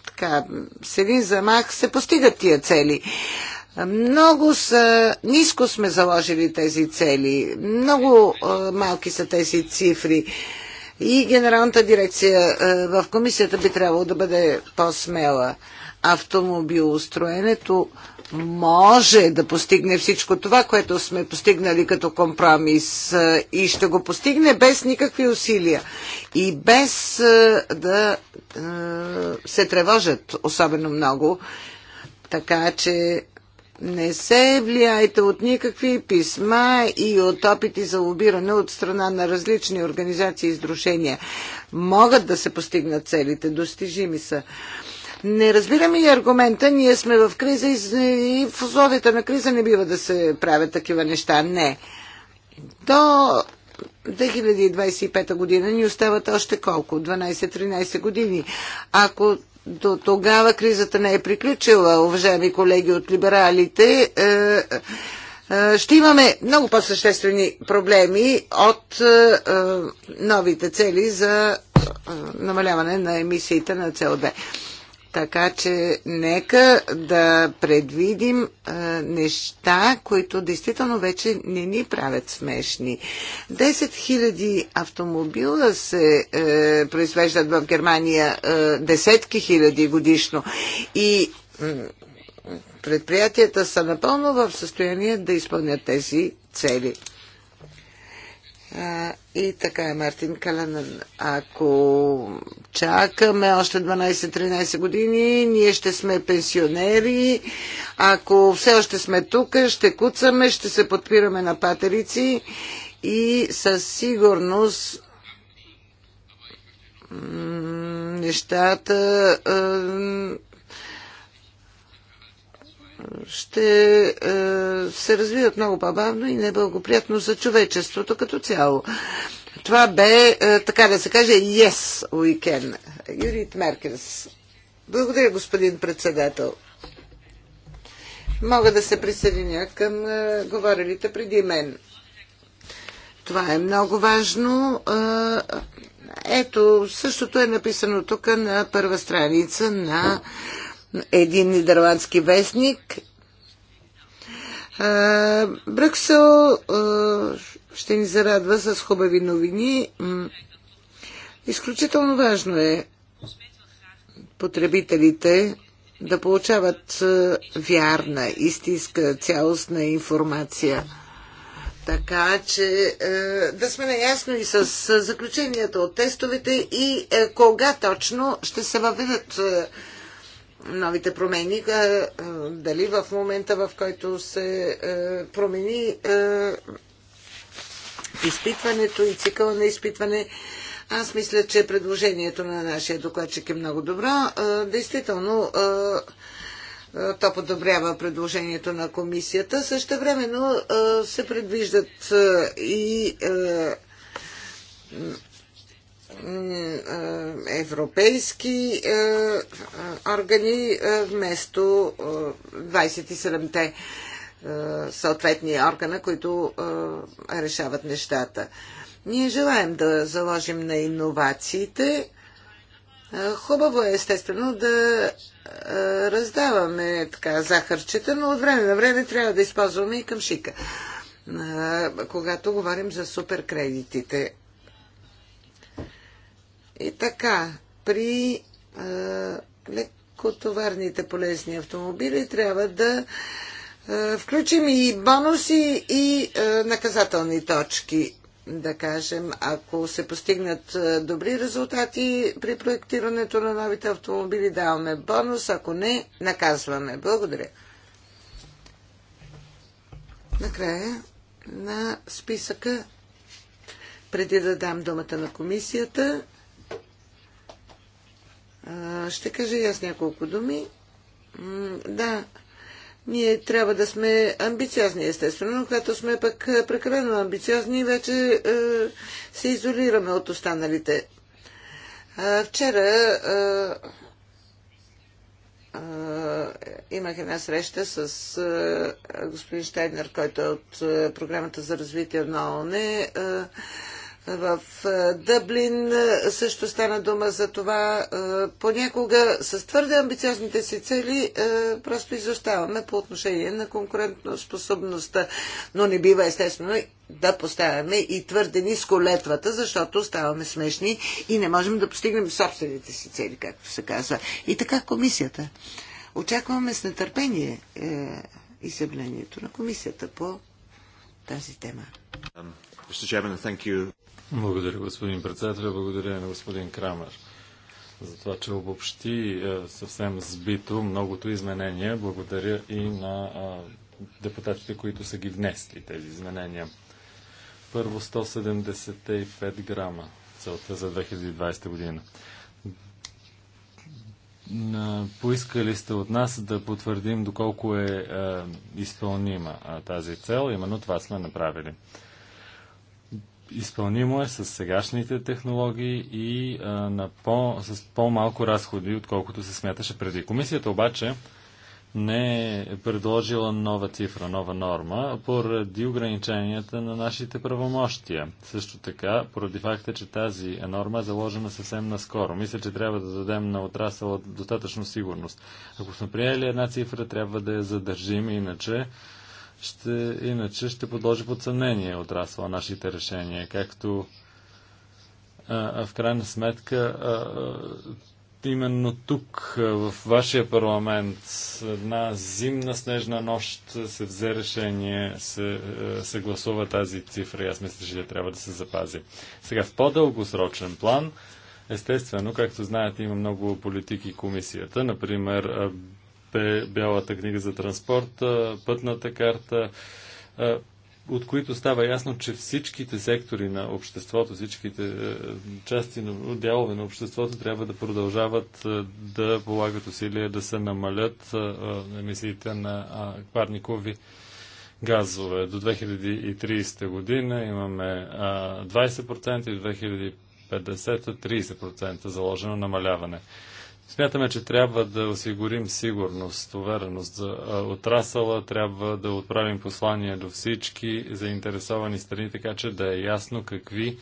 така, с един замах се постигат тия цели. Много са, ниско сме заложили тези цели, много е, малки са тези цифри и генералната дирекция е, в комисията би трябвало да бъде по-смела. Автомобилостроенето може да постигне всичко това, което сме постигнали като компромис и ще го постигне без никакви усилия и без да се тревожат особено много. Така че не се влияйте от никакви писма и от опити за лобиране от страна на различни организации и издрушения. Могат да се постигнат целите, достижими са. Не разбирам и аргумента, ние сме в криза и в условията на криза не бива да се правят такива неща. Не. До 2025 година ни остават още колко? 12-13 години. Ако до тогава кризата не е приключила, уважаеми колеги от либералите, е, е, е, ще имаме много по-съществени проблеми от новите цели за намаляване на емисиите на CO2. Така че нека да предвидим а, неща, които действително вече не ни правят смешни. 10 000 автомобила се а, е, произвеждат в Германия, а, е, десетки хиляди годишно. И предприятията са напълно в състояние да изпълнят тези цели. И така е, Мартин Кален, Ако чакаме още 12-13 години, ние ще сме пенсионери. Ако все още сме тук, ще куцаме, ще се подпираме на патерици и със сигурност нещата ще е, се развиват много по-бавно и неблагоприятно за човечеството като цяло. Това бе, е, така да се каже, yes weekend. Юрит Меркерс. Благодаря, господин председател. Мога да се присъединя към е, говорилите преди мен. Това е много важно. Ето, същото е написано тук на първа страница на един нидерландски вестник. Брюксел ще ни зарадва с хубави новини. Изключително важно е потребителите да получават вярна, истинска, цялостна информация. Така че да сме наясно и с, заключенията от тестовете и кога точно ще се въведат новите промени, дали в момента, в който се промени изпитването и цикъла на изпитване, аз мисля, че предложението на нашия докладчик е много добро. Действително, то подобрява предложението на комисията. Също времено се предвиждат и е, европейски е, е, органи вместо 27-те съответни органа, които решават нещата. Ние желаем да заложим на иновациите. Хубаво е, естествено, да раздаваме така захарчета, но от време на време трябва да използваме и към шика. Когато говорим за суперкредитите, и така, при а, лекотоварните полезни автомобили трябва да а, включим и бонуси и а, наказателни точки. Да кажем, ако се постигнат добри резултати при проектирането на новите автомобили, даваме бонус, ако не, наказваме. Благодаря. Накрая на списъка, преди да дам думата на комисията, ще кажа и аз няколко думи. Да, ние трябва да сме амбициозни, естествено, но когато сме пък прекалено амбициозни, вече се изолираме от останалите. вчера имах една среща с господин Штайнер, който е от програмата за развитие на ООН. В е, Дъблин е, също стана дума за това. Е, понякога с твърде амбициозните си цели просто изоставаме по отношение на конкурентно способността. Но не бива естествено да поставяме и твърде ниско летвата, защото ставаме смешни и не можем да постигнем собствените си цели, както се казва. И така комисията. Очакваме с нетърпение е, изявлението на комисията по тази тема. Um, благодаря, господин председател. Благодаря на господин Крамер за това, че обобщи е, съвсем сбито многото изменения. Благодаря и на е, депутатите, които са ги внесли тези изменения. Първо 175 грама целта за 2020 година. Поискали сте от нас да потвърдим доколко е, е изпълнима тази цел. Именно това сме направили изпълнимо е с сегашните технологии и а, на по, с по-малко разходи, отколкото се смяташе преди. Комисията обаче не е предложила нова цифра, нова норма, поради ограниченията на нашите правомощия. Също така, поради факта, че тази норма е заложена съвсем наскоро. Мисля, че трябва да дадем на отрасъла достатъчно сигурност. Ако сме приели една цифра, трябва да я задържим, иначе ще, иначе ще подложи под съмнение отрасла нашите решения, както а, в крайна сметка а, именно тук, в вашия парламент, една зимна снежна нощ се взе решение, се гласува тази цифра и аз мисля, че трябва да се запази. Сега в по-дългосрочен план, естествено, както знаете, има много политики комисията, например Бялата книга за транспорта, пътната карта, от които става ясно, че всичките сектори на обществото, всичките е, части на дялове на обществото трябва да продължават е, да полагат усилия да се намалят е, емисиите на парникови газове. До 2030 година имаме 20% и 2050 30% заложено намаляване. Смятаме, че трябва да осигурим сигурност, увереност за отрасъла, трябва да отправим послания до всички заинтересовани страни, така че да е ясно какви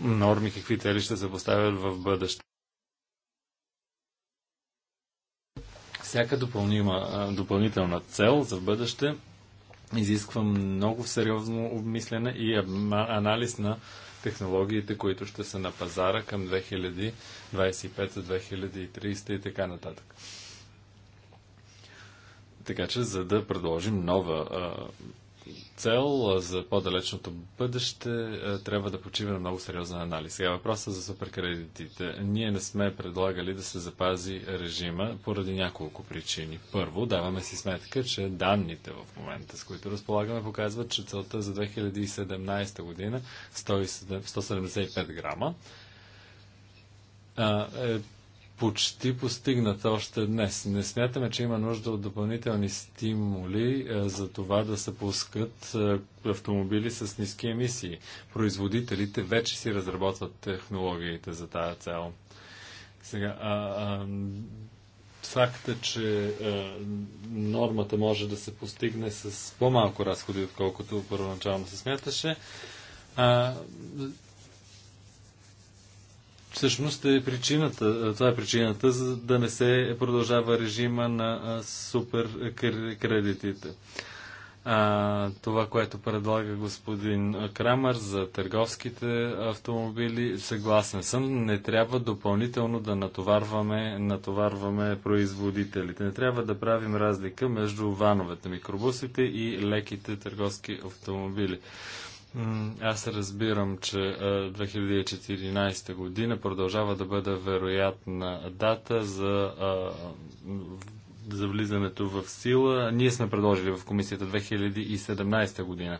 норми, какви цели ще се поставят в бъдеще. Всяка допълнима, допълнителна цел за бъдеще изисква много сериозно обмислене и анализ на технологиите, които ще са на пазара към 2025, 2030 и така нататък. Така че, за да предложим нова а, цел за по-далечното бъдеще трябва да почива на много сериозен анализ. Сега въпросът за суперкредитите. Ние не сме предлагали да се запази режима поради няколко причини. Първо, даваме си сметка, че данните в момента, с които разполагаме, показват, че целта за 2017 година 175 грама е почти постигната още днес. Не смятаме, че има нужда от допълнителни стимули е, за това да се пускат е, автомобили с ниски емисии. Производителите вече си разработват технологиите за тази цел. Сега, а, а, факта, че а, е, нормата може да се постигне с по-малко разходи, отколкото първоначално се смяташе, а, всъщност е причината, това е причината за да не се продължава режима на супер кредитите. А, това, което предлага господин Крамер за търговските автомобили, съгласен съм. Не трябва допълнително да натоварваме, натоварваме производителите. Не трябва да правим разлика между вановете, микробусите и леките търговски автомобили. Аз разбирам, че 2014 година продължава да бъде вероятна дата за, за влизането в сила. Ние сме предложили в комисията 2017 година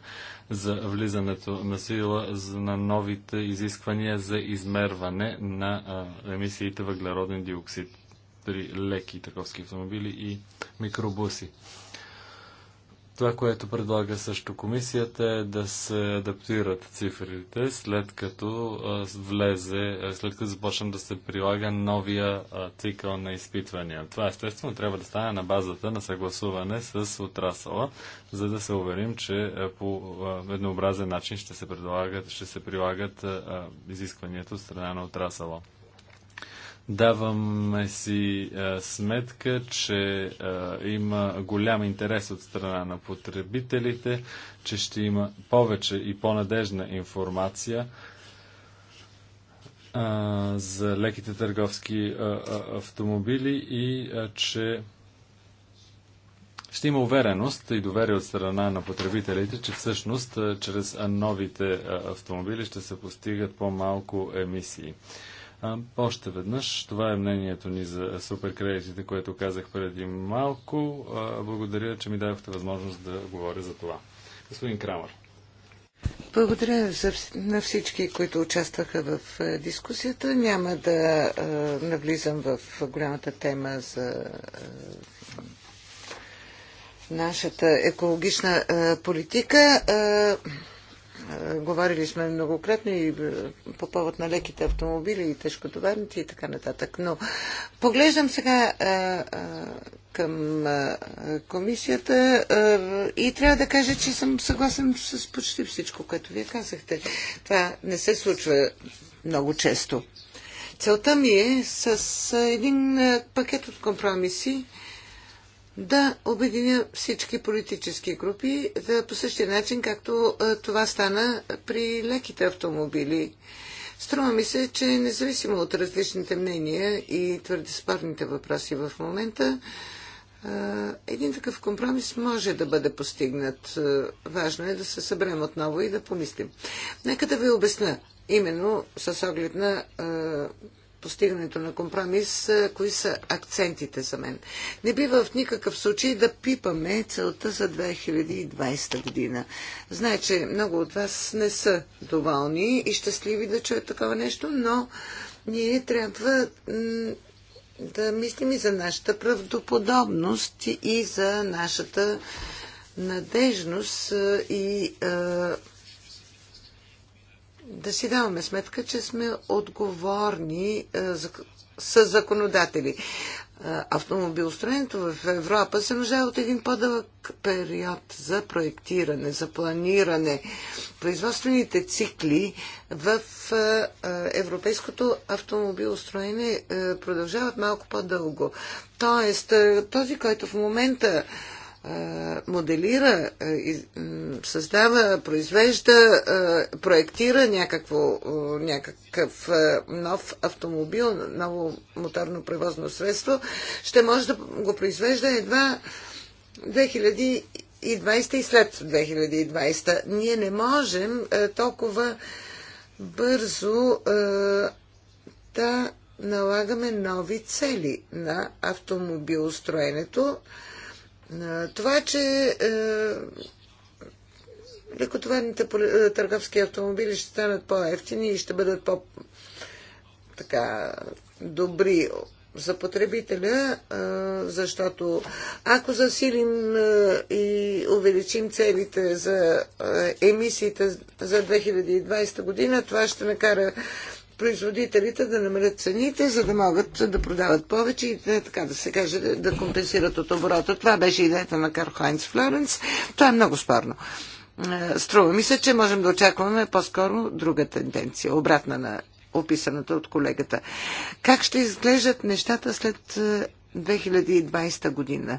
за влизането на сила на новите изисквания за измерване на емисиите въглероден диоксид при леки таковски автомобили и микробуси. Това, което предлага също комисията е да се адаптират цифрите, след като влезе, след като започне да се прилага новия цикъл на изпитвания. Това естествено трябва да стане на базата на съгласуване с отрасъла, за да се уверим, че по еднообразен начин ще се, предлагат, ще се прилагат изискванията от страна на отрасъла. Даваме си а, е, сметка, че а, е, има голям интерес от страна на потребителите, че ще има повече и по-надежна информация а, е, за леките търговски а, а, автомобили и а, че ще има увереност и доверие от страна на потребителите, че всъщност чрез новите автомобили ще се постигат по-малко емисии. А, още веднъж, това е мнението ни за суперкредитите, което казах преди малко. А, благодаря, че ми дадохте възможност да говоря за това. Господин Крамър. Благодаря за, на всички, които участваха в е, дискусията. Няма да а, е, навлизам в голямата тема за е, нашата екологична политика. Е, говорили сме многократно и е, по повод на леките автомобили и тежкотоварните и така нататък. Но поглеждам сега е, към комисията и трябва да кажа, че съм съгласен с почти всичко, което вие казахте. Това не се случва много често. Целта ми е с един пакет от компромиси да обединя всички политически групи да, по същия начин, както е, това стана при леките автомобили. Струва ми се, че независимо от различните мнения и твърде спорните въпроси в момента, е, един такъв компромис може да бъде постигнат. Е, важно е да се съберем отново и да помислим. Нека да ви обясня, именно с оглед на постигането на компромис, кои са акцентите за мен. Не бива в никакъв случай да пипаме целта за 2020 година. Знае, че много от вас не са доволни и щастливи да чуят такова нещо, но ние трябва да мислим и за нашата правдоподобност и за нашата надежност и да си даваме сметка, че сме отговорни е, с законодатели. Е, автомобилостроенето в Европа се нуждае от един по-дълъг период за проектиране, за планиране. Производствените цикли в е, европейското автомобилостроене продължават малко по-дълго. Тоест, този, който в момента моделира, създава, произвежда, проектира някакво, някакъв нов автомобил, ново моторно превозно средство, ще може да го произвежда едва 2020 и след 2020. Ние не можем толкова бързо да налагаме нови цели на автомобилостроенето. Това, че е, лекотоварните е, търговски автомобили ще станат по-ефтини и ще бъдат по- така добри за потребителя, е, защото ако засилим и увеличим целите за емисиите за 2020 година, това ще накара производителите да намерят цените, за да могат да продават повече и е, така да се каже, да компенсират от оборота. Това беше идеята на Карл Хайнц Флоренс. Това е много спорно. Е, струва ми се, че можем да очакваме по-скоро друга тенденция, обратна на описаната от колегата. Как ще изглеждат нещата след 2020 е, година.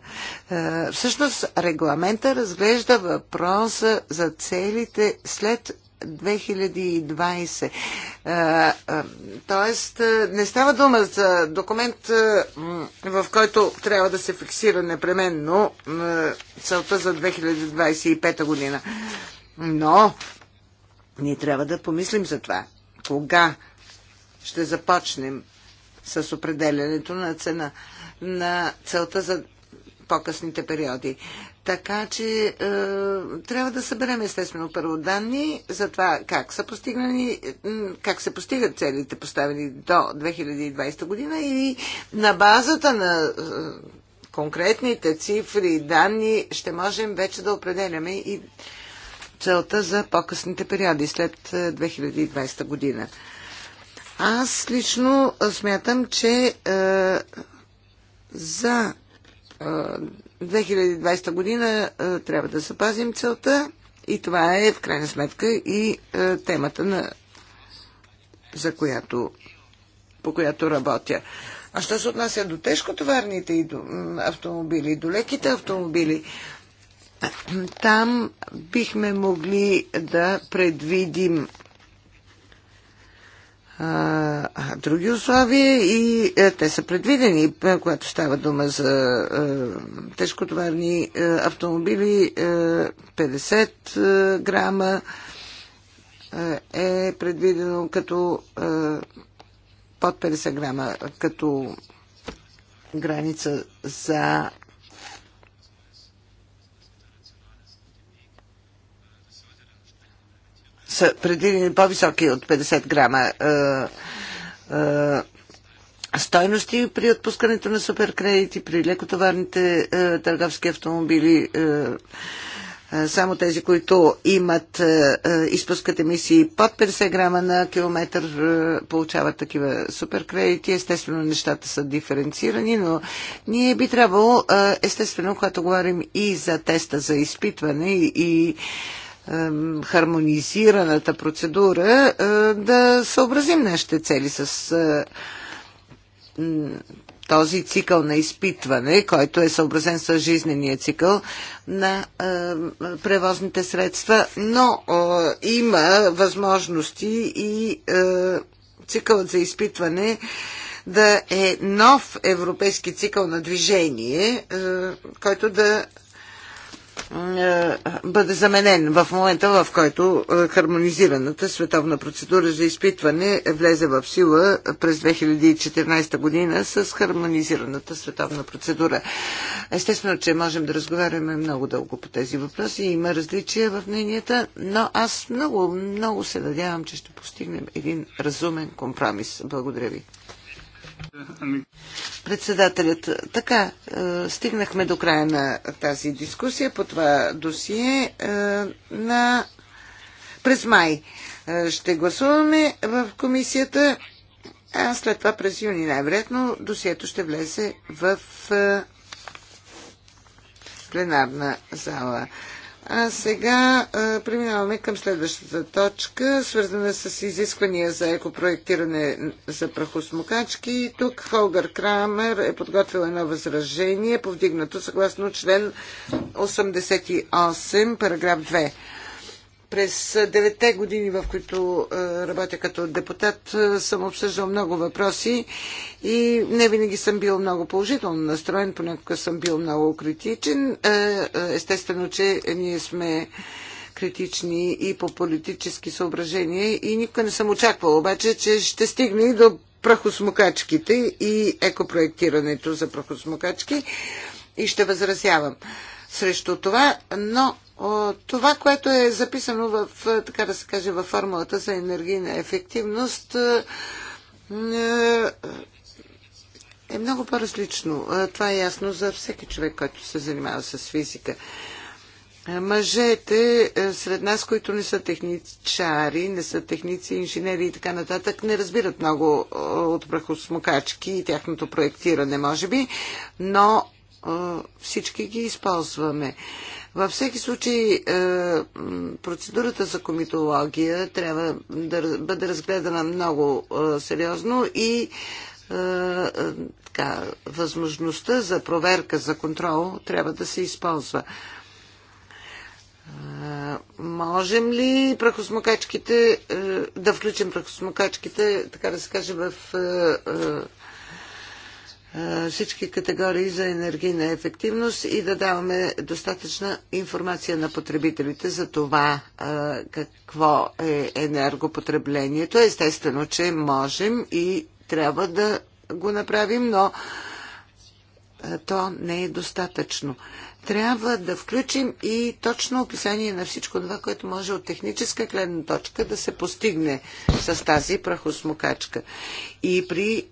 Всъщност регламента разглежда въпроса за целите след 2020. Е, е, тоест, е, не става дума за документ, в който трябва да се фиксира непременно целта за 2025 година. Но ние трябва да помислим за това. Кога ще започнем с определенето на цена на целта за по-късните периоди. Така че е, трябва да съберем естествено първо данни за това как са постигнани, как се постигат целите поставени до 2020 година и на базата на е, конкретните цифри, данни ще можем вече да определяме и целта за по-късните периоди след 2020 е, година. Аз лично смятам, че е, за е, 2020 година е, трябва да запазим целта и това е в крайна сметка и е, темата, на, за която, по която работя. А що се отнася до тежкотоварните и до, автомобили, до леките автомобили, там бихме могли да предвидим а, други условия и а, е, те са предвидени, е, когато става дума за а, е, тежкотоварни а, автомобили. А, 50 а, грама а, е предвидено като а, под 50 грама като граница за са предвидени по-високи от 50 грама е, е, стойности при отпускането на суперкредити, при лекотоварните е, търговски автомобили, е, е само тези, които имат, изпускат емисии под 50 грама на километър, получават такива суперкредити. Естествено, нещата са диференцирани, но ние би трябвало, естествено, когато говорим и за теста за изпитване и, и хармонизираната процедура е, да съобразим нашите цели с е, този цикъл на изпитване, който е съобразен с жизнения цикъл на е, превозните средства, но е, има възможности и е, цикълът за изпитване да е нов европейски цикъл на движение, е, който да е, бъде заменен в момента, в който е, хармонизираната световна процедура за изпитване влезе в сила през 2014 година с хармонизираната световна процедура. Естествено, че можем да разговаряме много дълго по тези въпроси. Има различия в мненията, но аз много, много се надявам, че ще постигнем един разумен компромис. Благодаря ви. Председателят, така, е, стигнахме до края на тази дискусия по това досие е, на през май. Е, ще гласуваме в комисията, а след това през юни най-вероятно досието ще влезе в пленарна зала. А сега а, преминаваме към следващата точка, свързана с изисквания за екопроектиране за прахосмокачки. Тук Холгар Крамер е подготвил едно възражение, повдигнато съгласно член 88, параграф 2 през девете години, в които работя като депутат, съм обсъждал много въпроси и не винаги съм бил много положително настроен, понякога съм бил много критичен. Естествено, че ние сме критични и по политически съображения и никога не съм очаквал обаче, че ще стигне и до прахосмокачките и екопроектирането за прахосмокачки и ще възразявам срещу това, но това, което е записано в, е, така да се каже, във формулата за енергийна ефективност, е, е, е много по-различно. Това е ясно за всеки човек, който се занимава с физика. Мъжете сред нас, които не са техничари, не са техници, инженери и така нататък, не разбират много от прахосмокачки и тяхното проектиране, може би, но всички ги използваме. Във всеки случай е, процедурата за комитология трябва да бъде разгледана много е, сериозно и е, така, възможността за проверка, за контрол трябва да се използва. Можем ли прахосмокачките, да включим прахосмокачките, така да се каже, в всички категории за енергийна ефективност и да даваме достатъчна информация на потребителите за това какво е енергопотреблението. Естествено, че можем и трябва да го направим, но то не е достатъчно. Трябва да включим и точно описание на всичко това, което може от техническа гледна точка да се постигне с тази прахосмокачка. И при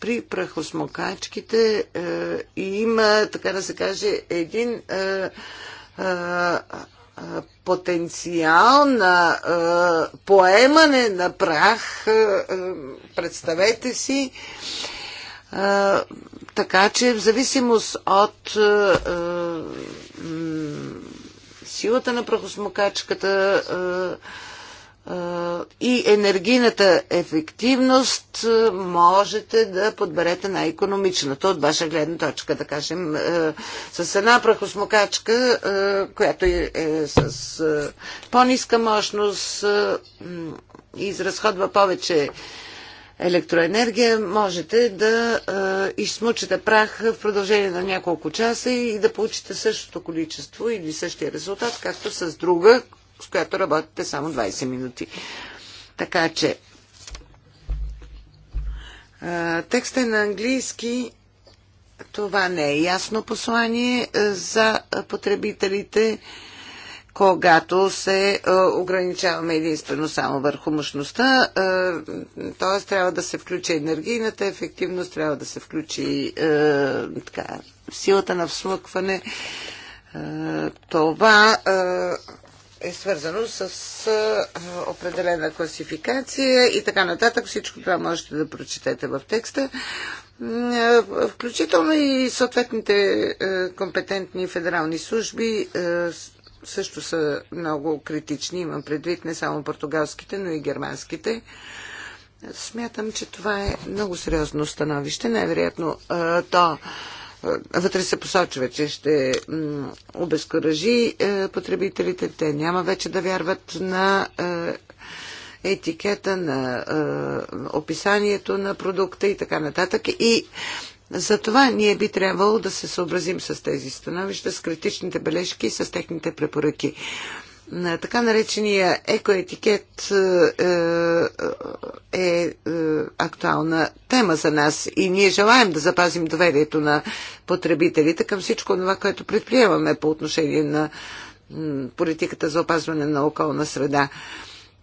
при прахосмокачките е, има, така да се каже, един е, е, е, потенциал на е, поемане на прах. Е, е, представете си. Е, така че в зависимост от е, е, силата на прахосмокачката е, и енергийната ефективност можете да подберете най-економичната от ваша гледна точка, да кажем, с една прахосмокачка, която е, е с по-ниска мощност и изразходва повече електроенергия, можете да изсмучите прах в продължение на няколко часа и да получите същото количество или същия резултат, както с друга, с която работите само 20 минути. Така че текста е на английски. Това не е ясно послание за потребителите, когато се ограничаваме единствено само върху мощността. Тоест трябва да се включи енергийната ефективност, трябва да се включи така, силата на всмъкване. Това е свързано с определена класификация и така нататък. Всичко това можете да прочетете в текста. Включително и съответните компетентни федерални служби също са много критични. Имам предвид не само португалските, но и германските. Смятам, че това е много сериозно становище. Най-вероятно то вътре се посочва, че ще обезкуражи е, потребителите. Те няма вече да вярват на е, етикета, на е, описанието на продукта и така нататък. И за това ние би трябвало да се съобразим с тези становища, с критичните бележки и с техните препоръки на така наречения екоетикет е, е, е, е актуална тема за нас и ние желаем да запазим доверието на потребителите към всичко това, което предприемаме по отношение на политиката за опазване на околна среда.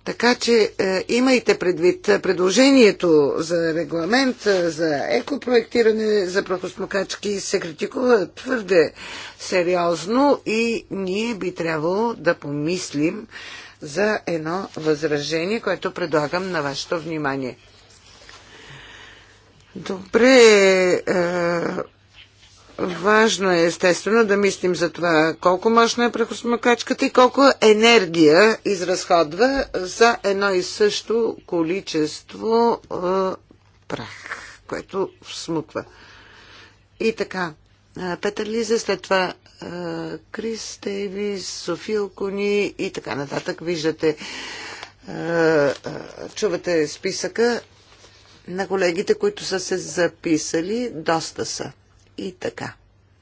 Така че е, имайте предвид е, предложението за регламент е, за екопроектиране за прахосмокачки се критикува твърде сериозно и ние би трябвало да помислим за едно възражение, което предлагам на вашето внимание. Добре, е, Важно е естествено да мислим за това колко мощна е прахосмокачката и колко енергия изразходва за едно и също количество е, прах, което смуква. И така, Петър Лиза, след това е, Крис Дейвис, Софил Кони и така нататък. Виждате, е, чувате списъка на колегите, които са се записали. Доста са. И така,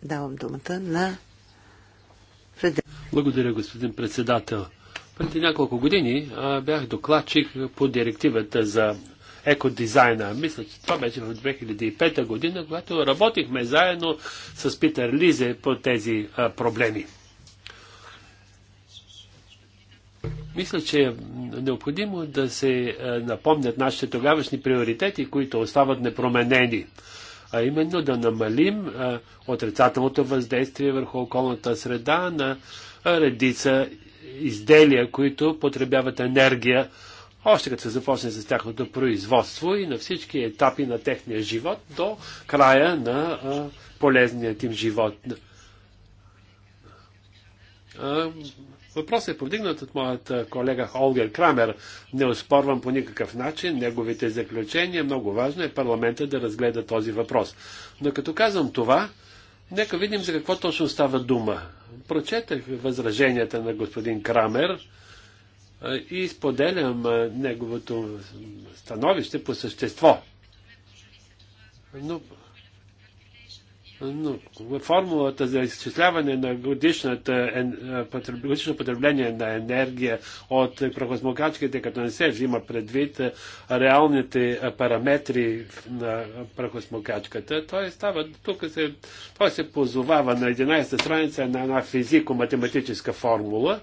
давам думата на Благодаря, господин председател. Преди няколко години а, бях докладчик по директивата за екодизайна. Мисля, че това беше в 2005 година, когато работихме заедно с Питър Лизе по тези а, проблеми. Мисля, че е необходимо да се напомнят нашите тогавашни приоритети, които остават непроменени а именно да намалим а, отрицателното въздействие върху околната среда на редица изделия, които потребяват енергия, още като се започне с тяхното производство и на всички етапи на техния живот до края на а, полезният им живот. А, Въпросът е повдигнат от моят колега Олгер Крамер. Не оспорвам по никакъв начин неговите заключения. Много важно е парламента да разгледа този въпрос. Но като казвам това, нека видим за какво точно става дума. Прочетах възраженията на господин Крамер и споделям неговото становище по същество. Но формулата за изчисляване на годишната, годишно потребление на енергия от прахосмокачките, като не се взима предвид реалните параметри на прахосмокачката, той става, тук се, той се позовава на 11-та страница на една физико-математическа формула,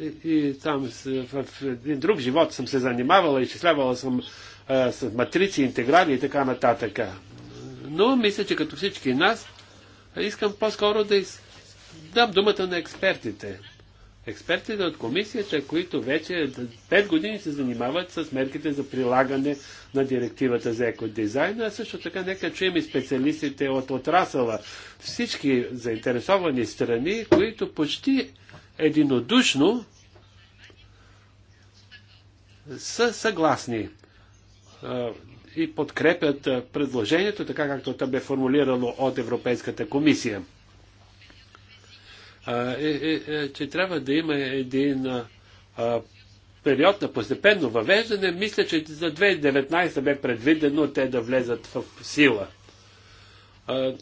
и, и там в един друг живот съм се занимавала, изчислявала съм с матрици, интеграли и така нататък. Но мисля, че като всички нас, искам по-скоро да из... дам думата на експертите. Експертите от комисията, които вече 5 години се занимават с мерките за прилагане на директивата за екодизайна, а също така нека чуем и специалистите от отрасъла, всички заинтересовани страни, които почти единодушно са съгласни и подкрепят предложението, така както то бе формулирано от Европейската комисия. Е, е, е, че трябва да има един а, период на постепенно въвеждане. Мисля, че за 2019 бе предвидено те да влезат в сила.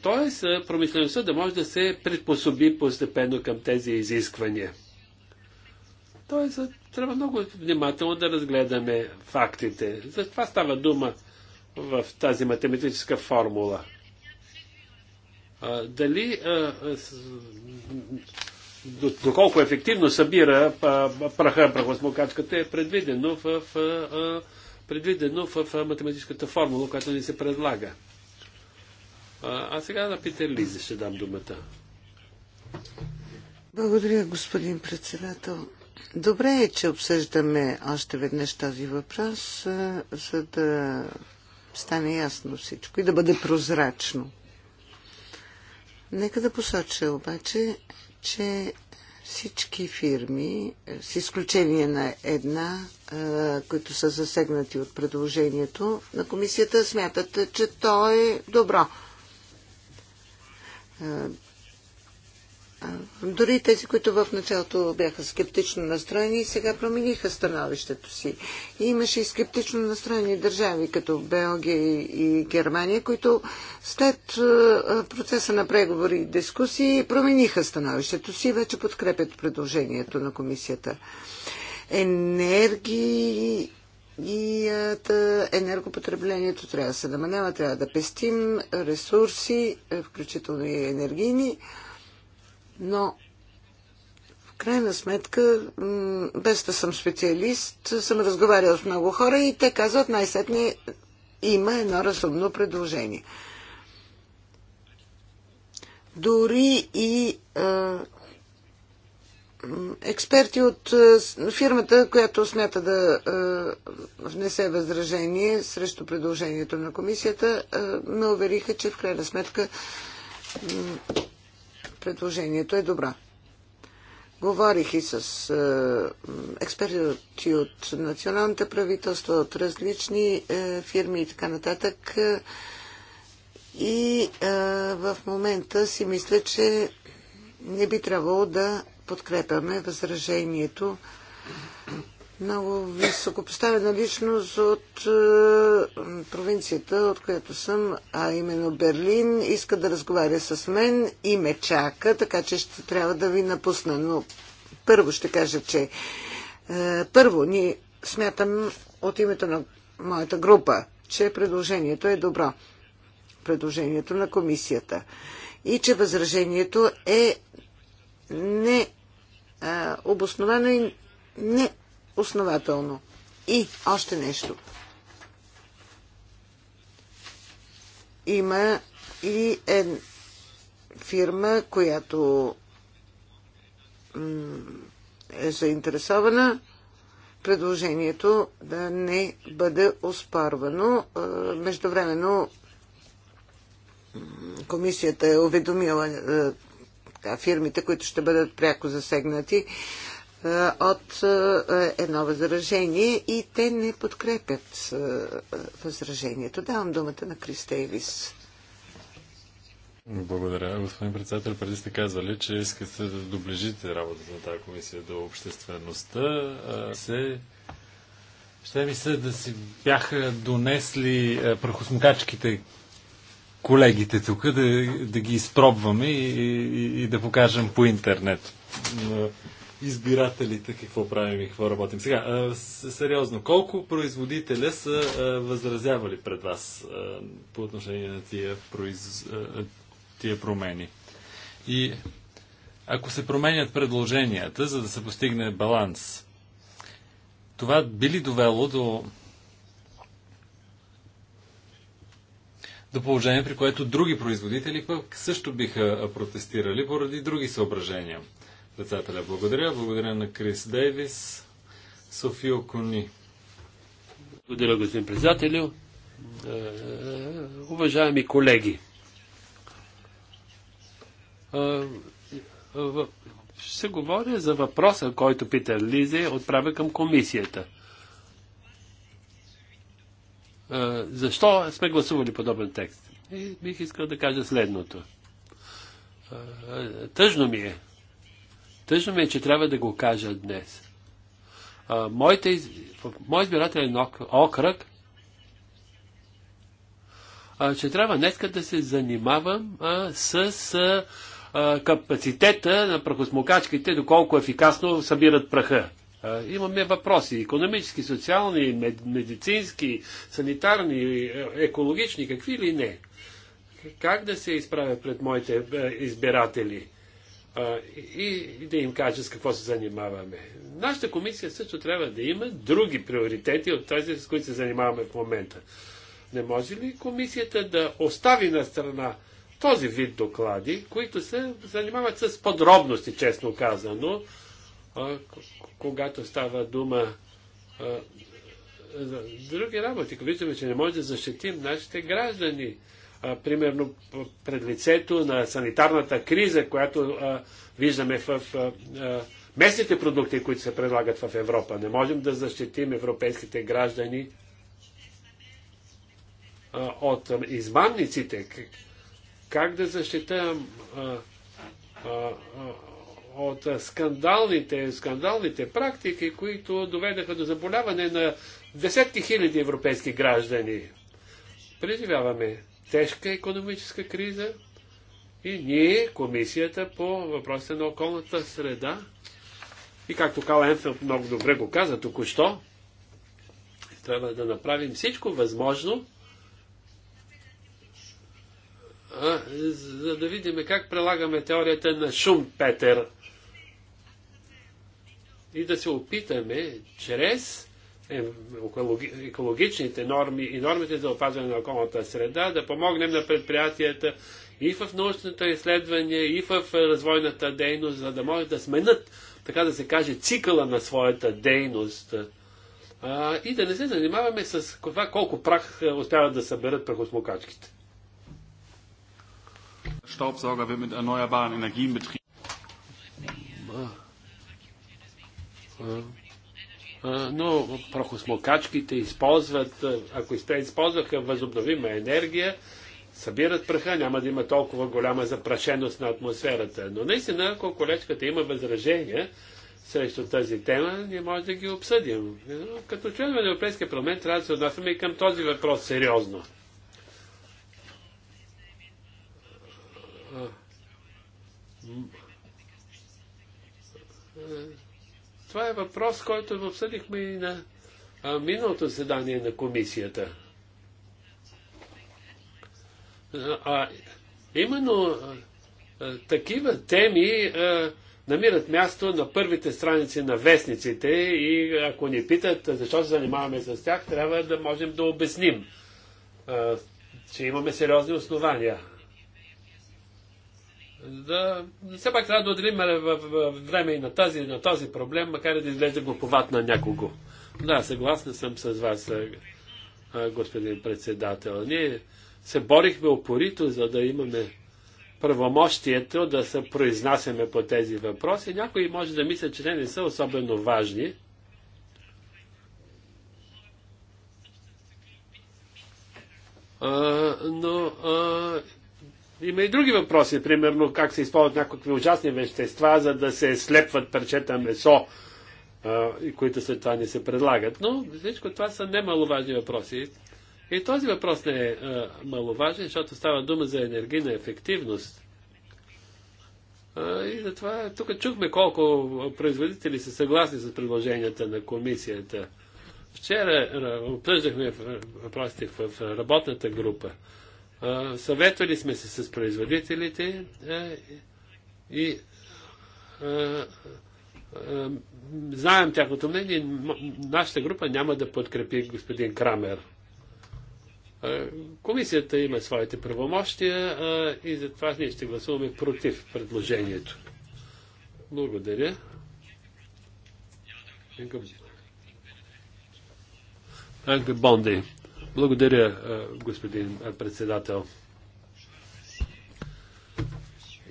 Тоест, промишлеността да може да се приспособи постепенно към тези изисквания. Тоест, трябва много внимателно да разгледаме фактите. За това става дума в тази математическа формула. А, дали а, доколко ефективно събира праха, прахосмокачката е предвидено в, в, а, предвидено в математическата формула, която ни се предлага. А, а сега на Питер Лизи ще дам думата. Благодаря, господин председател. Добре е, че обсъждаме още веднъж този въпрос, за да стане ясно всичко и да бъде прозрачно. Нека да посоча обаче, че всички фирми, с изключение на една, които са засегнати от предложението на комисията, смятат, че то е добро. Дори тези, които в началото бяха скептично настроени, сега промениха становището си. И имаше и скептично настроени държави, като Белгия и Германия, които след процеса на преговори и дискусии промениха становището си и вече подкрепят предложението на комисията. Енергии и енергопотреблението трябва да се намалява, трябва да пестим ресурси, включително и енергийни. Но в крайна сметка, без да съм специалист, съм разговарял с много хора и те казват най-сетне има едно разумно предложение. Дори и експерти от фирмата, която смята да внесе възражение срещу предложението на комисията, ме увериха, че в крайна сметка предложението е добро. Говорих и с е, експерти от националните правителства, от различни е, фирми и така нататък. Е, и е, в момента си мисля, че не би трябвало да подкрепяме възражението много високопоставена личност от е, провинцията, от която съм, а именно Берлин, иска да разговаря с мен и ме чака, така че ще трябва да ви напусна. Но първо ще кажа, че е, първо ни смятам от името на моята група, че предложението е добро. Предложението на комисията. И че възражението е не е, обосновано и не основателно. И още нещо. Има и една фирма, която е заинтересована предложението да не бъде оспарвано. Междувременно комисията е уведомила фирмите, които ще бъдат пряко засегнати е, от е, едно възражение и те не подкрепят е, възражението. Давам думата на Крис Тейвис. Благодаря, господин председател. Преди сте казали, че искате да доближите работата на тази комисия до обществеността. Се... Ще ми се да си бяха донесли прахосмокачките колегите тук, да, да ги изпробваме и, и, и да покажем по интернет избирателите какво правим и какво работим. Сега, сериозно, колко производителя са възразявали пред вас по отношение на тия, произ... тия промени? И ако се променят предложенията, за да се постигне баланс, това би ли довело до до положение, при което други производители пък също биха протестирали поради други съображения. Председателя, благодаря. Благодаря на Крис Дейвис. Софио Кони. Благодаря, господин председателю. Е, уважаеми колеги, е, ще говоря за въпроса, който Питер Лизе отправя към комисията. Е, защо сме гласували подобен текст? И бих искал да кажа следното. Тъжно ми е, Тъжно ми е, че трябва да го кажа днес. А, моите, в мой избирателен окръг, а, че трябва днеска да се занимавам а, с а, а, капацитета на прахосмокачките, доколко ефикасно събират праха. А, имаме въпроси економически, социални, мед, медицински, санитарни, е, екологични, какви ли не. Как да се изправя пред моите е, избиратели? и да им кажа с какво се занимаваме. Нашата комисия също трябва да има други приоритети от тези, с които се занимаваме в момента. Не може ли комисията да остави на страна този вид доклади, които се занимават с подробности, честно казано, когато става дума за други работи. Виждаме, че не може да защитим нашите граждани примерно пред лицето на санитарната криза, която виждаме в местните продукти, които се предлагат в Европа. Не можем да защитим европейските граждани от измамниците. Как да защитам от скандалните, скандалните практики, които доведаха до заболяване на десетки хиляди европейски граждани. Преживяваме тежка економическа криза и ние, комисията по въпросите на околната среда, и както Кал Енфилд много добре го каза току-що, трябва да направим всичко възможно, а, за да видим как прилагаме теорията на Шум Петер и да се опитаме чрез е, екологичните норми и нормите за опазване на околната среда, да помогнем на предприятията и в научното изследване, и в е, развойната дейност, за да могат да сменят, така да се каже, цикъла на своята дейност. А, и да не се занимаваме с това колко прах е, успяват да съберат прахосмокачките. Staubsauger betrieben но прахосмокачките използват, ако те използваха възобновима енергия, събират праха, няма да има толкова голяма запрашеност на атмосферата. Но наистина, ако колечката има възражения срещу тази тема, ние може да ги обсъдим. Като член на Европейския парламент трябва да се отнасяме и към този въпрос сериозно. Uh това е въпрос, който обсъдихме и на а, миналото заседание на комисията. А, а именно а, такива теми а, намират място на първите страници на вестниците и ако ни питат защо се занимаваме с тях, трябва да можем да обясним, а, че имаме сериозни основания. Да, все пак трябва да отделим време и на тази, на този проблем, макар и да изглежда глуповат на някого. Да, съгласен съм с вас, господин председател. Ние се борихме опорито, за да имаме правомощието да се произнасяме по тези въпроси. Някои може да мислят, че те не са особено важни. А, но а, има и други въпроси, примерно как се използват някакви ужасни вещества, за да се слепват парчета месо, а, и които след това не се предлагат. Но всичко това са немаловажни въпроси. И този въпрос не е а, маловажен, защото става дума за енергийна ефективност. А, и затова тук чухме колко производители са съгласни с предложенията на комисията. Вчера обсъждахме въпросите в работната група. Съветвали сме се с производителите и знаем тяхното мнение. Нашата група няма да подкрепи господин Крамер. Комисията има своите правомощия и затова ние ще гласуваме против предложението. Благодаря. Анка Бонди. Благодаря, господин председател.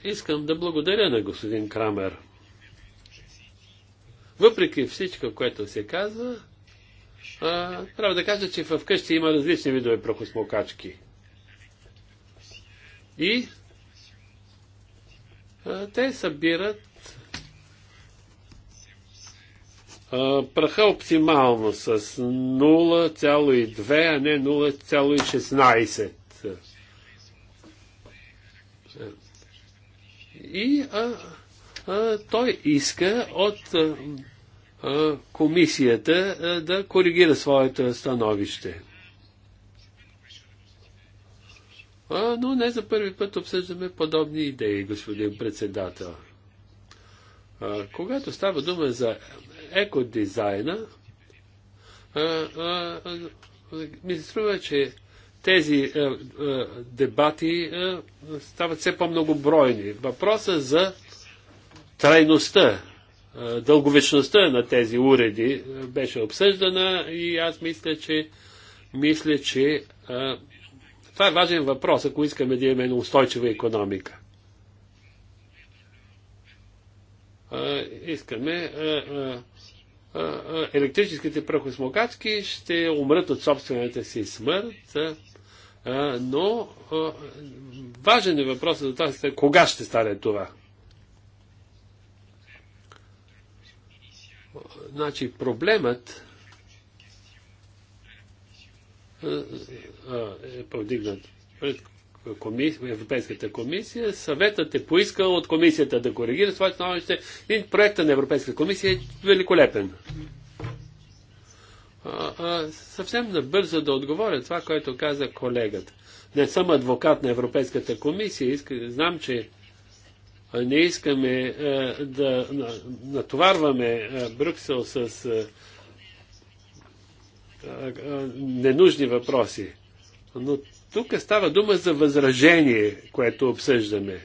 Искам да благодаря на господин Крамер. Въпреки всичко, което се каза, а, трябва да кажа, че вкъщи къщи има различни видове прахосмокачки. И а, те събират праха оптимално с 0,2, а не 0,16. И а, а, той иска от а, комисията а, да коригира своето становище. А, но не за първи път обсъждаме подобни идеи, господин председател. А, когато става дума за екодизайна, ми се струва, че тези е, е, дебати е, стават все по много бройни. Въпроса за трайността, дълговечността на тези уреди беше обсъждана и аз мисля, че, мисля, че това е важен въпрос, ако искаме да имаме устойчива економика. искаме електрическите прахосмокачки ще умрат от собствената си смърт, но важен е въпросът за тази кога ще стане това. Значи проблемът е повдигнат комисия, Европейската комисия, съветът е поискал от комисията да коригира това становище. И проекта на Европейската комисия е великолепен. А, а, съвсем набързо да отговоря това, което каза колегата. Не съм адвокат на Европейската комисия, иска, знам, че не искаме е, да натоварваме е, Брюксел с е, ненужни въпроси. Но тук става дума за възражение, което обсъждаме.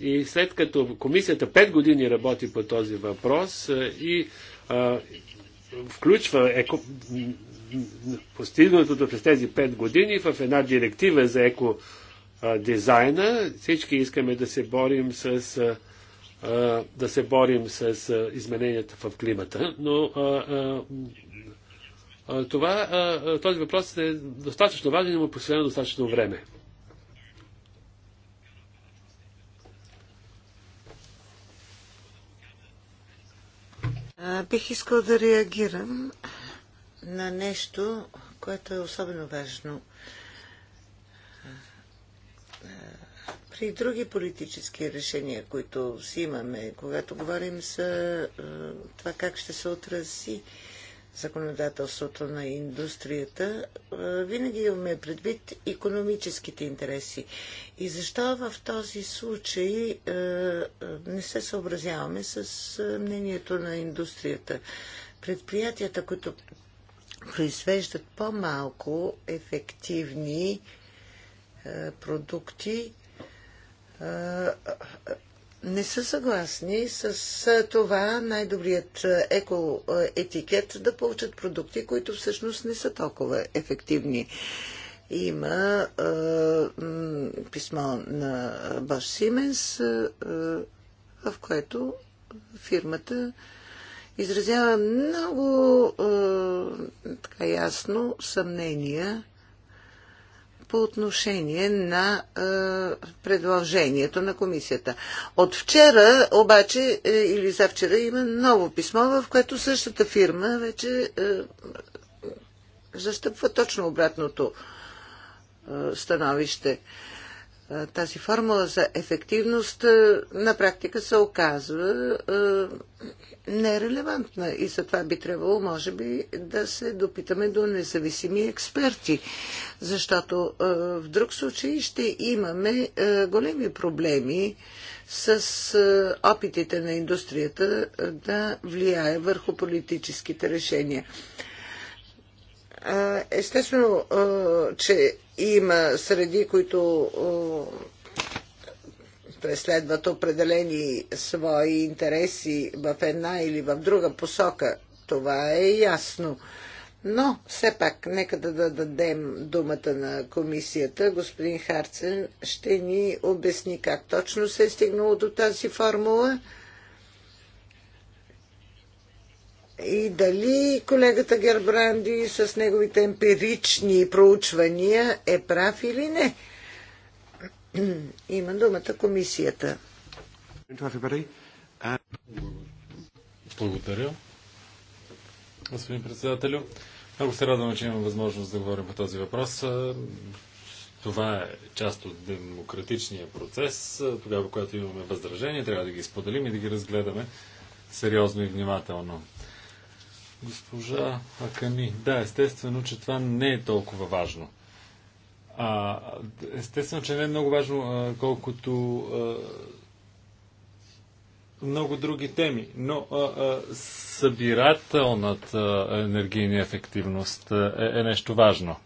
И след като комисията 5 години работи по този въпрос и а, включва еко... постигнатото през тези 5 години в една директива за еко дизайна. Всички искаме да се борим с а, да се борим с измененията в климата, но а, а, това, този въпрос е достатъчно важен и му е посвено достатъчно време. Бих искал да реагирам на нещо, което е особено важно. При други политически решения, които си имаме, когато говорим за това как ще се отрази законодателството на индустрията, винаги имаме предвид економическите интереси. И защо в този случай не се съобразяваме с мнението на индустрията? Предприятията, които произвеждат по-малко ефективни продукти, не са съгласни с това най-добрият екоетикет да получат продукти, които всъщност не са толкова ефективни. Има е, писмо на Бош Сименс, е, в което фирмата изразява много е, така ясно съмнения по отношение на е, предложението на комисията. От вчера, обаче, е, или за вчера, има ново писмо, в което същата фирма вече е, застъпва точно обратното е, становище. Е, тази формула за ефективност на практика се оказва нерелевантна и затова би трябвало, може би, да се допитаме до независими експерти, защото в друг случай ще имаме големи проблеми с опитите на индустрията да влияе върху политическите решения. Естествено, че има среди, които преследват определени свои интереси в една или в друга посока. Това е ясно. Но, все пак, нека да дадем думата на комисията. Господин Харцен ще ни обясни как точно се е стигнало до тази формула. и дали колегата Гербранди с неговите емпирични проучвания е прав или не. Има думата комисията. Uh, Благодаря. Господин председателю, много се радвам, че имам възможност да говорим по този въпрос. Това е част от демократичния процес. Тогава, когато имаме възражения, трябва да ги споделим и да ги разгледаме сериозно и внимателно. Госпожа Акани, да, естествено, че това не е толкова важно. А, естествено, че не е много важно, а, колкото а, много други теми, но а, а, събирателната енергийна ефективност е, е нещо важно.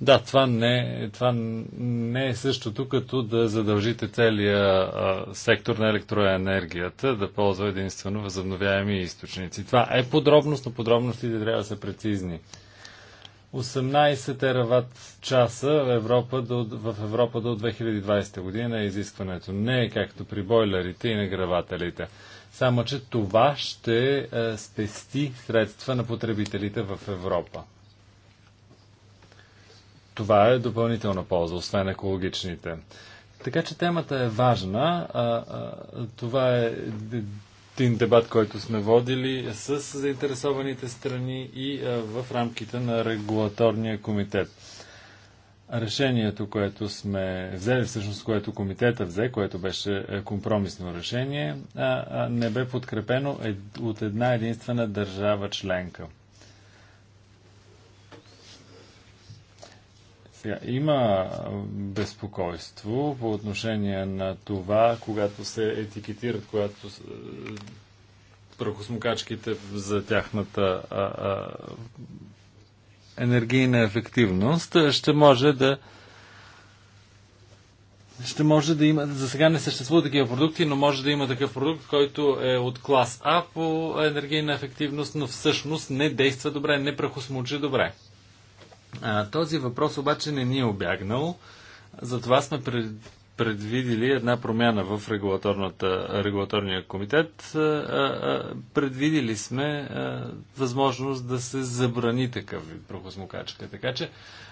Да, това не, това не е същото като да задължите целия сектор на електроенергията да ползва единствено възобновяеми източници. Това е подробност, но подробностите трябва да са прецизни. 18 тераватт часа в Европа до, в Европа до 2020 година е изискването. Не е както при бойлерите и нагревателите. Само, че това ще е, спести средства на потребителите в Европа това е допълнителна полза, освен екологичните. Така че темата е важна. А, а, това е един дебат, който сме водили с заинтересованите страни и а, в рамките на регулаторния комитет. Решението, което сме взели, всъщност, което комитета взе, което беше е, компромисно решение, а, а, не бе подкрепено е от една единствена държава членка. Сега, има безпокойство по отношение на това, когато се етикетират, когато прахосмокачките за тяхната а, а, енергийна ефективност, ще може да ще може да има, за сега не съществуват такива продукти, но може да има такъв продукт, който е от клас А по енергийна ефективност, но всъщност не действа добре, не прахосмучи добре. А, този въпрос обаче не ни е обягнал. Затова сме пред, предвидили една промяна в регулаторния комитет. А, а, предвидили сме а, възможност да се забрани такъв вид Така че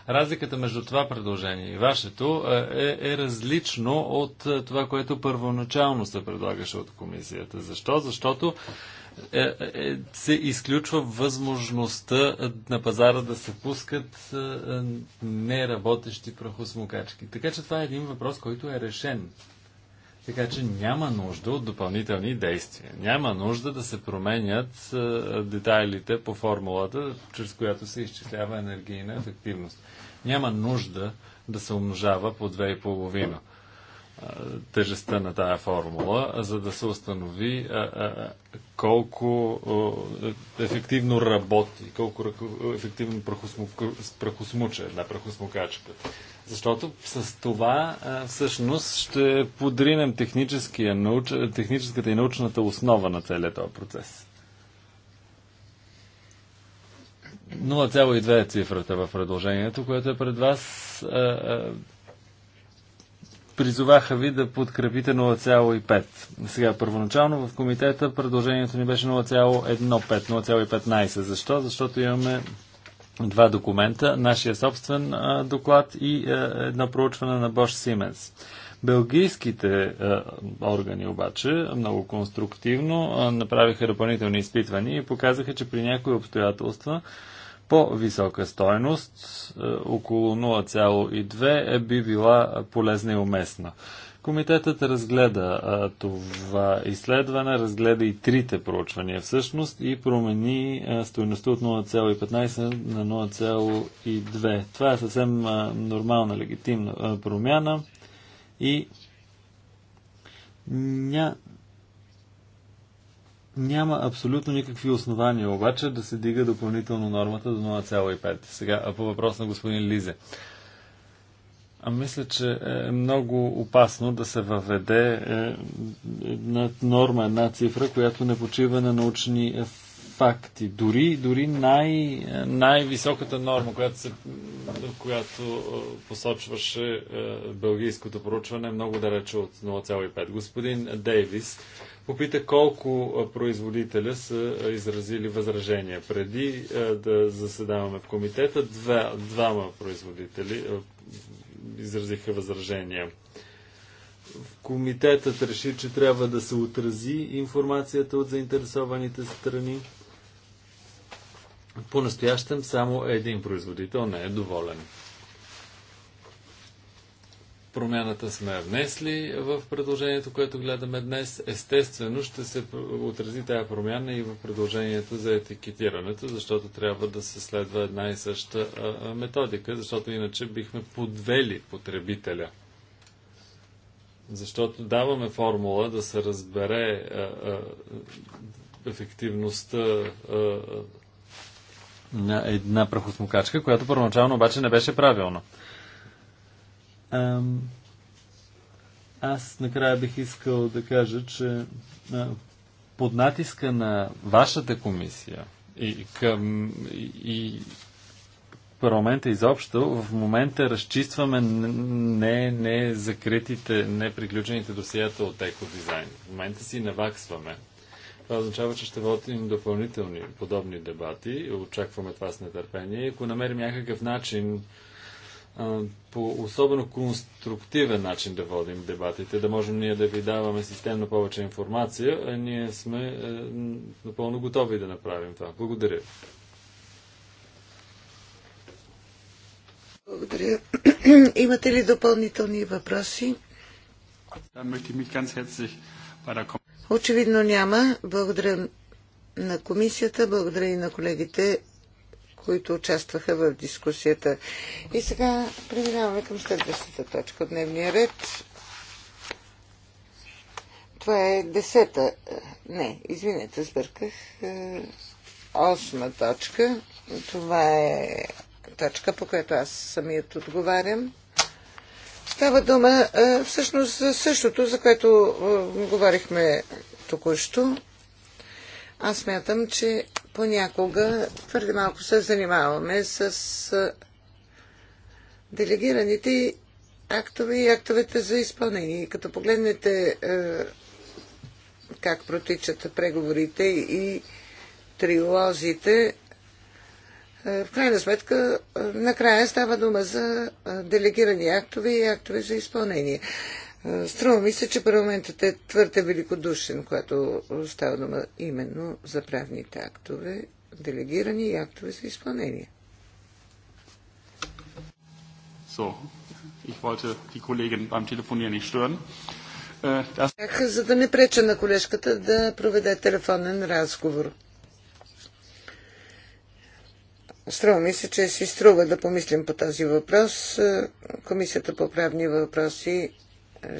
разликата между това предложение и вашето е, е различно от това, което първоначално се предлагаше от комисията. Защо? Защото е, е, се изключва възможността на пазара да се пускат е, неработещи прахосмокачки. Така че това е един въпрос, който е решен. Така че няма нужда от допълнителни действия. Няма нужда да се променят детайлите по формулата, чрез която се изчислява енергийна ефективност. Няма нужда да се умножава по 2,5 тежестта на тая формула, за да се установи а, а, колко а, ефективно работи, колко ефективно прахосмуча една прахосмукачка. Защото с това всъщност ще подринем науч... техническата и научната основа на целият този процес. 0,2 е цифрата в предложението, което е пред вас призоваха ви да подкрепите 0,5. Сега, първоначално в комитета предложението ни беше 0,15, 0,15. Защо? Защото имаме два документа, нашия собствен а, доклад и а, е, едно проучване на Bosch Siemens. Белгийските а, е, органи обаче много конструктивно а, направиха допълнителни изпитвания и показаха, че при някои обстоятелства по-висока стойност, е, около 0,2 е би била полезна и уместна. Комитетът разгледа е, това изследване, разгледа и трите проучвания всъщност и промени стоеността от 0,15 на 0,2. Това е съвсем нормална, легитимна промяна и ня, няма абсолютно никакви основания обаче да се дига допълнително нормата до 0,5. Сега по въпрос на господин Лизе. А мисля, че е много опасно да се въведе е, една норма, една цифра, която не почива на научни е, факти. Дори, дори най, най-високата норма, която, се, която е, посочваше бългийското проучване, е много далече от 0,5. Господин Дейвис попита колко производителя са изразили възражения. Преди да заседаваме в комитета, два, двама производители изразиха възражения. Комитетът реши, че трябва да се отрази информацията от заинтересованите страни. По-настоящем само един производител не е доволен. Промяната сме внесли в предложението, което гледаме днес. Естествено ще се отрази тази промяна и в предложението за етикетирането, защото трябва да се следва една и съща методика, защото иначе бихме подвели потребителя. Защото даваме формула да се разбере ефективността на една прахосмокачка, която първоначално обаче не беше правилна. Ам, аз накрая бих искал да кажа, че под натиска на вашата комисия и, към, и, парламента изобщо, в момента разчистваме не, не закритите, не приключените досията от Еко Дизайн. В момента си наваксваме. Това означава, че ще водим допълнителни подобни дебати. Очакваме това с нетърпение. Ако намерим някакъв начин, по особено конструктивен начин да водим дебатите, да можем ние да ви даваме системно повече информация, а ние сме е, напълно готови да направим това. Благодаря. Благодаря. Имате ли допълнителни въпроси? Очевидно няма. Благодаря на комисията, благодаря и на колегите които участваха в дискусията. И сега преминаваме към следващата точка от дневния ред. Това е десета. Е, не, извинете, сбърках. Е, осма точка. Това е точка, по която аз самият отговарям. Става дума е, всъщност за същото, за което говорихме току-що. Аз смятам, че понякога твърде малко се занимаваме с делегираните актове и актовете за изпълнение. Като погледнете как протичат преговорите и трилозите, в крайна сметка, накрая става дума за делегирани актове и актове за изпълнение. Е, струва ми се, че парламентът е твърде великодушен, когато става дума именно за правните актове, делегирани и актове за изпълнение. So, ich wollte die Kollegin beim Telefonieren nicht stören. Бях, äh, за да не преча на колежката да проведе телефонен разговор. Струва ми се, че си струва да помислим по този въпрос. Комисията по правни въпроси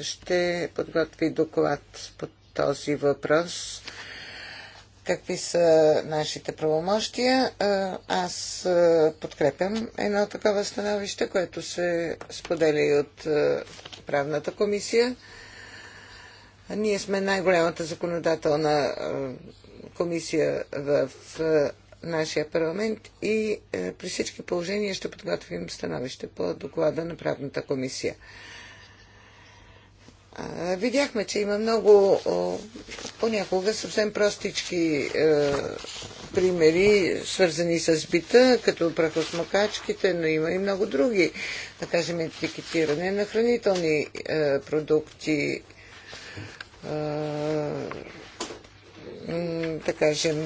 ще подготви доклад по този въпрос. Какви са нашите правомощия? Аз подкрепям едно такова становище, което се споделя и от правната комисия. Ние сме най-голямата законодателна комисия в нашия парламент и при всички положения ще подготвим становище по доклада на правната комисия. Видяхме, че има много понякога съвсем простички е, примери, свързани с бита, като прахосмокачките, но има и много други, да кажем, етикетиране на хранителни е, продукти, е, да кажем,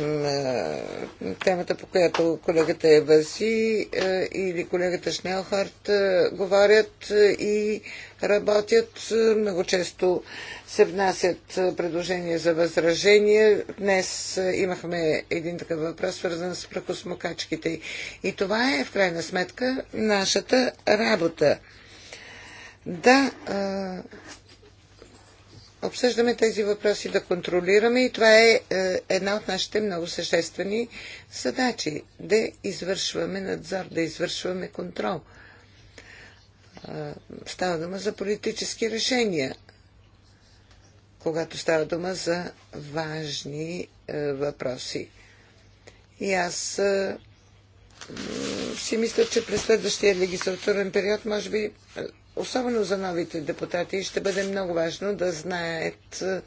темата, по която колегата Еваси или колегата Шнелхарт говорят и работят. Много често се внасят предложения за възражения. Днес имахме един такъв въпрос, свързан с пръкосмокачките. И това е, в крайна сметка, нашата работа. Да, обсъждаме тези въпроси, да контролираме и това е, е една от нашите много съществени задачи да извършваме надзор, да извършваме контрол. Става дума за политически решения, когато става дума за важни е, въпроси. И аз е, си мисля, че през следващия легислатурен период, може би особено за новите депутати, ще бъде много важно да знаят е,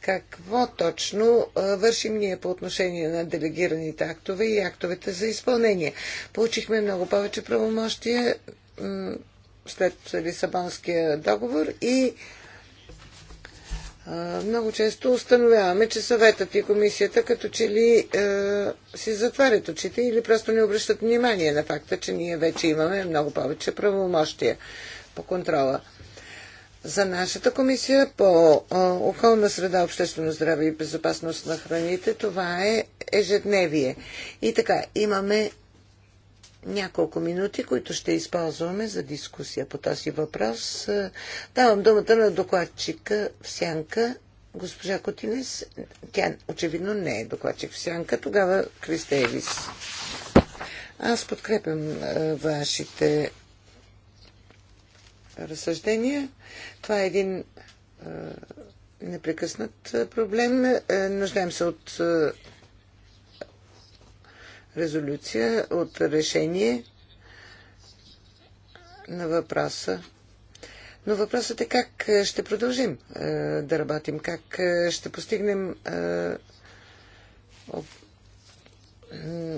какво точно е, вършим ние по отношение на делегираните актове и актовете за изпълнение. Получихме много повече правомощия след Лисабонския договор и много често установяваме, че съветът и комисията като че ли е, си затварят очите или просто не обръщат внимание на факта, че ние вече имаме много повече правомощия по контрола. За нашата комисия по е, околна среда, обществено здраве и безопасност на храните това е ежедневие. И така, имаме няколко минути, които ще използваме за дискусия по този въпрос. Давам думата на докладчика в сянка, госпожа Котинес. Тя очевидно не е докладчик в сянка. Тогава Кристелис. Аз подкрепям е, вашите разсъждения. Това е един е, непрекъснат проблем. Е, нуждаем се от резолюция, от решение на въпроса. Но въпросът е как е, ще продължим е, да работим, как е, ще постигнем е,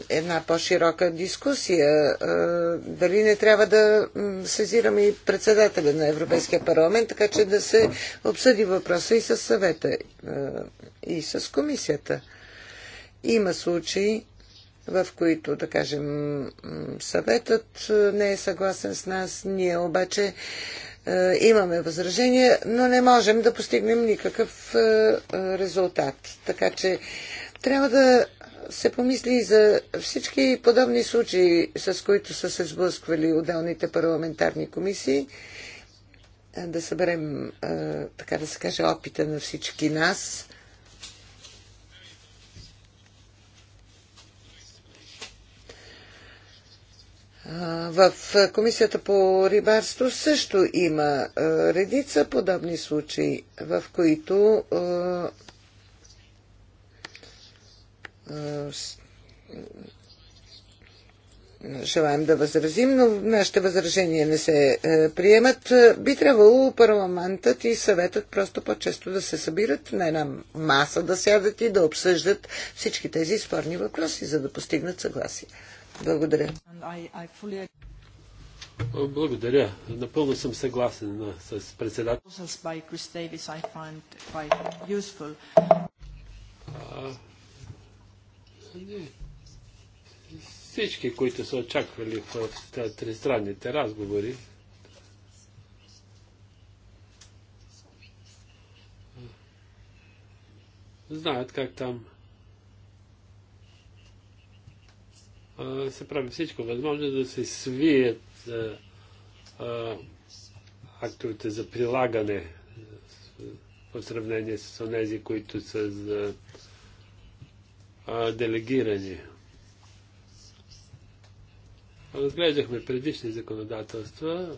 една по-широка дискусия. Е, дали не трябва да сезираме и председателя на Европейския парламент, така че да се обсъди въпроса и с съвета, е, и с комисията. Има случаи, в които, да кажем, съветът не е съгласен с нас, ние обаче е, имаме възражения, но не можем да постигнем никакъв е, резултат. Така че трябва да се помисли и за всички подобни случаи, с които са се сблъсквали отделните парламентарни комисии, е, да съберем, така да се каже, опита на всички нас В Комисията по рибарство също има редица подобни случаи, в които желаем да възразим, но нашите възражения не се приемат. Би трябвало парламентът и съветът просто по-често да се събират на една маса, да сядат и да обсъждат всички тези спорни въпроси, за да постигнат съгласие. Благодаря. Благодаря. Напълно съм съгласен с председател. Всички, които са очаквали в тристранните разговори, знаят как там се прави всичко възможно да се свият актовете за прилагане в сравнение с тези, които са за делегирани. Разглеждахме предишни законодателства.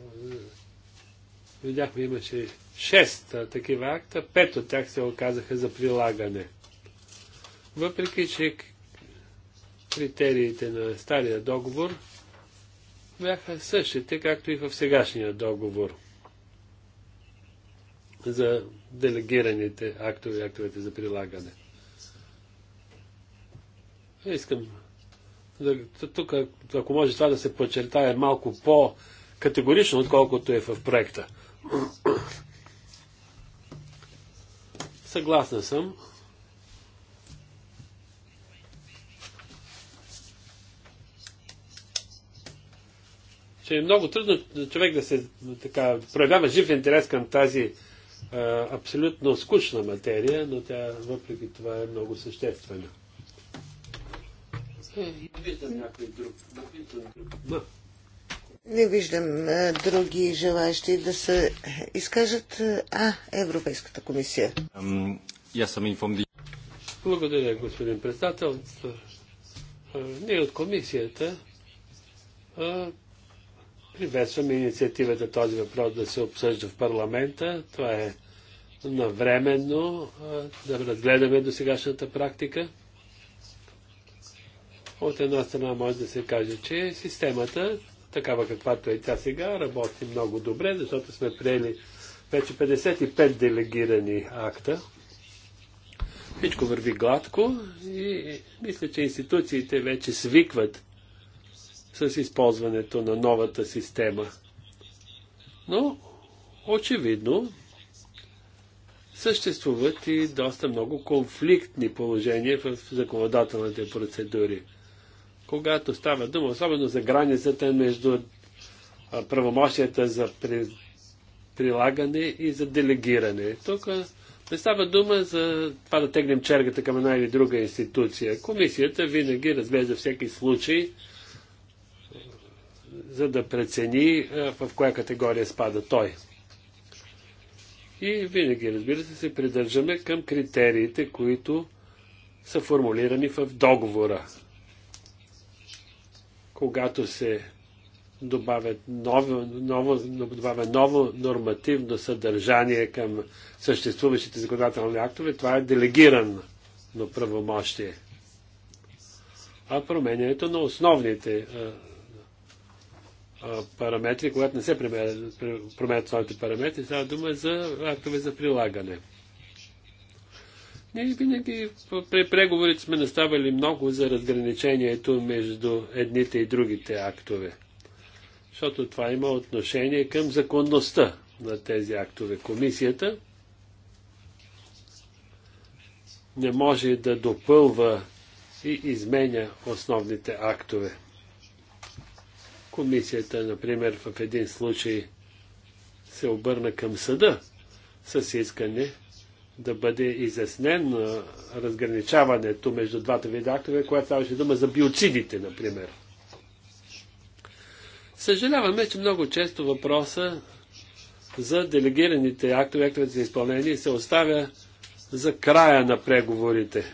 Видяхме, имаше 6 такива акта, 5 от тях се оказаха за прилагане. Въпреки, че Критериите на стария договор бяха същите, както и в сегашния договор за делегираните актове и актовете за прилагане. Искам да, тук, ако може това да се подчертае малко по-категорично, отколкото е в проекта. Съгласна съм че е много трудно човек да се така, проявява жив интерес към тази а, абсолютно скучна материя, но тя въпреки това е много съществена. Не виждам а, други желащи да се изкажат. А, Европейската комисия. Благодаря, господин председател. Ние от комисията Приветствам инициативата този въпрос да се обсъжда в парламента. Това е навременно да разгледаме до сегашната практика. От една страна може да се каже, че системата, такава каквато е тя сега, работи много добре, защото сме приели вече 55 делегирани акта. Всичко върви гладко и мисля, че институциите вече свикват с използването на новата система. Но, очевидно, съществуват и доста много конфликтни положения в законодателните процедури. Когато става дума, особено за границата между правомощията за при... прилагане и за делегиране. Тук не става дума за това да тегнем чергата към една или друга институция. Комисията винаги разглежда всеки случай за да прецени е, в коя категория спада той. И винаги, разбира се, се придържаме към критериите, които са формулирани в договора. Когато се добавя ново, ново, добавя ново нормативно съдържание към съществуващите законодателни актове, това е делегирано правомощие. А променянето на основните а, е, параметри, когато не се променят своите параметри, става дума за актове за прилагане. Ние винаги при преговорите сме наставали много за разграничението между едните и другите актове. Защото това има отношение към законността на тези актове. Комисията не може да допълва и изменя основните актове. Комисията, например, в един случай се обърна към съда с искане да бъде изяснен разграничаването между двата вида актове, която ставаше дума за биоцидите, например. Съжаляваме, че много често въпроса за делегираните актове, актовете за изпълнение се оставя за края на преговорите.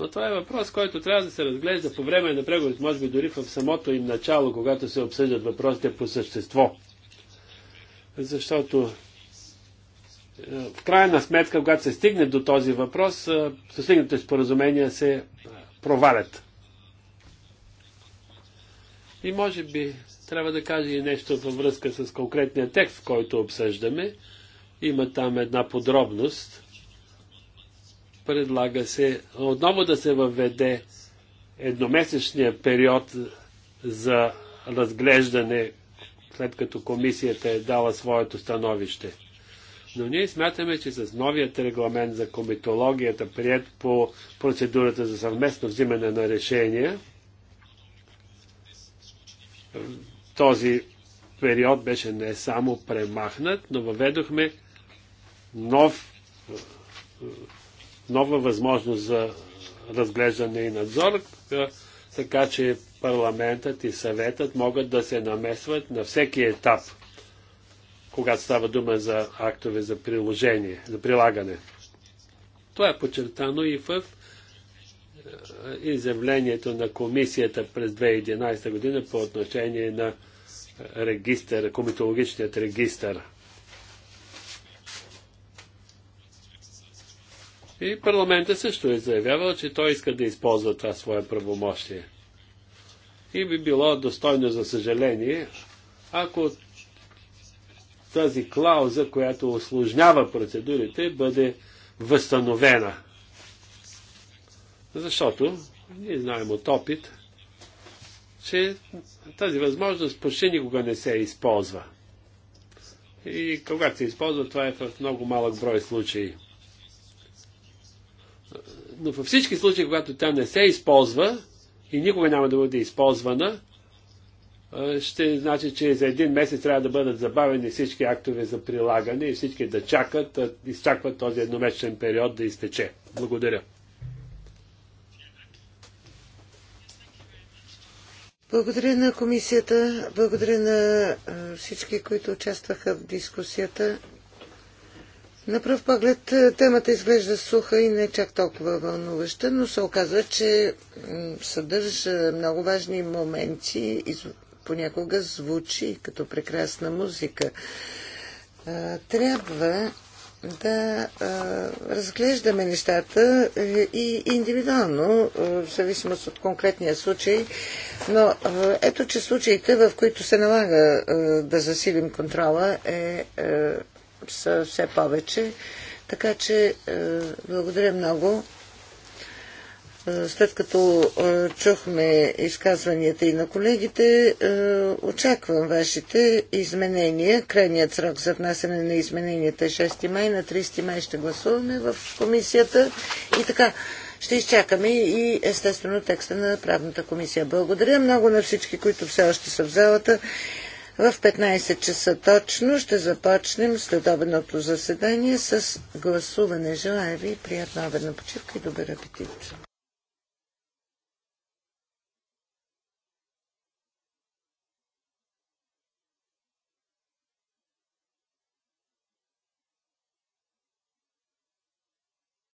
Но това е въпрос, който трябва да се разглежда по време на преговорите, може би дори в самото им начало, когато се обсъждат въпросите по същество. Защото е, в крайна сметка, когато се стигне до този въпрос, е, постигнатите споразумения се провалят. И може би трябва да кажа и нещо във връзка с конкретния текст, който обсъждаме. Има там една подробност – Предлага се отново да се въведе едномесечния период за разглеждане, след като комисията е дала своето становище. Но ние смятаме, че с новият регламент за комитологията, прият по процедурата за съвместно взимане на решения, този период беше не само премахнат, но въведохме нов нова възможност за разглеждане и надзор, така че парламентът и съветът могат да се намесват на всеки етап, когато става дума за актове за приложение, за прилагане. Това е подчертано и в изявлението на комисията през 2011 година по отношение на регистър, комитологичният регистър. И парламента също е заявявал, че той иска да използва това свое правомощие. И би било достойно за съжаление, ако тази клауза, която осложнява процедурите, бъде възстановена. Защото ние знаем от опит, че тази възможност почти никога не се използва. И когато се използва, това е в много малък брой случаи но във всички случаи, когато тя не се използва и никога няма да бъде използвана, ще значи, че за един месец трябва да бъдат забавени всички актове за прилагане и всички да чакат, да изчакват този едномесечен период да изтече. Благодаря. Благодаря на комисията, благодаря на всички, които участваха в дискусията. На пръв поглед е, темата изглежда суха и не е чак толкова вълнуваща, но се оказва, че съдържа много важни моменти и понякога звучи като прекрасна музика. Трябва да разглеждаме нещата е, и индивидуално, в зависимост от конкретния случай, но ето, че случаите, в които се налага да засилим контрола, е са все повече. Така че е, благодаря много. Е, след като е, чухме изказванията и на колегите, очаквам вашите изменения. Крайният срок за внасяне на измененията е 6 май. На 30 май ще гласуваме в комисията. И така, ще изчакаме и естествено текста на правната комисия. Благодаря много на всички, които все още са в залата. В 15 часа точно ще започнем следобеното заседание с гласуване. Желая ви приятна обедна почивка и добър апетит!